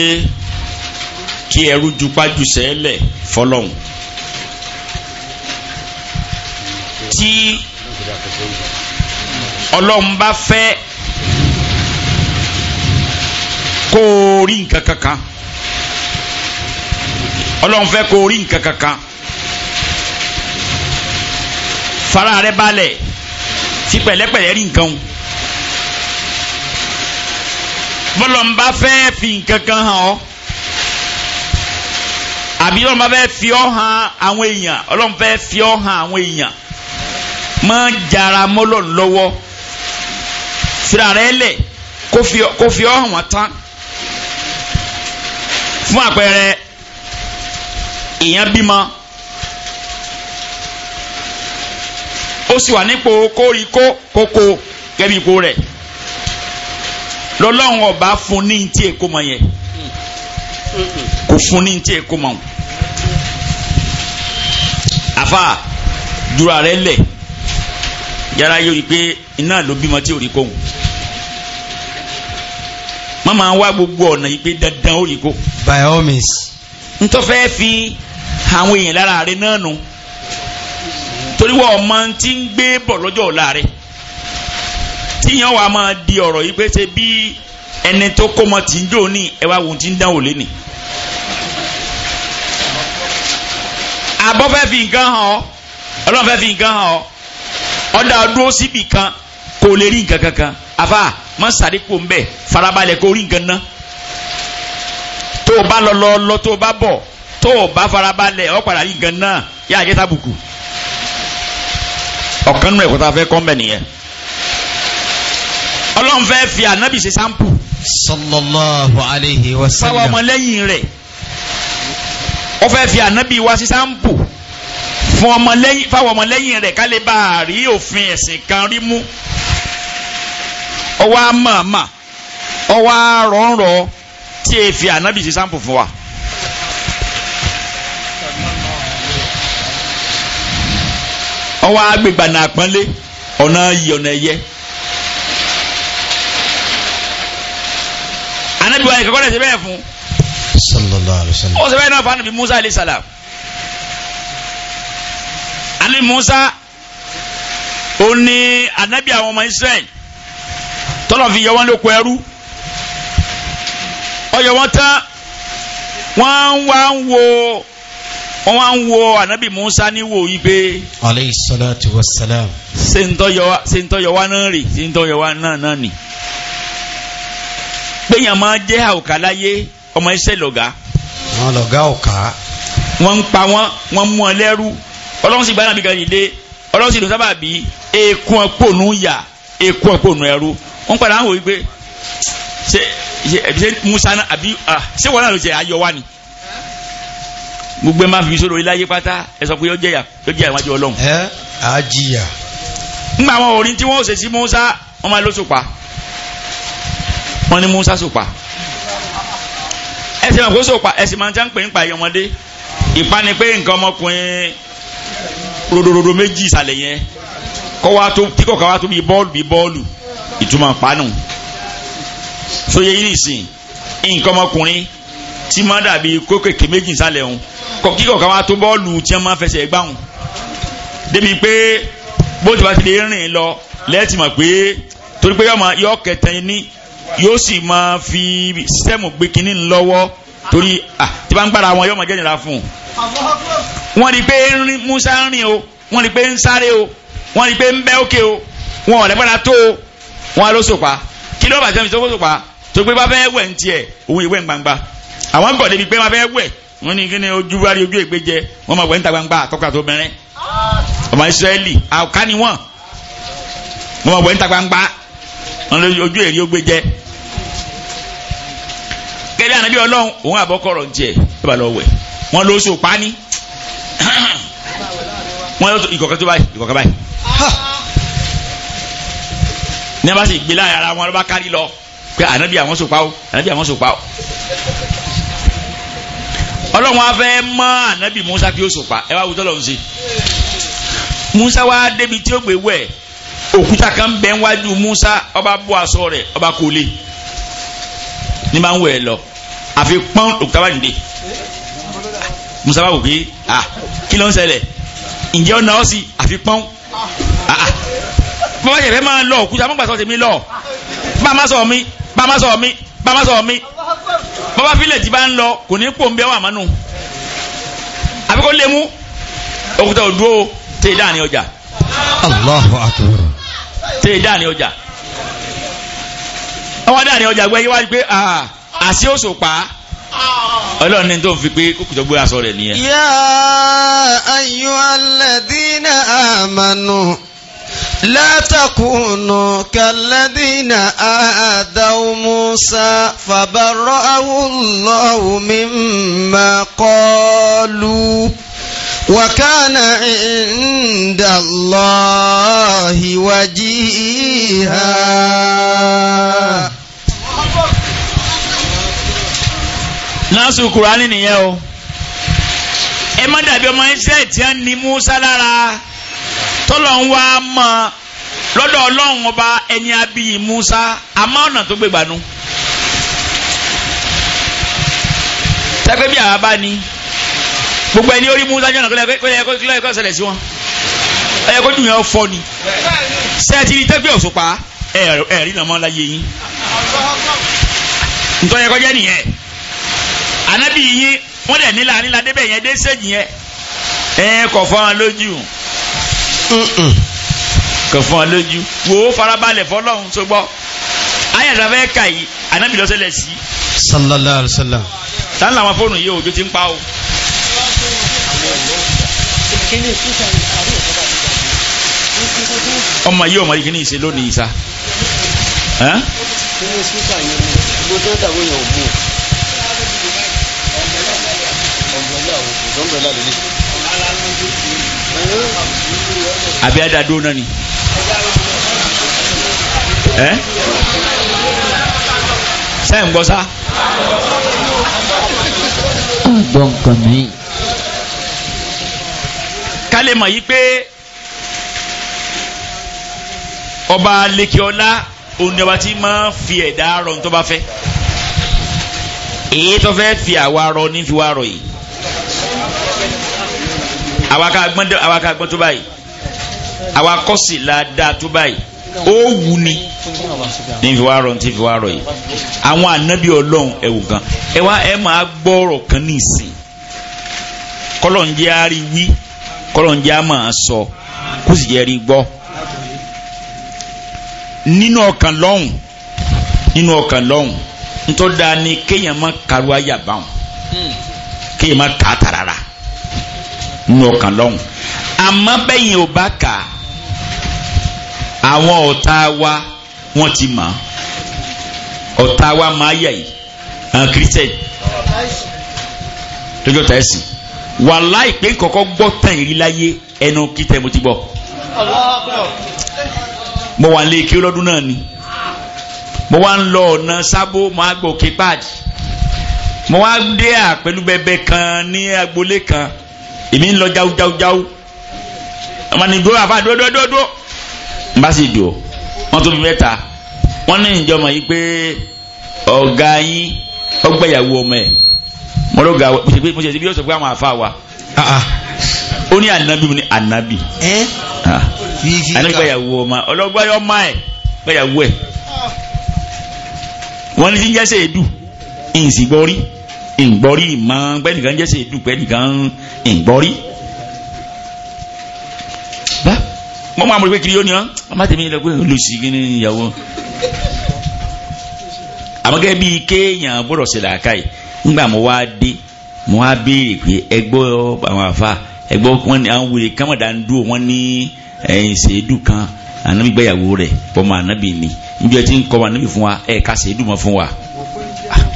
kí ẹrú jupájú sẹ́lẹ̀ fọlọ́hún tí ọlọ́run bá fẹ́ kó o rí nǹkan kankan ọlọ́run fẹ́ kó o rí nǹkan kankan fara rẹ balẹ̀ fi pẹ̀lẹ́pẹ̀lẹ́ rí nǹkan o bọ́lọ̀ bá fẹ́ fi nǹkan kan hàn ọ́ àbí ọlọ́run bá fẹ́ fi ọ́ han àwọn èèyàn ọlọ́run fẹ́ fi ọ́ han àwọn èèyàn máa jara mọ́lọ̀ lọ́wọ́ fira rẹ lẹ̀ kó fi ọ́ hàn wọ́n tán fún àpẹẹrẹ èèyàn bímọ ó sì wà nípò kórikó kókó gẹ́bí ipò rẹ̀ lọ́lọ́run ọba fún ní ti èkó mọ̀ yẹn kò fún ní ti èkó mọ̀ Afa, dúra rẹ lẹ̀ yàrá yóò rí i pé iná ló bímọ tí ò rí kóhùn má máa wá gbogbo ọ̀nà yìí pé dandan ó rí kó. by all means. n tó fẹ́ fi àwọn èèyàn lára rẹ náà nù torí wọ́n ọmọ ti ń gbé bọ̀ lọ́jọ́ ọ̀la rẹ tíyan wa máa di ọ̀rọ̀ yìí pé ṣe bí ẹni tó kó tí ń jò ní ẹ wá ti ń dánwò lé nìí. abọ́ fẹ́ fi nǹkan hàn ọ́ ọlọ́run fẹ́ fi nǹkan hàn ọ́ ọ̀dà ọdún síbì kan kò lè rí nǹkan kankan àfa mọ́sàdí kò ń bẹ̀ farabalẹ̀ kò rí nǹkan ná tó o bá lọ lọ lọ tó o bá bọ̀ tó o bá farabalẹ̀ ọ̀ padà rí nǹkan náà yá àjẹ́ tábùkù ọ̀kan nù ẹ̀kọ́ tá a fẹ́ kọ́ mbẹ̀ nìyẹn ọlọ́run fẹ́ fi ànábì ṣe sáǹpù. sallallahu ọmọlẹ́yìn rẹ̀ ó fẹ́ fi ànábì wá sí sáǹpù fún ọmọlẹ́yìn fáwọn ọmọlẹ́yìn rẹ̀ ká lè bá a rí òfin ẹ̀sìn kan rí mú ọwọ́ àmàmà ọwọ́ àrọ̀ọ̀rọ̀ tí e fi ànábì sí sáǹpù fún wa. ọwọ́ àgbègbà náà pọ́nlé ọ̀nà yìí ọ̀nà ẹ̀yẹ. ànábì wa ni kankan lè ṣe bẹ́ẹ̀ fún un sallallahu alaihi wasallam. ó sì musa alayhi salam ani musa ó anabi àwọn ọmọ israẹli tọ́lọ̀ fi yọ wọn lóko ẹrú ọyọ wọn tán wọ́n wá ń wo wọ́n wá ń wo anabi musa ní wo yìí pé. aleyhi salatu wa salam. ṣe ń tọ́ yọ wá náà rè ṣe ń tọ́ yọ náà náà nì. gbẹ̀yàn jẹ́ àwòkálá yé ọmọ iṣẹ́ lọ̀gá. wọn lọ̀gá ò ká. wọ́n ń pa wọ́n wọ́n mú wọn lẹ́rú ọlọ́run sì bá nàbí kan nìde ọlọ́run sì lọ sábà bí eku ọ̀pọ̀nù yà eku ọ̀pọ̀nù ẹ̀rú wọ́n padà ń wò wípé ṣe ṣe musa náà àbí ṣé wọn náà ló jẹ ayọ̀ wa ni gbogbo ẹ máa fi sódò iláyé pátá ẹ sọ pé yóò jẹyà yóò jẹyà iwájú ọlọ́run. ẹ á jìyà. nígbà àwọn orin tí wọn ò ṣe sí musa wọn máa ló sòpa wọn ní musa sòpa ẹ̀sìn máa kó pa ẹ̀sìn máa ń ń pè ń pa ìyọmọdé ìpani pé nǹkan ọmọkùnrin rodorodo méjì ìsàlẹ̀ yẹn kọ́ wa tó kíkọ̀ ká wa tó bí bọ́ọ̀lù bí bọ́ọ̀lù ìtumọ̀ panu sóye yìí nìsín nǹkan ọmọkùnrin tí máa dàbí kókèké méjì ìsàlẹ̀ òun kọ́ kíkọ̀ ká wa tó bọ́ọ̀lù tí wọ́n máa fẹsẹ̀ gbà wọn débi pé bó ti bá ti lè rìn lọ lẹ́ẹ̀tì mọ̀ pé torí pé yọ kẹtẹ ní yóò sì máa fi sẹ́mù gbé kínní lọ́wọ́ torí ah, tí bá ń gbára wọn yóò máa jẹ́nira fún un wọ́n rí i pé Musa ń rìn o wọ́n rí i pé ń sáré o wọ́n rí i pé ń bẹ́ òkè o wọn ò lẹ́gbẹ́ra tó o wọn ló sòpa kí ló bàjẹ́ mi tó kó sòpa tó pé bá fẹ́ wẹ̀ ń tiẹ̀ òun ìwẹ̀ ń gbangba àwọn ń bọ̀ débi pé wọ́n fẹ́ wẹ̀ wọ́n ní kíni ojú wárí ojú ègbé jẹ wọ́n máa wẹ̀ ń ta gbangba àtọ́kùn àti obìnrin ọmọ Israẹli àwòká ni wọ́n máa wẹ̀ ń ta gbangba ojú èrí ogbé jẹ gẹ́gẹ́ ànábì ọlọ́run òun àbọ́kọ̀rọ̀ jẹ́ ẹ bá lọ wẹ̀ wọ́n lọ oṣù pani wọ́n yọ ìkọ̀kẹ́ tó báyìí ìkọ̀kẹ́ báyìí ní a bá sì gbé láàrin ara wọn ló bá kárí lọ pé anabi àwọn sòpá o ànábì àwọn sòpá o ọlọ́run afẹ́ mọ́ ànábì musa kí ó sòpá ẹ wá wùtọ́ lọ́hùn sí musa wa débi tí ó gbé wẹ̀ òkúta kan bẹ́ musa ọba bọ́ aṣọ rẹ̀ ọba kò le ní máa ń wẹ̀ lọ àfi pọ́n òkúta bá dìde musa bá wò pé kí ló ń ṣẹlẹ̀ ǹjẹ́ ọ̀nà ọ̀sì àfi pọ́n bàbá yẹ̀rẹ̀ máa lọ òkúta mọ́gbà sọ tèmi lọ bá má sọ mi bá má sọ mi bá má sọ mi bàbá fílẹ̀ tí bá ń lọ kò ní pò ń bẹ́ wà mánu àfi kó lé mú òkúta òdúró tèè dáa ní ọjà. Allahu akbar. tèè ọjà. ọwọ́ dáa ọjà gbẹ́ yíwájú pé aa àṣì òṣùpá ọlọ́run ní tó ń fi pé kókùtọ́ gbé aṣọ rẹ̀ nìyẹn. yá ayyuhal ladina amanu لا تكونوا كالذين آذوا موسى فبرأه الله مما قالوا وكان عند الله وجيها násù kùránì nìyẹn o ẹ má dàbí ọmọ israẹli tí wọn ní musa lára tọlọ ń wá mọ lọ́dọ̀ Ọlọ́run ọba ẹni abiyì musa àmọ́ ọ̀nà tó gbégbá nu. tẹ́pẹ́ bí àwa bá ní gbogbo ẹni orí musa jọ̀nà kílẹ̀ kílẹ̀ kílẹ̀ ṣẹlẹ̀ sí wọn ẹ̀yẹ kó dùn yẹn fọ́ ni sẹ́ẹ̀tì ní tẹ́pẹ́ òṣùpá ẹ̀rí nàmọ́ láyé yín ntọ́ yẹ kọjá nìyẹn anabi yín wọ́n dẹ̀ nílà nílà débẹ̀ yẹn dé sẹ́jì yẹn ẹ kọ̀ fọ́ wọn lójú kọ̀ fọ́ wọn lójú wo farabalẹ̀ fọlọ́hún tó gbọ́ ayàtà fẹ́ kà yìí anabi lọ́sẹ̀lẹ̀ sí. sallallahu alayhi wa sallam. tani làwọn fóònù yìí òjò ti ń pa o. ọmọ yìí ọmọ yìí kì í ní ìṣe lónìí sa. Abiada ìjọba ìlà lónìí. àbí adadó náà ni. ẹ eh? pe. gbọ́ sá. gbọ́ nǹkan mi. ká lè mọ̀ yí pé ọba fi ẹ̀dá rọ̀ ní fi àwa rọ ní fi àwa ká gbọ́n tó báyìí àwa kọ́ sí ládàá tó báyìí ó wù ní ní fi wá rọ ní fi wá rọ yìí àwọn ànábì ọlọ́run ẹ̀wù kan ẹ wá ẹ máa gbọ́rọ̀ kan ní ìsìn kọ́lọ̀ ń wí kọ́lọ̀ ń jẹ́ sọ kó sì jẹ́ rí gbọ́ nínú ọkàn lọ́hùn nínú ọkàn lọ́hùn ntọ́ da ni kéèyàn má karu ayà báwọn hmm. kéèyàn má kà nínú ọkàn lọ́hùn àmọ́ bẹ́yìn ò bá kà àwọn ọ̀tá wa wọ́n ti mọ̀ ọ̀tá wa máa yà yìí àwọn kírísítẹ̀nì lójú ọ̀tá ẹ̀sìn wàláì pé gbọ́ tàn ìrí láyé ẹnu kírísítẹ̀ mo ti gbọ́ mo wà lé kí lọ́dún náà ni mo wá ń lọ ọ̀nà sábó mo á gbọ́ òkè páàdì mo wá dé àpẹlú bẹbẹ kan ní agboolé kan èmi ń lọ jáwó jáwó jáwó ọmọ ni dúró àfa dúró dúró dúró n bá sì dùn wọn tún fi mẹ́ta wọn ní ìjọmọ yìí pé ọ̀gá yín ọgbẹ́yàwó ọmọ ẹ̀ mọ́lọ́gà mo ṣe bí ó sọ pé àwọn àfa wa ah, ah. ó ní ànábì mo ní ànábì ah. ànábì ọmọ ọlọ́gbà ọmọ ẹ̀ gbẹ́yàwó ẹ̀ wọ́n ní ti ń jẹ́ sèédù ìgbọ́rí ìmọ̀ gbẹ́nìkan jẹ́ sèédú gbẹ́nìkan ìgbọ́rí. wọ́n máa kiri yóò ní ọ́ ọmọ tèmi lọ pé olùsí kí ni ìyàwó. àmọ́gẹ́ bíi kéèyàn gbọ́dọ̀ ṣe làákà ńgbà mo wá dé mo wá béèrè pé ẹgbọ́ àwọn àfa ẹgbọ́ wọn ni àwọn wèrè kámọ̀dá ń dúró wọn ní ẹ̀yìn sèédú kan ànábì gbẹ́yàwó rẹ̀ bọ́mọ ni ẹ ti ń kọ́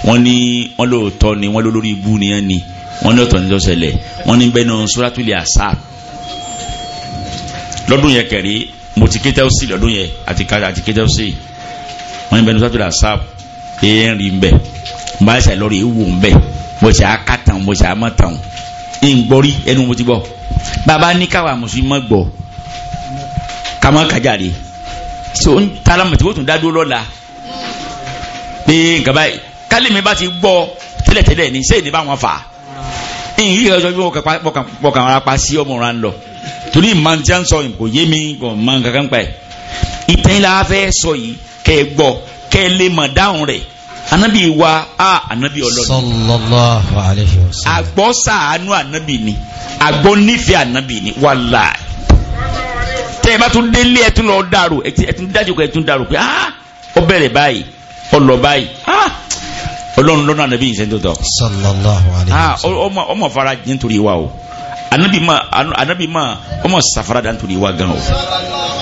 wọ́n ní wọ́n lóòótọ́ ni wọ́n lólórí ibú ni wọ́n ní wọ́n ní ọ̀tọ̀ níjọ́ ṣẹlẹ̀ wọ́n ní bẹ́ẹ̀ suratul àṣà lọ́dún yẹn kẹ̀rí mo ti kété sí lọ́dún yẹn àti kájà àti kété sí wọ́n ní bẹ́ẹ̀ suratul àṣà erin ń bẹ̀ mo bá ṣe lọ́rọ̀ ewu ń mo ṣe akátàn mo ṣe amọ́tàn ń gbọ́rí ẹnu mo ti gbọ́ bàbá ní káwa mùsùlùmí so ń talamọ̀ tí mo tálẹ̀mí bá ti gbọ́ tẹ́lẹ̀tẹ́lẹ̀ ní sẹ́yìn ní bá wọn fà á ìyí ìyá ọjọ́ bí wọ́n kàn ara pa sí ọmọ ra ń lọ torí ìmọ̀ tí ń sọ kò yé mi kò mọ kankan pa ẹ̀ ìtẹ́yìn la fẹ́ sọ yìí kẹ́ ẹ gbọ́ kẹ́ ẹ lè mọ̀ dáhùn rẹ̀ anabi wa a anabi ọlọ́ni sallallahu sàánú anabi ni àgbọ́ nífẹ̀ẹ́ anabi ni wallahi tẹ́ ẹ bá tún délé ẹ tún lọ dàrú ẹ tún dájú kẹ ẹ tún dàrú pé ọ ah, bẹ̀rẹ̀ báyìí ọ báyìí ah, ọlọ́run lọ́nà ànábì yìí sẹ́ńtò ọmọ fara nítorí wa o ànábì ma ọmọ safara da nítorí wa gan o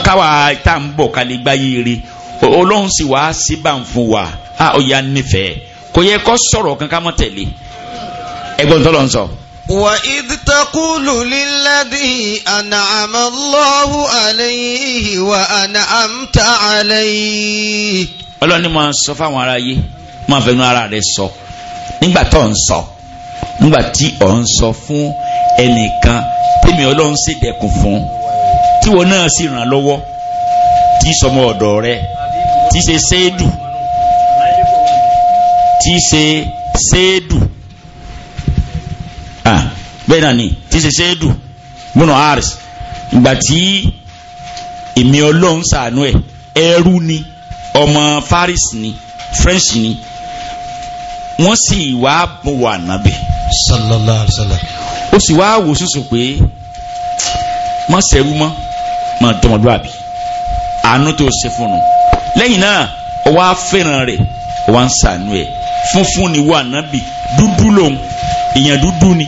káwa tá n bọ̀ kálí gbá yéere ọlọ́run sì wá sí bá ń fún wa a ah, ó kò yẹ kó sọ̀rọ̀ kankan mọ́ tẹ̀lé ẹgbọ́n tọ́lọ́ ń sọ. وإذ تقول للذي أنعم الله عليه وأنعمت عليه. ọlọ́run ni mo sọ fáwọn aráyé máa fẹnu ara rẹ sọ nígbà tó ń sọ nígbà tí ò ń sọ fún ẹnìkan tèmi ọlọ́run sì dẹkùn fún tíwọ náà sì ràn lọ́wọ́ tí sọmọ ọ̀dọ̀ rẹ tí ṣe séèdù tí ṣe séèdù ah bẹ́ẹ̀ náà ni tí ṣe séèdù múnà aris ìgbà tí èmi ọlọ́run ṣàánú ẹ̀ ẹrú ni ọmọ faris ni french ni wọ́n sì wá bùn wà nábì. sallallahu alaihi wasallam. ó sì wá wò sùsù pé mọ sẹ́rú mọ́ mọ tọmọdúnràbí àánú tó ṣe fún un lẹ́yìn náà ó wá rẹ̀ ó ń sànú ẹ̀ funfun ni wà nábì dúdú lòun èèyàn dúdú ni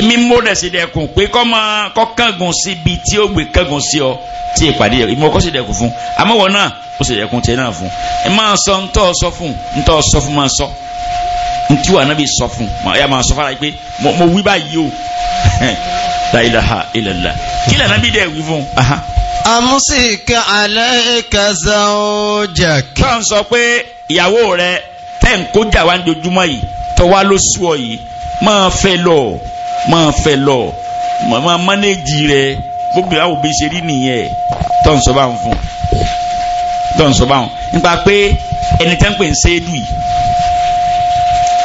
èmi mú rẹ̀ sí dẹkùn pé kọ́ máa kọ́ kángun síbi tí ó gbé kángun sí ọ tí ìpàdé rẹ̀ ìmọ̀ kọ́ sí dẹkùn fún amọ̀wọ̀ náà ó sì dẹkùn tiẹ̀ náà fún ẹ máa sọ ntọ́ sọ fún ntọ́ sọ fún máa sọ ntí wà náà sọ fún ẹ máa sọ fún ara pé mo wí báyìí o láìláha [laughs] ìlàlá kí lànà bí dẹ̀ wí fún amusika alayka zawjak. tọ́ ń sọ pé ìyàwó rẹ tẹ́ ń kójà wá ń dojúmọ́ yìí tọ́ ló sú ọ yìí máa fẹ́ lọ máa fẹ́ lọ máa mánéjì rẹ gbogbo àwọn òbí ṣe rí nìyẹn tó ń sọ bá ń fún tó ń sọ bá ń nípa pé ẹni tẹ́ ń pè ní séédù yìí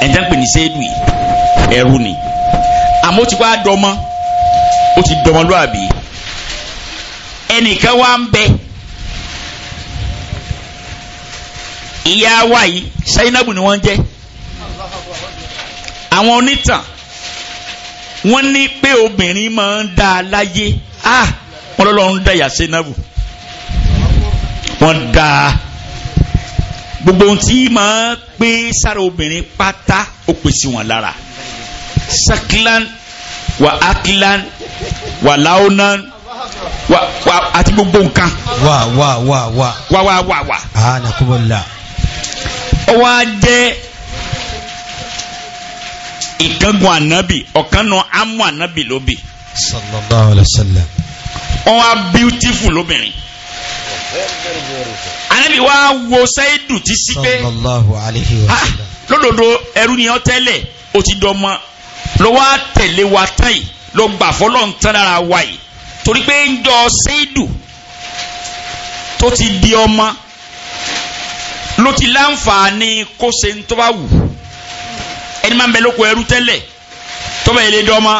ẹni tẹ́ ń pè ní séédù yìí ẹrú ni àmọ́ ó ti wá dọmọ ó ti dọmọ lóàbí ẹnìkan wá ń bẹ ìyá wa yìí ṣáínábù ni wọ́n jẹ́ àwọn onítàn wọ́n ní pé obìnrin máa ń dá a láyé ah wọ́n lọ́lọ́ ń dá yàsẹ́ náà bù wọ́n dá a gbogbo ohun tí máa pé sára obìnrin pátá ó pèsè wọn lára sakilan wa akilan wa laonan wa wa àti gbogbo nǹkan. wa wa wa wa. wa wa wa wa. ah nakubola. ó wá jẹ́ ìkángun ànábì ọ̀kan nu amú ànábì ló sallallahu alayhi wa sallam. ó wá bíútífù lóbìnrin. ànábì wa wo sẹ́ẹ̀dù ti sí pé. sallallahu alayhi wa sallam. lódodo ẹrú ni ọ tẹ́lẹ̀ o ti dọ̀ mọ́ ló wá tẹ̀lé wa tán yìí ló gbà fọlọ́ ń tán lára wa yìí torí pé ń jọ sẹ́ẹ̀dù tó ti di ọmọ ló ti láǹfààní kó ṣe ń tó bá wù ẹni máa ń bẹ lóko ẹrú tẹ́lẹ̀ tọ́bẹ̀ ilé dọ́mọ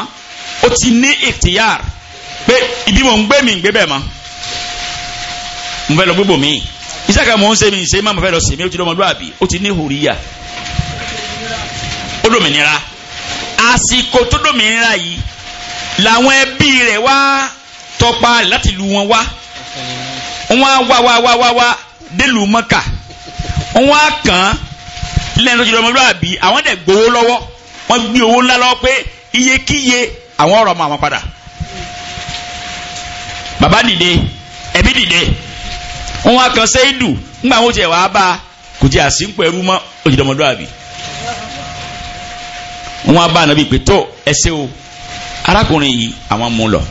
ó ti ní ìtìyàr pé ibi mò ń gbé mi gbé bẹ̀ mọ́ mo fẹ́ lọ gbogbo mi iṣẹ́ kan mò ń ṣe mi ṣe má mo fẹ́ lọ ṣe mi ó ti dọ́mọ lóàbí ó ti ní hòríyà ó dòmìnira àsìkò tó dòmìnira yìí làwọn ẹbí rẹ̀ wá tọpa láti lu wọn wá wọn wá wá wá wá wá délùú mọ́kà wọn á kàn án. lẹ́nu lójú ọmọlúwàbí àwọn dẹ̀ gbowó lọ́wọ́ wọ́n gbé owó ńlá lọ́wọ́ pé iyekíye àwọn ọ̀rọ̀ ọmọ àwọn padà bàbá dìde ẹbí wọn wá kan ńgbà wọn bá kò o arákùnrin yìí àwọn mú lọ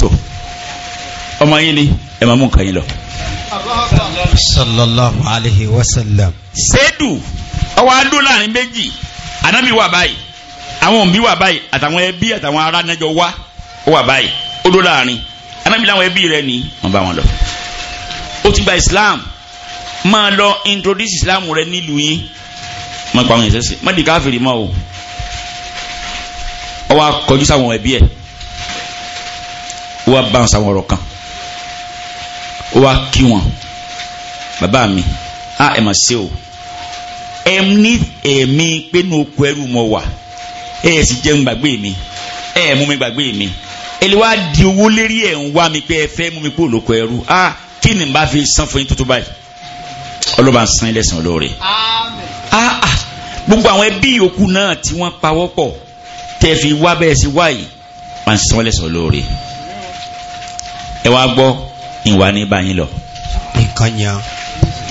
tó ni ẹ máa lọ. sallallahu alayhi wa sallam. sẹ́dù ọwọ́ adó láàrin méjì anábì wà báyìí àwọn òbí wà báyìí àtàwọn ẹbí àtàwọn ará nájọ wá ó wà báyìí ó dó láàrin anábì láwọn ẹbí rẹ ni wọ́n bá wọn lọ. ó ti gba islam máa lọ introduce islam rẹ nílùú yín má pa àwọn ìṣẹ́sìn má di káfíìrì mọ́ o ọ wá kọjú sáwọn ẹbí ẹ̀ ó wá bá sáwọn ọ̀rọ̀ kan ó wá kí wọn Baba mi a ẹ̀ mà ṣe o ẹ̀ ní ẹ̀mí pé ní oko ẹrú mọ wà ẹ̀ sì jẹun gbàgbé mi ẹ̀ mú mi gbàgbé mi ẹ̀ lè wá di owó lérí ẹ̀ ń wá mi pé ẹ fẹ́ mú mi kúrò lóko ẹrú a kí ni n bá fi san fún yín tuntun báyìí ọlọ́ba ń san ẹlẹ́sìn olóore. gbogbo àwọn ẹbí yòókù náà tí wọ́n pawọ́ pọ̀ tẹ́ fi wá bẹ́ẹ̀ sí wáyìí wọ́n ń san ẹlẹ́sìn olóore. ẹ wá gbọ́ ìwà ní báyìí lọ. ìkànnì àwọn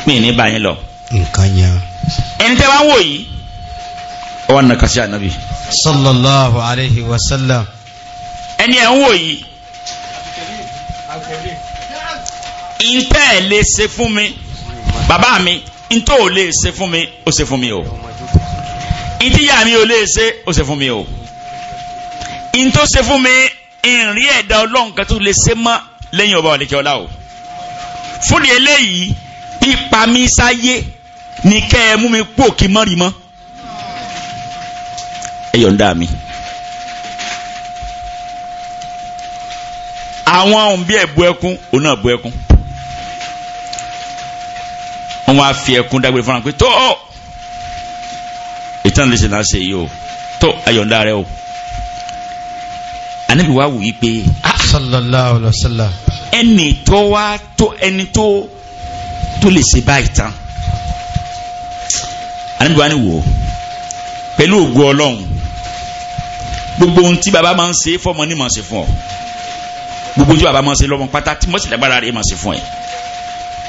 mi ní bá yín lọ. nǹkan yẹn. ẹni tẹ́ bá ń wò yìí ọwọ́ nà kàṣí ànábì. sallallahu alayhi wa sallam. ẹni ẹ̀ ń wò yìí. ìntẹ́ ẹ̀ lè ṣe fún mi bàbá mi ìntẹ́ ò lè ṣe fún mi ó ṣe fún mi o ìtìyà mi ò lè ṣe ó ṣe fún mi o ìntẹ́ ó ṣe fún mi ìrìn ẹ̀dá ọlọ́run lè ṣe mọ́ lẹ́yìn ọba ọ̀lẹ́kẹ́ ọlá o fúnni eléyìí ipa mi sáyé ní kẹ́ ẹ mú mi pò kí mọ́rì mọ́ ẹ yọ̀ǹda mi. àwọn ohun bí ẹ bu ẹkún òun náà bu ẹkún wọn wá fi ẹkún dágbére fúnra pé tó ọ ìtàn lè ṣe náà ṣe yìí o tó ayọ̀ǹda rẹ o anabi wa wù yí pé. Ah! sallallahu alaihi wa sallam. ẹni tó wá tó ẹni tó tó lè ṣe báyìí tán ànábì wa ni ògo ọlọ́run gbogbo ohun tí baba máa ń ṣe fọmọ ní màá ṣe fún ọ gbogbo tí baba máa ń ṣe lọ́mọ pátá tí mọ́sí lágbára rẹ̀ màá ṣe fún ẹ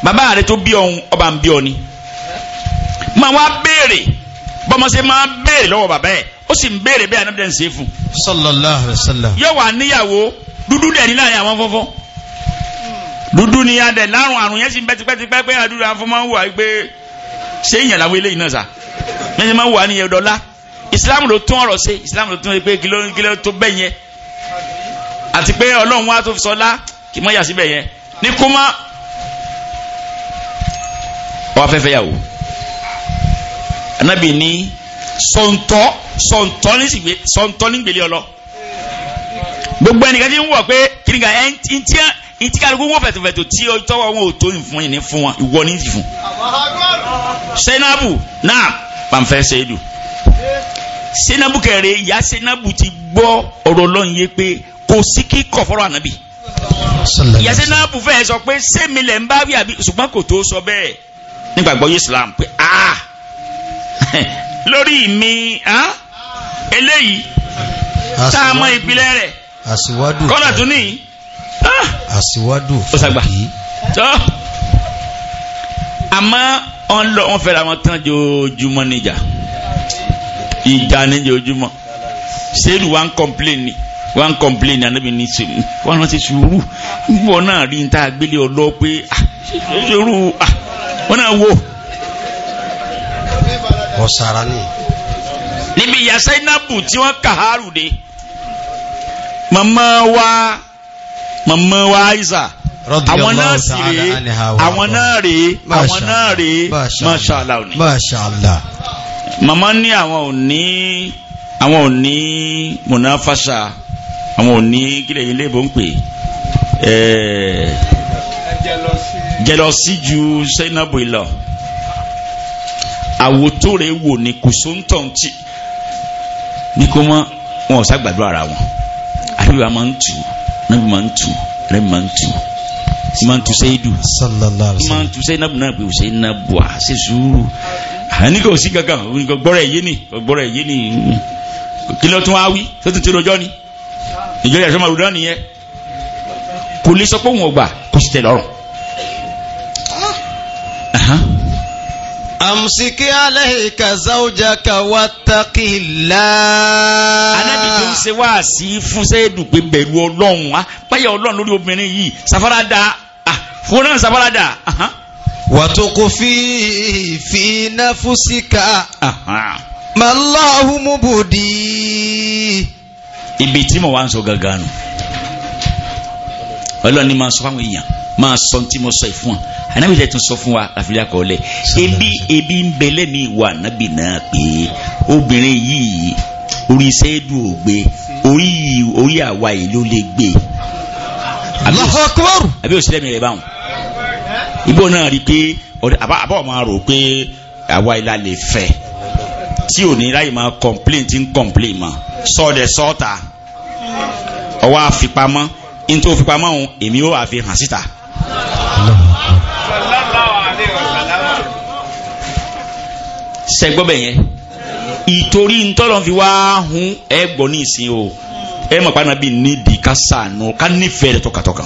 baba rẹ tó bí ọ̀hún ọba ń bí ọ ni máa wá béèrè bọ́mọ máa béèrè lọ́wọ́ bàbá ẹ̀ ó sì ń béèrè bẹ́ẹ̀ ànábì ń ṣe fún. sallallahu alaihi wasallam. yóò wà níyàwó dúdú dẹ̀ ní láàrin àwọn fọ́fọ́ dúdú ni adẹ̀ láwọn àrùn yẹn sì ń pẹ́tipẹ́tipẹ́ pé àdúrà afọ máa ń wà pé ṣé ìyàn làwọn eléyìí náà sà yẹn ti máa ń wà ní ẹ̀dọ́lá ìsìláàmù ló tún ọ̀rọ̀ ṣe ìsìláàmù ló tún pé kìlọ́ tó bẹ́ẹ̀ yẹn àti pé ọlọ́run wa tó fi sọlá kì mọ́ yà síbẹ̀ yẹn ní kó má ọwọ́ afẹ́fẹ́ yà wò anabi ní sọ̀ǹtọ́ sọ̀ǹtọ́ ní ọlọ gbogbo ẹnìkan ti ń wọ̀ pé kìnìkan ẹ̀ ń tiẹ́ ìtìkàlùkù wọn fẹ̀tọ̀fẹ̀tò tí tọ́wọ́ wọn ò tó ìfún yìí ní fún wọn ìwọ ní ìfún. Zainabu náà pàǹfẹ́ sẹ́yìdù Zainabu kẹrẹ ìyá Zainabu ti gbọ́ ọ̀rọ̀ lọ́n yé pé kò sí kíkọ̀ fọ́rọ̀ ànábì ìyá Zainabu fẹ́ sọ pé sẹ́mi lẹ̀ ń bá wí àbí ṣùgbọ́n kò tó sọ bẹ́ẹ̀ nígbàgbọ́ Islam pé ah [laughs] lórí mi ah, eléyìí tá mọ ìpìlẹ̀ rẹ̀ kọ́nà tún nìyí. Ah! àsíwádùn fàbí. tọ́ àmọ́ wọn lọ wọn fẹ́ra wọn tán jojúmọ́ níjà ìjà ní jojúmọ́ sẹ́lù wa ń kọ́mplẹ́ẹ̀nì wa ń kọ́mplẹ́ẹ̀nì ànábì ní sùúrù wọn rántí sùúrù wọn náà rí níta gbélé ọlọ́ pé sùúrù ah, ah, wọn náà wò. ọ̀sára ni. níbi ìyá Sáínábù tí wọ́n kà á rù dé wa mọ̀mọ́ wa Aisha àwọn náà sì rèé àwọn náà rèé àwọn náà rèé mashallah òní. mashallah. màmá ní àwọn ò ní àwọn ò ní mùnáfàṣà àwọn ò ní kílẹ̀ yìí lébo ń pè jẹlọsí ju sẹ́nàbù ìlọ àwòtó rẹ̀ wò ní kò sóńtọ̀ ní kó mọ́ wọn ò sá ara wọn àbí wàá máa ń tù ú nabi máa ń tu rẹ máa ń tu máa ń tu seyidu máa ń tu seyinabu náà na seyinabu a ṣe sùúrù àní ah, kò sí kankan gbọ́rọ̀ ẹ̀yé ni gbọ́rọ̀ ẹ̀yé ni kí ló tún wá wí tó tún ti rojọ́ ni ìjọba ìṣọ́ màlúù náà nìyẹn kò lè sọ pé òun ò gbà kò sì tẹ̀ lọ́rùn amsiki alayka zawjaka wattaqillah. anábì tó ń ṣe wá sí fún sẹ́ẹ̀dù pé bẹ̀rù ọlọ́run á páyà ọlọ́run lórí obìnrin yìí safarada fún náà safarada. wàtókò fi fi nafusika màláhùn mubudi. ibi tí mo wá ń sọ gangan nù ọlọ́run ni máa sọ fáwọn èèyàn máa sọ tí mo sọ ìfún wa ànábì tẹ̀ tún sọ fún wa àfihàn akọọlẹ̀ ebi ebi ń bẹ lẹ́mi wà nábì náà pé obìnrin yìí orí sẹ́ẹ̀dù ò gbé orí orí àwa yìí ló lè gbé àbí òsì lẹ́mi rẹ̀ báwọn ibo náà rí pé àbá ọmọ rò pé àwa yìí la lè fẹ́ tí ò ní láyé máa complain tí ń complain mọ́ sọ́ọ̀dẹ̀ sọ́ọ̀ta ọwọ́ àfipamọ́ ní òun èmi ó àfihàn síta. sẹ́gbọ́bẹ̀ yẹn ìtorí ntọ́lọ́ fi wá hun ẹ gbọ́ ní ìsìn o ẹ mọ̀ pàdánù bí ká sànù ká nífẹ̀ẹ́ tọkàtọkà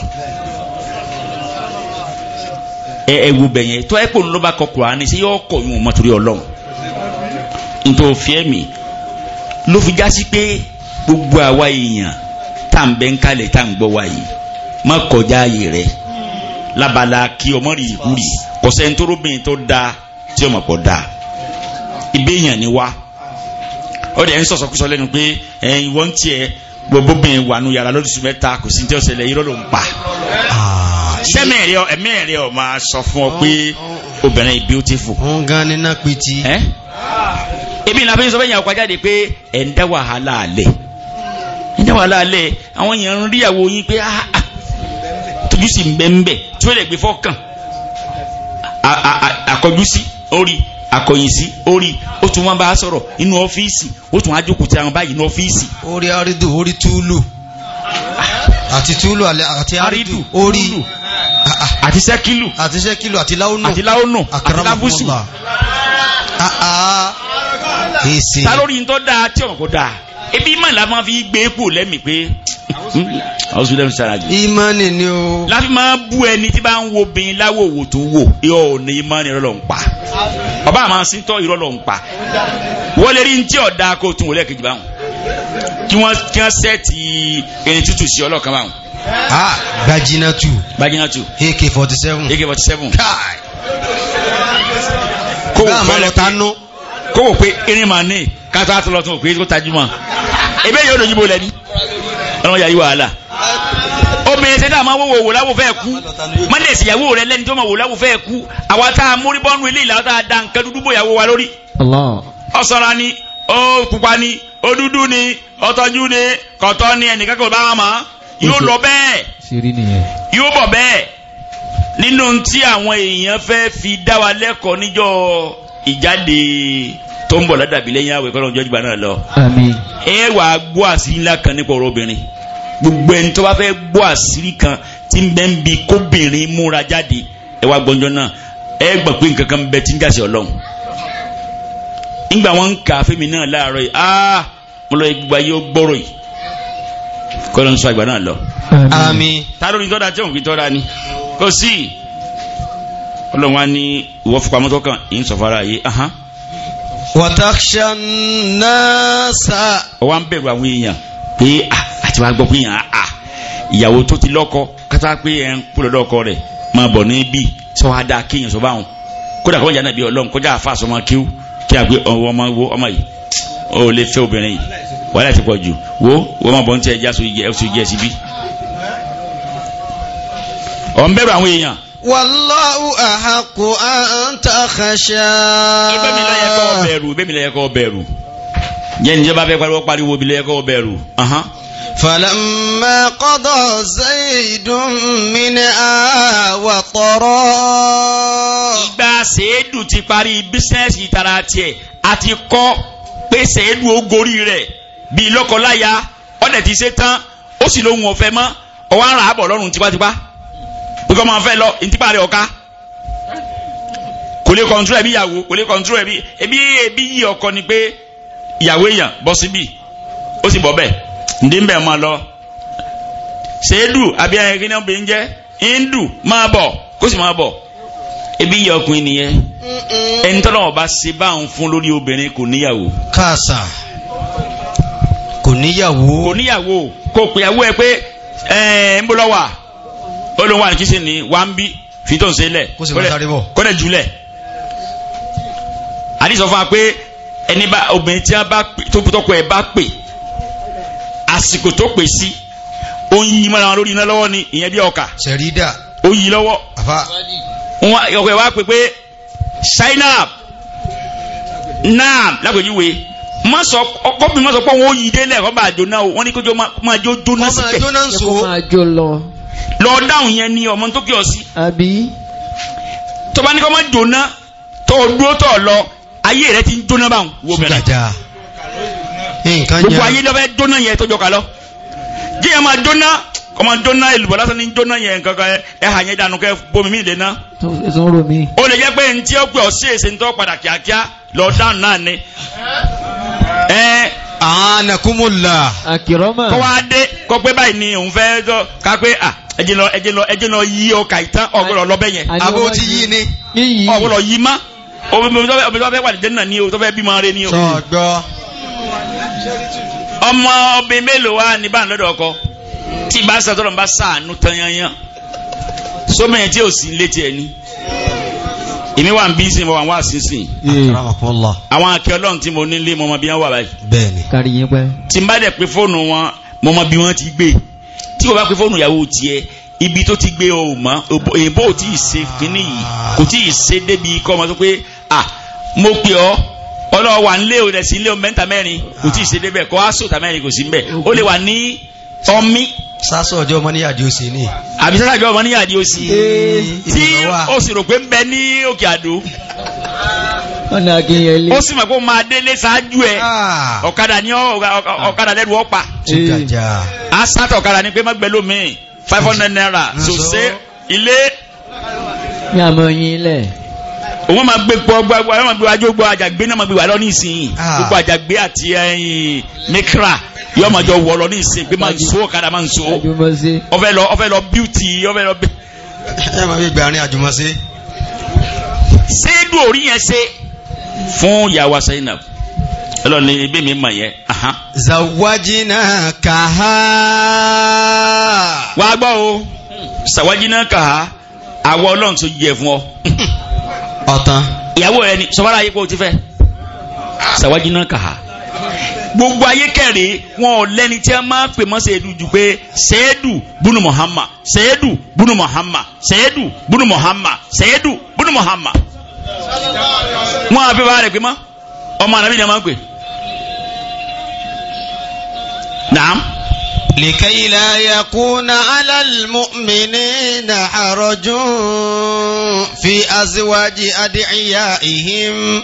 ẹ ẹ wo bẹ̀ tó ẹ kò ló bá kọ yọ gbogbo àwa èèyàn tá à ń bẹ́ ń kalẹ̀ tá à ń lábala kí ọmọ rí ikú rí kọsẹ́ ntòróbìnrin tó da tí ọmọ pọ̀ da ìbéèyàn ni wá ó dẹ̀ ń sọ̀sọ̀kúsọ lẹ́nu pé ẹ̀yin wọ́n tiẹ̀ gbogbo bìnrin wà nù yàrá lóṣù mẹ́ta kò sí ní tí ọ̀sẹ̀ lẹ̀ irọ́ ló ń pa sẹ́mẹ̀rẹ̀ ah, ọ ẹ̀mẹ̀rẹ̀ ọ máa sọ fún ọ pé obìnrin yìí beautiful. wọ́n gan ni náà pétí. ebi ìlànà fẹ́yìn sọ fẹ́yìn àwọn ajáde pé ẹ̀ ń dá wàhálà alẹ̀ ń dá wàhálà alẹ̀ àwọn èèyàn ń rí àwọn pé ah ah àfojú sí mbẹ́mbẹ́ tí ó lè gbé fọ́kàn àkọjú sí orí akọ̀yìn sí orí ó tún wọn bá sọ̀rọ̀ inú ọ́fíìsì ó tún wọn ajókòó tí àwọn báyìí inú ọ́fíìsì. orí àrídù orí túlù àti túlù àti àrídù orí àti sẹ́kìlù àti sẹ́kìlù àti láúnù àti láúnù àti lábùsù ta lórí ń tọ́ da tí ọ̀n kò da ebi mọ̀ la máa fi gbé epo lẹ́mìí pé hmm, àwọn sùn lẹ́nu sara jù. ìmánì ni o. láfi máa bú ẹni tí bá ń wo bin láwòwò tó wò yóò ní ìmánì rẹ lọ ń pa bàbá àmà sí tọ́ irọ́ lọ ń pa wọ́n lè rí ní tí ọ̀dà kó tún wọlé kejì báwọn kí wọ́n kí wọ́n sẹ́ẹ̀tì ẹni tútù sí ọlọ́kan báwọn. ah gbajinatu. gbajinatu. ak forty seven. ak forty seven. kó o fẹ́ lọ tánú kó wò pé irin màá ní kátó àtúntò lọ́tún òpè kó tajú mọ́ ebe yóò dojú bó lẹ́ni ọlọ́mọ yà yí wàhálà obìnrin ṣe tá a máa wòwò wò láwò fẹ́ kú mọ́lẹ̀ ìsìyàwó rẹ lẹ́ni tó máa wò láwò fẹ́ kú àwa tá a mórí bọ́nú ilé ìlà tá a da nǹkan dúdú bòyàwó wa lórí. ọ̀sọ̀ra ni ó pupa ni ó dúdú ni ọ̀tọ́jú ni kọ̀tọ́ ni ẹnìkan kò bá wọn mọ́ yóò lọ bẹ́ẹ̀ yóò bọ̀ bẹ́ẹ̀ nínú tí àwọn èèyàn fẹ́ fi dá wa lẹ́kọ̀ọ́ níjọ́ ìjáde tó ń bọ̀ ládàbí lẹ́yìn àwẹ̀ kọ́lọ́njọ́ gbogbo ẹni tó bá fẹ́ gbọ́ àṣírí kan tí ń bẹ́ ń bi kóbìnrin múra jáde ẹ wá gbọ́njọ́ náà ẹ gbà pé nǹkan kan bẹ tí ń jàṣẹ ọlọ́run nígbà wọn ń kà fẹ́mi náà láàárọ̀ yìí aa mo lọ gbogbo ayé ó gbọ́rọ̀ yìí kọ́ ló ń sọ àgbà náà lọ. àmín. ta ló tọ́da tí òun fi tọ́da ni kò sí ọlọ́run wa ní ìwọ fipamọ́tọ́ kan ì sọ fara yìí wàtàkṣà náà sá. ọwọ́ bẹ̀rù àwọn èèyàn pé ah àti wàá gbọ́ pé yàn á ah, ah, ìyàwó tó ti lọ́kọ kátà pé ẹ̀ ń kú lọ́dọ̀ ọkọ rẹ̀ máa bọ̀ níbí sọ wá dáa kéèyàn sọ báwọn kódà kọ́jà náà bí ọlọ́run kọjá àfa àsọmọ kíw kí a gbé ọmọ wo ọmọ yìí ó lè fẹ́ obìnrin yìí wàhálà ti pọ̀ jù wo wọ́n máa bọ̀ ní tiẹ̀ já sójú jẹ́ síbí. ọ̀ ń bẹ̀rù àwọn èèyàn Wallahu ahaqqu an takhsha. ibẹ̀ mi lẹ́yẹ kọ́ bẹ̀rù ibẹ̀ mi lẹ́yẹ kọ́ bẹ̀rù. jẹ́ níjọba fẹ́ pariwo pariwo bi lẹ́yẹ kọ́ bẹ̀rù. فلما قضى زيد منها وطرا ìgbà sèédù ti parí bísínẹ́sì ìtara tiẹ̀ àti kọ́ pé sèédù ó gorí rẹ̀ bíi lọ́kọláya ọ̀dẹ̀ ti ṣe tán ó sì lóhun ọ̀fẹ́ mọ́ ọwọ́ ara àbọ̀ lọ́rùn tipátipá pípọ́ máa fẹ́ lọ ìtìpá rẹ̀ ọ̀ka kò lè kọ̀ǹtúrò ẹ̀bí ìyàwó kò lè kọ̀ǹtúrò ẹ̀bí ẹ̀bí ẹ̀bí yìí ọkọ ni pé ìyàwó èèyàn bọ́ síbì ó sì bọ́ bẹ́ẹ̀ ndị mbẹ̀ mọ́ lọ ṣèédù àbí ayẹyẹ kí ni ọbẹ̀ ń jẹ́ hindu máa ebi ọba si bá nfun lori obìnrin kò níyàwó. kaasa kò níyàwó. kò níyàwó kò pèyàwó ẹ pé ẹ ń bọ́ lọ́wọ́ ní ní wà ń bí ń pé ẹni bá obìnrin tí a bá tó tọkọ ẹ bá pè àsìkò tó pè sí ó ń yí mọ́ra wọn lórí iná lọ́wọ́ ni ìyẹn bí ọkà sẹ̀rídà ó yí lọ́wọ́ ọkọ̀ ẹ̀ wá pé pé Zainab naam lápèjúwe má sọ ọkọ má sọ pé wọn ò délẹ̀ kọ́ bá jóná o wọn ní kójó máa jó jóná síbẹ̀ kọ́ máa jó lọ. lọ dáhùn yẹn ni ọmọ tó kí ọ sí. àbí. tọ́ba ní kọ́ máa jóná tó o dúró tọ̀ lọ ayé rẹ ti ń jóná báwọn. wo bẹ̀rẹ̀ gbogbo ayé lọ́fẹ́ dóná yẹn tó jọ lọ kí ẹ máa dóná kọ́ dóná èlùbọ́ lásán ní dóná yẹn nǹkan kan ẹ hàn yẹn dànù kẹ́ bomi mi lẹ́nà. o lè jẹ́ pé ntí ó pè ọ́ sí èsè ntọ́ padà kíákíá lọ dáhùn náà ni. anakumula. akiroma. kọ́ wa dé kọ́ pé báyìí ni òun fẹ́ dọ́ ká pé à ẹjẹ lọ ẹjẹ lọ ẹjẹ lọ yí ọkà ìtàn ọgbọdọ lọbẹ yẹn. àbó ti yí ni. ọgbọdọ yí má. omi tó fẹ́ wà ní jẹ́ nà ni o tó fẹ́ bímọ ọmọ ọbẹ̀ mélòó wa ní bá ń lọ́dọ̀ ọkọ tí bá sà tọ́lọ̀ ń bá sàánú tán yanyan sómi ẹ̀ tí ò sí létí ẹ̀ ní èmi wà ń bí sí mo wà ń wá sínsìn àwọn akẹ́ ọlọ́run tí mo nílé mo mọ bí wọ́n wà báyìí bẹ́ẹ̀ni tí n bá dẹ̀ pé fóònù wọn mo mọ bí wọ́n ti gbé tí kò bá pé fóònù ìyàwó tiẹ̀ ibi tó ti gbé o mọ èbó ò tí ì ṣe kínní kò tí ì ṣe débi kọ́ ọmọ tó pé ah mo pè ọ́ ọlọ́wọ́ wà nílé o rẹ̀ sí ilé mẹ́ta mẹ́rin kò tí ì ṣe débẹ̀ kọ́ aṣọ òtà mẹ́rin kò sí mbẹ̀ ó lè wà ní ọmí. sásọ ọjọ́ ọmọ níyàdí ó sì ní. àbí sásọ ọjọ́ ọmọ níyàdí ó sì. tí ó sì rò pé ń bẹ ní òkè àdó. ọ̀nà àkìyàn ilé. ó sì mọ̀ pé ó máa délé ṣáájú ẹ̀ ah. ọ̀kadà ní ọ̀kadà lẹ́rù ọ̀pá. a sátọ̀ ọ̀kadà ní pé má gbẹ lómi five hundred naira so ṣe ilé òun máa gbé gbọ́ gbọ́ àwọn gbé wájú gbọ́ àjàgbé náà máa gbé wà lọ ní ìsìn ah. gbogbo àjàgbé àti ẹyin yóò máa jọ wọ̀ lọ ní ìsìn gbé máa ń so ọ̀kadà máa ń so ọfẹ́ lọ ọfẹ́ lọ bíútì ọfẹ́ lọ. ẹ máa fi gbàrin àjùmọ̀ṣe. ṣé dùn orí yẹn ṣe fún yàwó Zainab ọlọ́ni ibi mi mọ̀ yẹn. zawajina kaha. wàá gbọ́ o zawajina kaha àwọ̀ ọlọ́run tó yẹ fún ọ. [laughs] ọ̀tán. ìyàwó rẹ ni sọfara ayé kó o ti fẹ́ sàwájú náà kà á gbogbo ayé kẹrì wọn ò lẹ́ni tí a máa pè mọ́ sèédù jù pé sèédù bùnú Muhammad sèédù bùnú Muhammad sèédù bùnú Muhammad sèédù bùnú Muhammad. wọn àbí bá rẹ pé mọ ọmọ ànábì máa ń pè. لكي لا يكون على المؤمنين حرج في أزواج أدعيائهم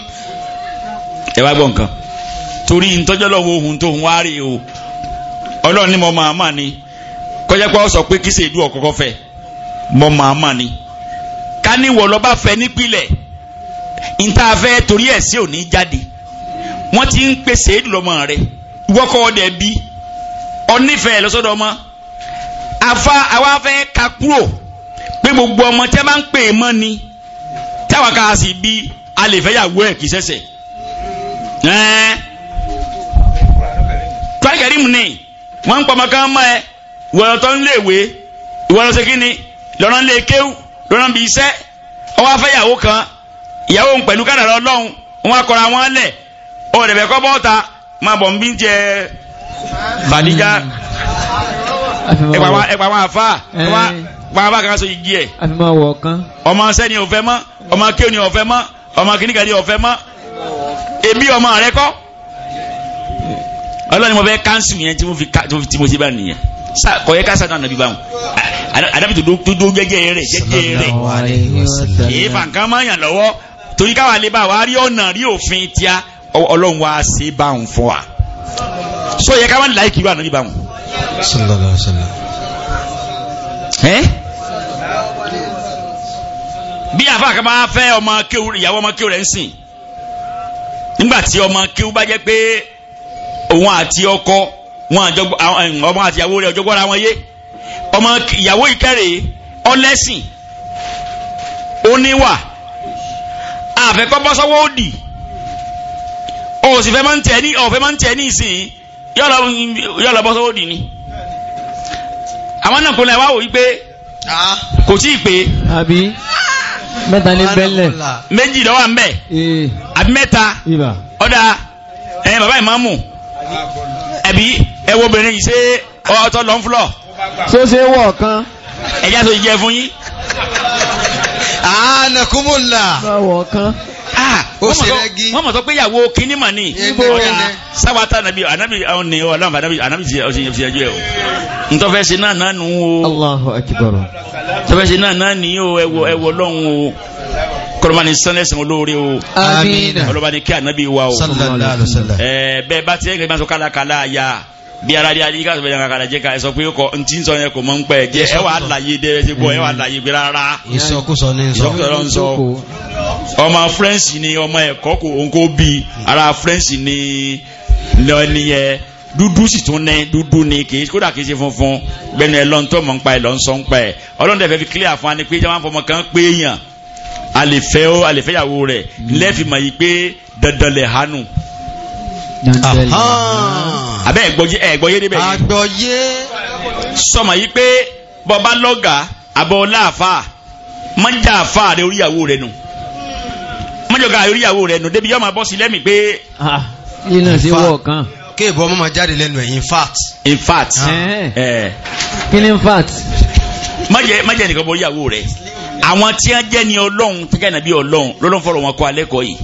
ẹ wá gbọ́ nǹkan torí ntọ́jọ́lọ́wọ́ ohun tó ń wá rí o ọlọ́run ní mo máa mà ní kọjá pé ọ sọ pé kí ṣe ìdú ọ̀kọ́kọ́ fẹ́ mo máa mà ní ká ní wọ̀ lọ́ba fẹ́ nípìnlẹ̀ níta fẹ́ torí ẹ̀ sí òní jáde wọ́n ti ń pèsè ìdúlọ́mọ rẹ̀ ìwọ́kọ́ ọdẹ bíi ọ̀nífẹ̀ẹ́ lọ́sọ̀dọ̀ ọmọ afa àwa fẹ́ ka kúrò pé gbogbo ọmọ tẹ́ máa ń pè é mọ́ ni táwa ká sì bí a lè fẹ́ yàwó kì í sẹ́sẹ̀ ẹ́ẹ́ Kùránì Kẹ́rímù ni wọ́n ń pọ̀ ọmọ kan mọ́ ẹ ìwọ̀n tó ń léèwé ìwọ̀n lọ́sẹ̀ kí ni lọ́nà lè kéwù lọ́nà bí iṣẹ́ ọwọ́ afẹ́ yàwó kan ìyàwó ń pẹ̀lú kádàrá Ọlọ́run wọn akọra wọn lẹ̀ ọ̀rẹ́bẹ̀kọ́ bọ́ta máa bọ̀ ń bí jẹ́ bàdíjà ẹ̀pà wọn àfà wọn àfà kan so igi ẹ̀. ọmọ sẹ́ni ọ̀fẹ́ mọ́ ọmọ kéwòn ni ọ̀fẹ́ mọ́ ọmọ kìnnìkan ni ọ̀fẹ́ mọ́ èmi ọmọ rẹ kọ́ ọlọ́ni mo fẹ́ káńsù yẹn tí mo fi tí mo ti bá nìyẹn kò yẹ ká sàdán ànàbí báwọn àdàbí tó dó jẹjẹ rẹ jẹjẹ rẹ èyí fàǹkà máa yàn lọ́wọ́ torí káwa lè bá wa rí ọ̀nà rí òfin tíá ọlọ́run wa ṣe báwọn fún wa so yẹ ká má láì kiri ànábì bá wọn. sallallahu alaihi wasallam. bí àfa kan bá fẹ́ ọmọ kéwù ìyàwó ọmọ kéwù rẹ̀ ń sìn nígbà tí ọmọ kéwù bá jẹ́ pé òun àti ọkọ wọn ọmọ àti ìyàwó rẹ̀ ọjọ́gbọ́n ara wọn yé ọmọ ìyàwó ìkẹrẹ ọlẹ́sìn oníwà àfẹ́kọ́ bọ́sọ́wọ́ òdì òsì fẹ́ máa ń tẹ̀ ní ọ̀fẹ́ máa yọ lọ bọ́ sọ́wọ́ dì ní àwọn náà kò lẹ́ wá wò wípé ah. kò tí ì pé àbí mẹ́ta ní bẹ́lẹ̀ méjì lọ́wọ́ ń bẹ̀ eh. àbí mẹ́ta ọ̀dà ẹ̀yìn bàbá ìmáàmù ẹ̀bí ẹ̀wọ̀ obìnrin yìí ṣe ọtọ lọ́n fúlọ̀ tó ṣe wọ̀ kan ẹ̀já tó jẹ fún yín. àánà kúmùlà. báwọ̀ kan. Ah, ó ṣe rẹ́gí. wọ́n mọ̀ sọ pé ìyàwó kínní mà ní. sáwà tá ànábì ànábì àwọn ní ọlọ́run ànábì ànábì ti ọ̀sẹ̀ ìyẹn ẹjọ́ ẹ̀ o. ntọ́fẹ́ ṣe náà náà nù o. Allahu akbar. ntọ́fẹ́ ṣe náà náà nìyí o ẹ̀wọ̀ ẹ̀wọ̀ lọ́hùn o. kọlọ́ba ni sanẹ́sìn olóore o. àmín. kọlọ́ba ni kí ànábì wa o. sallallahu alaihi wasallam. ẹ̀ẹ́ bẹ́ẹ̀ bá ti ẹ̀ bí ara di adi ká sọ pé jẹ ká ẹ sọ pé kọ ntí sọ yẹn kò mọ ń jẹ ẹ wà láyé dẹ ẹ ti bọ ẹ wà láyé gbé rárá. ìsọkúsọ ní sọ ìsọkúsọ ní sọ ọmọ french ni ọmọ ẹkọ kò ònkó bí ara french ni lọ́ni yẹ dúdú sì tún ní dúdú ni kì í kódà kì í ṣe funfun gbẹnu ẹ lọ́n tó mọ̀ ń pa ẹ lọ́n sọ ń ẹ ọlọ́run dẹ̀ fẹ́ fi clear fún wa ni pé jẹ́ fọmọ kan pé yàn àlèfẹ́ ó àlèfẹ́yàwó rẹ̀ lẹ́ẹ̀fì mọ̀ yìí pé dandan lẹ̀ hánu abẹ́ ẹ̀gbọ́yé ẹ̀gbọ́yé níbẹ̀ yìí. àgbọ̀yé. sọmọ yìí pé bọba lọ́gà abọ́ láàfà mọ́jà àfà rẹ oríyàwó rẹ nù mọ́jọ̀gá oríyàwó rẹ nù débi yọ́ máa bọ́ sí lẹ́mìí pé. iná sí wọ̀ kan. kí ìbọn ọmọ máa jáde lẹ́nu ẹ̀ in fact. in fact. Ah. Eh. Eh. kí ni in fact. mọ́jẹ̀ mọ́jẹ̀ nìkan bọ́ oríyàwó rẹ àwọn tí wọ́n jẹ́ ni ọlọ́run tẹ́kẹ́ nàbí ọlọ́run lọ́lọ́run fọ̀rọ̀ wọn kọ́ alẹ́ kọ́ yìí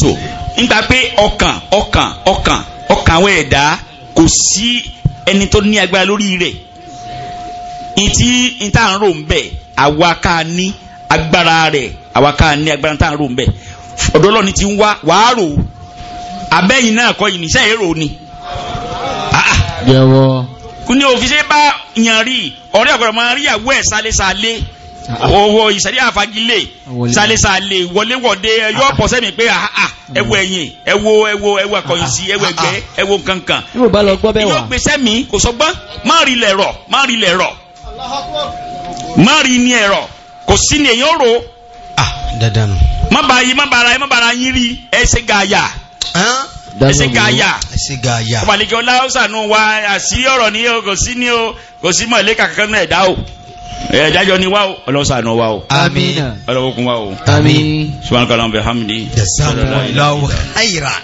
so nígbà pé ọkàn ọkàn ọkàn ọkàn àwọn kò sí ẹni tó ní agbára lórí rẹ̀ ìtí ìta ń rò bẹ̀ àwa ká ní agbára rẹ̀ àwa ká ní agbára ń rò ti ń wá wàá rò abẹ́yìn náà kọ́ yìí níṣẹ́ èrò ni. kúni ah, ah. òfin ṣe bá yàn rí ọ̀rẹ́ máa rí owó ìṣẹ̀lẹ̀ àfagilé sálẹ́sàlẹ̀ wọléwọ̀dé yọ pọ̀ ah. sẹ́mi pé ah, ah, ẹwọ ẹ̀yìn ẹwọ ẹwọ ẹwọ akọ̀yìn sí ẹwọ ẹgbẹ́ ẹwọ kankan. yóò bá lọ gbọ́ bẹ́ẹ̀ wá. yóò gbé sẹ́mi kò sọgbọ́n má rí ilẹ̀ rọ̀ má rí ilẹ̀ rọ̀ má rí ní ẹ̀rọ kò sí ní èyàn rò. dandan. má bàa yí má bàa ra yí má bàa ra yín rí ẹsẹ gaya ẹsẹ gaya ọbalẹ̀kẹ́ ọlá ọ̀sán wa àṣírí ọ̀rọ̀ ní kò sí ní o kò sí mọ̀ ilé kankan náà ẹ̀dá o ẹ jájọ ni wa o ọlọ́sàn wa o àmín ọlọ́wọ́kun wa o àmín subhanahu wa ta'ala hamdi. jazakumullahu khairan.